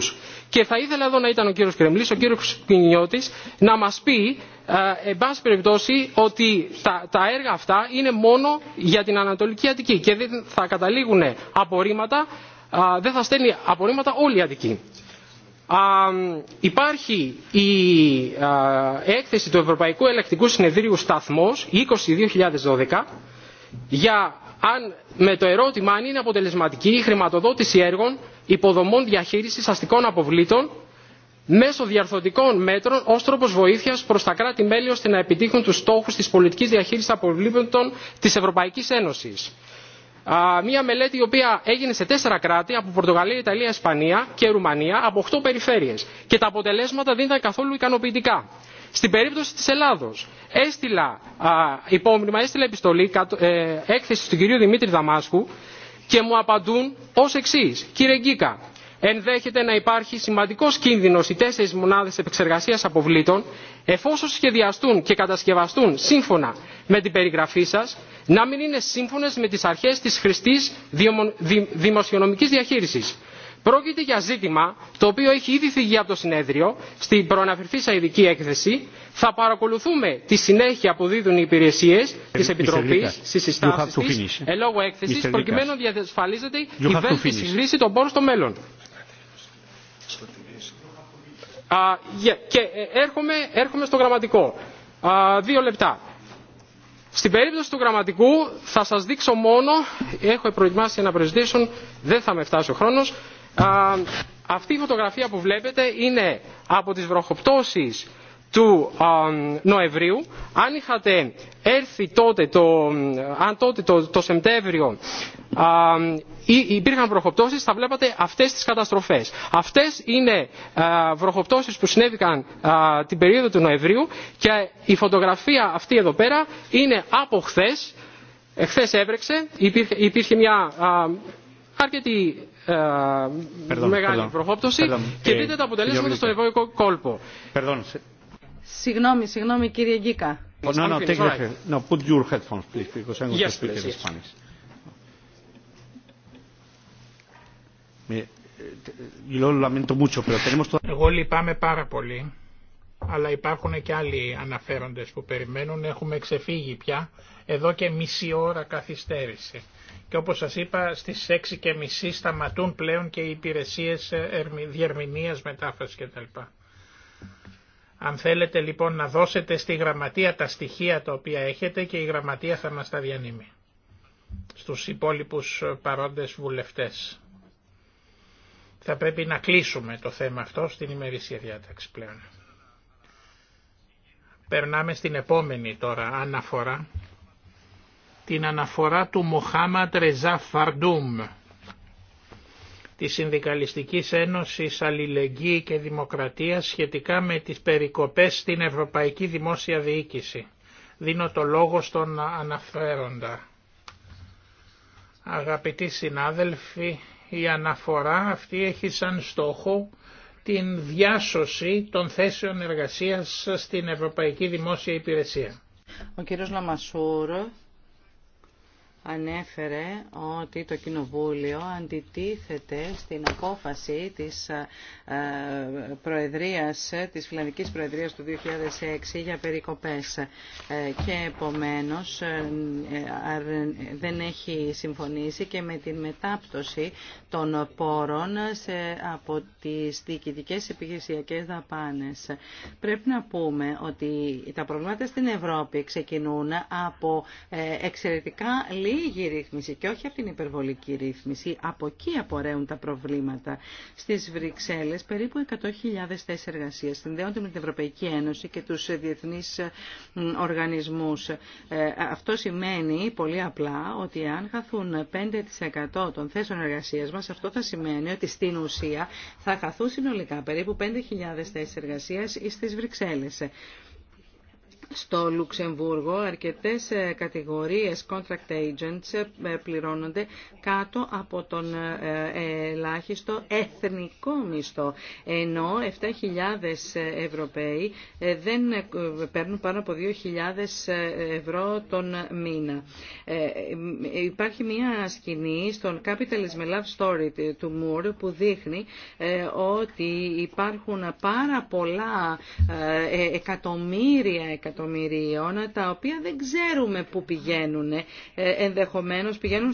Και θα ήθελα εδώ να ήταν ο κύριος Κρεμλής, ο κύριος Κινιώτης, να μας πει, εν πάση περιπτώσει, ότι τα, τα έργα αυτά είναι μόνο για την Ανατολική Αττική και δεν θα καταλήγουν απορρίμματα, δεν θα στέλνει απορρίμματα όλη η Αττική. υπάρχει η έκθεση του Ευρωπαϊκού Ελεκτικού Συνεδρίου Σταθμός, 22-2012 για με το ερώτημα αν είναι αποτελεσματική η χρηματοδότηση έργων υποδομών διαχείρισης αστικών αποβλήτων μέσω διαρθρωτικών μέτρων ω τρόπο βοήθεια προ τα κράτη μέλη ώστε να επιτύχουν τους στόχους της πολιτικής διαχείρισης αποβλήτων τη Ευρωπαϊκή Ένωση. Μία μελέτη η οποία έγινε σε τέσσερα κράτη από Πορτογαλία, Ιταλία, Ισπανία και Ρουμανία από 8 περιφέρειες και τα αποτελέσματα δεν ήταν καθόλου ικανοποιητικά. Στην περίπτωση της Ελλάδος έστειλα υπόμνημα, έστειλα επιστολή, ε, έκθεση του κυρίου Δημήτρη Δαμάσκου και μου απαντούν ως εξής. Κύριε Γκίκα, ενδέχεται να υπάρχει σημαντικός κίνδυνος οι τέσσερις μονάδες επεξεργασίας αποβλήτων εφόσον σχεδιαστούν και κατασκευαστούν σύμφωνα με την περιγραφή σας να μην είναι σύμφωνες με τις αρχές της χρηστής δημοσιονομικής διαχείρισης Πρόκειται για ζήτημα το οποίο έχει ήδη θυγεί από το συνέδριο στην προαναφερθήσα ειδική έκθεση. Θα παρακολουθούμε τη συνέχεια που δίδουν οι υπηρεσίε ε, τη Επιτροπή στι συστάσει τη εν λόγω έκθεση προκειμένου να διασφαλίζεται η βέλτιστη χρήση των πόρων στο μέλλον. yeah. Και ε, έρχομαι, έρχομαι στο γραμματικό. δύο λεπτά. Στην περίπτωση του γραμματικού θα σας δείξω μόνο, έχω προετοιμάσει ένα presentation, δεν θα με φτάσει ο χρόνος, αυτή η φωτογραφία που βλέπετε είναι από τις βροχοπτώσεις του Νοεμβρίου. Αν είχατε έρθει τότε, το, αν τότε το, το Σεπτέμβριο υπήρχαν βροχοπτώσεις, θα βλέπατε αυτές τις καταστροφές. Αυτές είναι βροχοπτώσεις που συνέβηκαν την περίοδο του Νοεμβρίου και η φωτογραφία αυτή εδώ πέρα είναι από χθες. Χθες έβρεξε, υπήρχε μια αρκετή ε, perdón, μεγάλη perdón, perdón, και δείτε τα αποτελέσματα στον ευρωπαϊκό κόλπο. Perdón, se... Συγγνώμη, συγγνώμη κύριε Γκίκα. Oh, No, no, take right. no, put your headphones, please, because I'm going yes, to speak please, in yes. Spanish. Eh, eh, lamento mucho, pero tenemos toda... Εγώ λυπάμαι πάρα πολύ, αλλά υπάρχουν και άλλοι αναφέροντες που περιμένουν. Έχουμε ξεφύγει πια εδώ και μισή ώρα καθυστέρηση και όπως σας είπα στις μισή σταματούν πλέον και οι υπηρεσίες ε, διερμηνίας μετάφραση κτλ. Αν θέλετε λοιπόν να δώσετε στη γραμματεία τα στοιχεία τα οποία έχετε και η γραμματεία θα μας τα διανύμει στους υπόλοιπους ε, παρόντες βουλευτές. Θα πρέπει να κλείσουμε το θέμα αυτό στην ημερήσια διάταξη πλέον. Περνάμε στην επόμενη τώρα αναφορά την αναφορά του Μοχάμα Ρεζά Φαρντούμ της Συνδικαλιστικής Ένωσης Αλληλεγγύη και Δημοκρατία σχετικά με τις περικοπές στην Ευρωπαϊκή Δημόσια Διοίκηση. Δίνω το λόγο στον αναφέροντα. Αγαπητοί συνάδελφοι, η αναφορά αυτή έχει σαν στόχο την διάσωση των θέσεων εργασίας στην Ευρωπαϊκή Δημόσια Υπηρεσία. Ο κύριος Λαμασούρ ανέφερε ότι το Κοινοβούλιο αντιτίθεται στην απόφαση της ε, Προεδρίας, της Φιλανδικής Προεδρίας του 2006 για περικοπές ε, και επομένως ε, δεν έχει συμφωνήσει και με την μετάπτωση των πόρων σε, από τις διοικητικές επιχειρησιακές δαπάνες. Πρέπει να πούμε ότι τα προβλήματα στην Ευρώπη ξεκινούν από εξαιρετικά λίγη ρύθμιση και όχι από την υπερβολική ρύθμιση. Από εκεί απορρέουν τα προβλήματα. στι Βρυξέλλε, περίπου 100.000 θέσει εργασία συνδέονται με την Ευρωπαϊκή Ένωση και του διεθνεί ε, οργανισμού. Ε, αυτό σημαίνει πολύ απλά ότι αν χαθούν 5% των θέσεων εργασία μα, αυτό θα σημαίνει ότι στην ουσία θα χαθούν συνολικά περίπου 5.000 θέσει εργασία στι Βρυξέλλε στο Λουξεμβούργο αρκετές ε, κατηγορίες contract agents ε, ε, πληρώνονται κάτω από τον ελάχιστο εθνικό μισθό ενώ 7.000 Ευρωπαίοι δεν παίρνουν πάνω από 2.000 ευρώ τον μήνα. Υπάρχει μια σκηνή στον Capitalism Love Story του Μουρ που δείχνει ότι υπάρχουν πάρα πολλά εκατομμύρια εκατομμύρια εκατομμυρίων, τα οποία δεν ξέρουμε πού πηγαίνουν. Ε, ενδεχομένως πηγαίνουν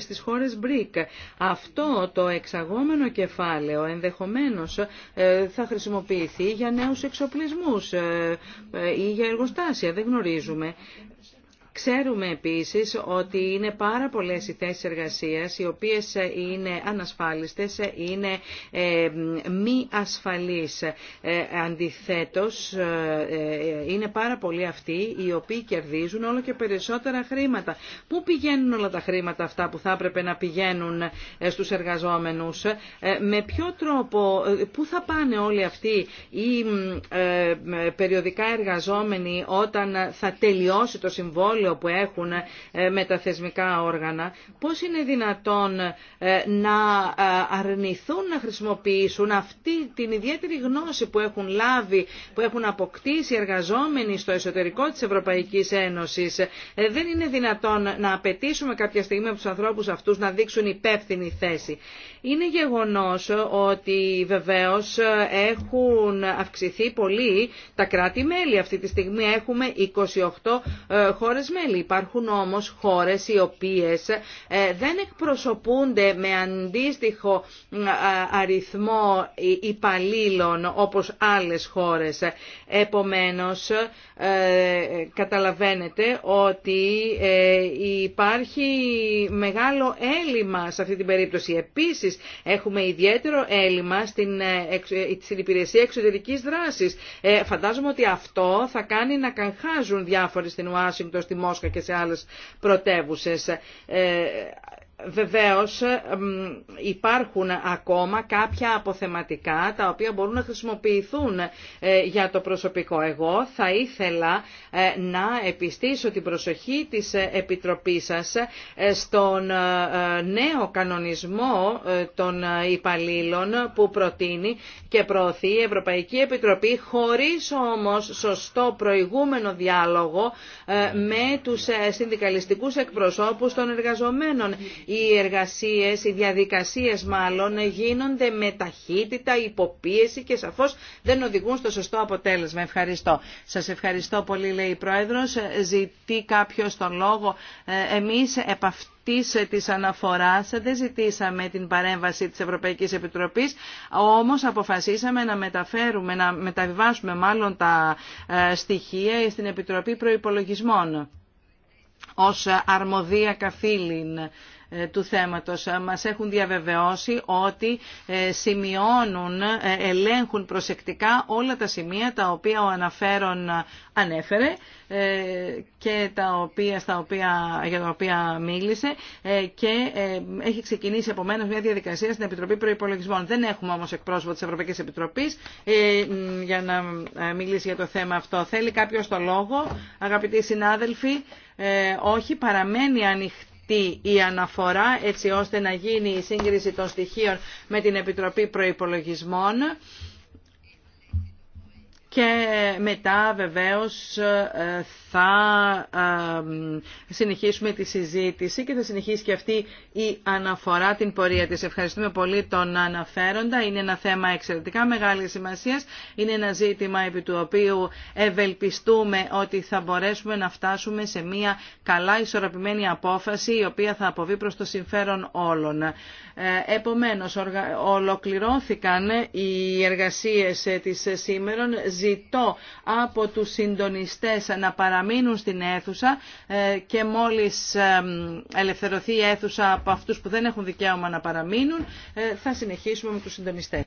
στις χώρες BRIC. Αυτό το εξαγόμενο κεφάλαιο ενδεχομένως ε, θα χρησιμοποιηθεί για νέους εξοπλισμούς ε, ή για εργοστάσια, δεν γνωρίζουμε. Ξέρουμε επίσης ότι είναι πάρα πολλές οι θέσεις εργασίας οι οποίες είναι ανασφάλιστες, είναι ε, μη ασφαλείς. Ε, αντιθέτως, ε, είναι πάρα πολλοί αυτοί οι οποίοι κερδίζουν όλο και περισσότερα χρήματα. Πού πηγαίνουν όλα τα χρήματα αυτά που θα έπρεπε να πηγαίνουν στους εργαζόμενους, με ποιο τρόπο, πού θα πάνε όλοι αυτοί οι περιοδικά εργαζόμενοι όταν θα τελειώσει το συμβόλαιο που έχουν ε, με τα θεσμικά όργανα, πώς είναι δυνατόν ε, να ε, αρνηθούν να χρησιμοποιήσουν αυτή την ιδιαίτερη γνώση που έχουν λάβει, που έχουν αποκτήσει εργαζόμενοι στο εσωτερικό της Ευρωπαϊκής Ένωσης. Δεν είναι δυνατόν να απαιτήσουμε κάποια στιγμή από τους ανθρώπους αυτούς να δείξουν υπεύθυνη θέση. Είναι γεγονός ότι βεβαίως έχουν αυξηθεί πολύ τα κράτη-μέλη. Αυτή τη στιγμή έχουμε 28 χώρες μέλη. Υπάρχουν όμως χώρες οι οποίες ε, δεν εκπροσωπούνται με αντίστοιχο ε, αριθμό υπαλλήλων όπως άλλες χώρες. Επομένως, ε, καταλαβαίνετε ότι υπάρχει μεγάλο έλλειμμα σε αυτή την περίπτωση. Επίσης, έχουμε ιδιαίτερο έλλειμμα στην, στην υπηρεσία εξωτερικής δράσης. Φαντάζομαι ότι αυτό θα κάνει να καγχάζουν διάφοροι στην Ουάσιγκτον, στη Μόσχα και σε άλλες πρωτεύουσες. Ε, Βεβαίως υπάρχουν ακόμα κάποια αποθεματικά τα οποία μπορούν να χρησιμοποιηθούν ε, για το προσωπικό. Εγώ θα ήθελα ε, να επιστήσω την προσοχή της ε, Επιτροπής σας στον νέο κανονισμό των υπαλλήλων που προτείνει και προωθεί η Ευρωπαϊκή Επιτροπή χωρίς όμως σωστό προηγούμενο διάλογο με τους συνδικαλιστικούς εκπροσώπους των εργαζομένων οι εργασίες, οι διαδικασίες μάλλον γίνονται με ταχύτητα, υποπίεση και σαφώς δεν οδηγούν στο σωστό αποτέλεσμα. Ευχαριστώ. Σας ευχαριστώ πολύ λέει η Πρόεδρος. Ζητεί κάποιος τον λόγο. Ε, εμείς επ' αυτής της δεν ζητήσαμε την παρέμβαση της Ευρωπαϊκής Επιτροπής, όμως αποφασίσαμε να μεταφέρουμε, να μεταβιβάσουμε μάλλον τα ε, στοιχεία στην Επιτροπή Προϋπολογισμών ως αρμοδία καθήλυν ε, του θέματος. Ε, μας έχουν διαβεβαιώσει ότι ε, σημειώνουν, ελέγχουν προσεκτικά όλα τα σημεία τα οποία ο αναφέρον ανέφερε και τα οποία, στα οποία, για τα οποία μίλησε και έχει ξεκινήσει επομένως μια διαδικασία στην Επιτροπή Προϋπολογισμών. Δεν έχουμε όμως εκπρόσωπο της Ευρωπαϊκής Επιτροπής για να μιλήσει για το θέμα αυτό. Θέλει κάποιος το λόγο, αγαπητοί συνάδελφοι, όχι, παραμένει ανοιχτή η αναφορά έτσι ώστε να γίνει η σύγκριση των στοιχείων με την Επιτροπή Προϋπολογισμών και μετά βεβαίως ε, θα ε, συνεχίσουμε τη συζήτηση και θα συνεχίσει και αυτή η αναφορά την πορεία της. Ευχαριστούμε πολύ τον αναφέροντα. Είναι ένα θέμα εξαιρετικά μεγάλη σημασία. Είναι ένα ζήτημα επί του οποίου ευελπιστούμε ότι θα μπορέσουμε να φτάσουμε σε μια καλά ισορροπημένη απόφαση η οποία θα αποβεί προς το συμφέρον όλων. Ε, επομένως, ολοκληρώθηκαν οι εργασίες της σήμερα ζητώ από τους συντονιστές να παραμείνουν στην αίθουσα ε, και μόλις ε, ελευθερωθεί η αίθουσα από αυτούς που δεν έχουν δικαίωμα να παραμείνουν ε, θα συνεχίσουμε με τους συντονιστές.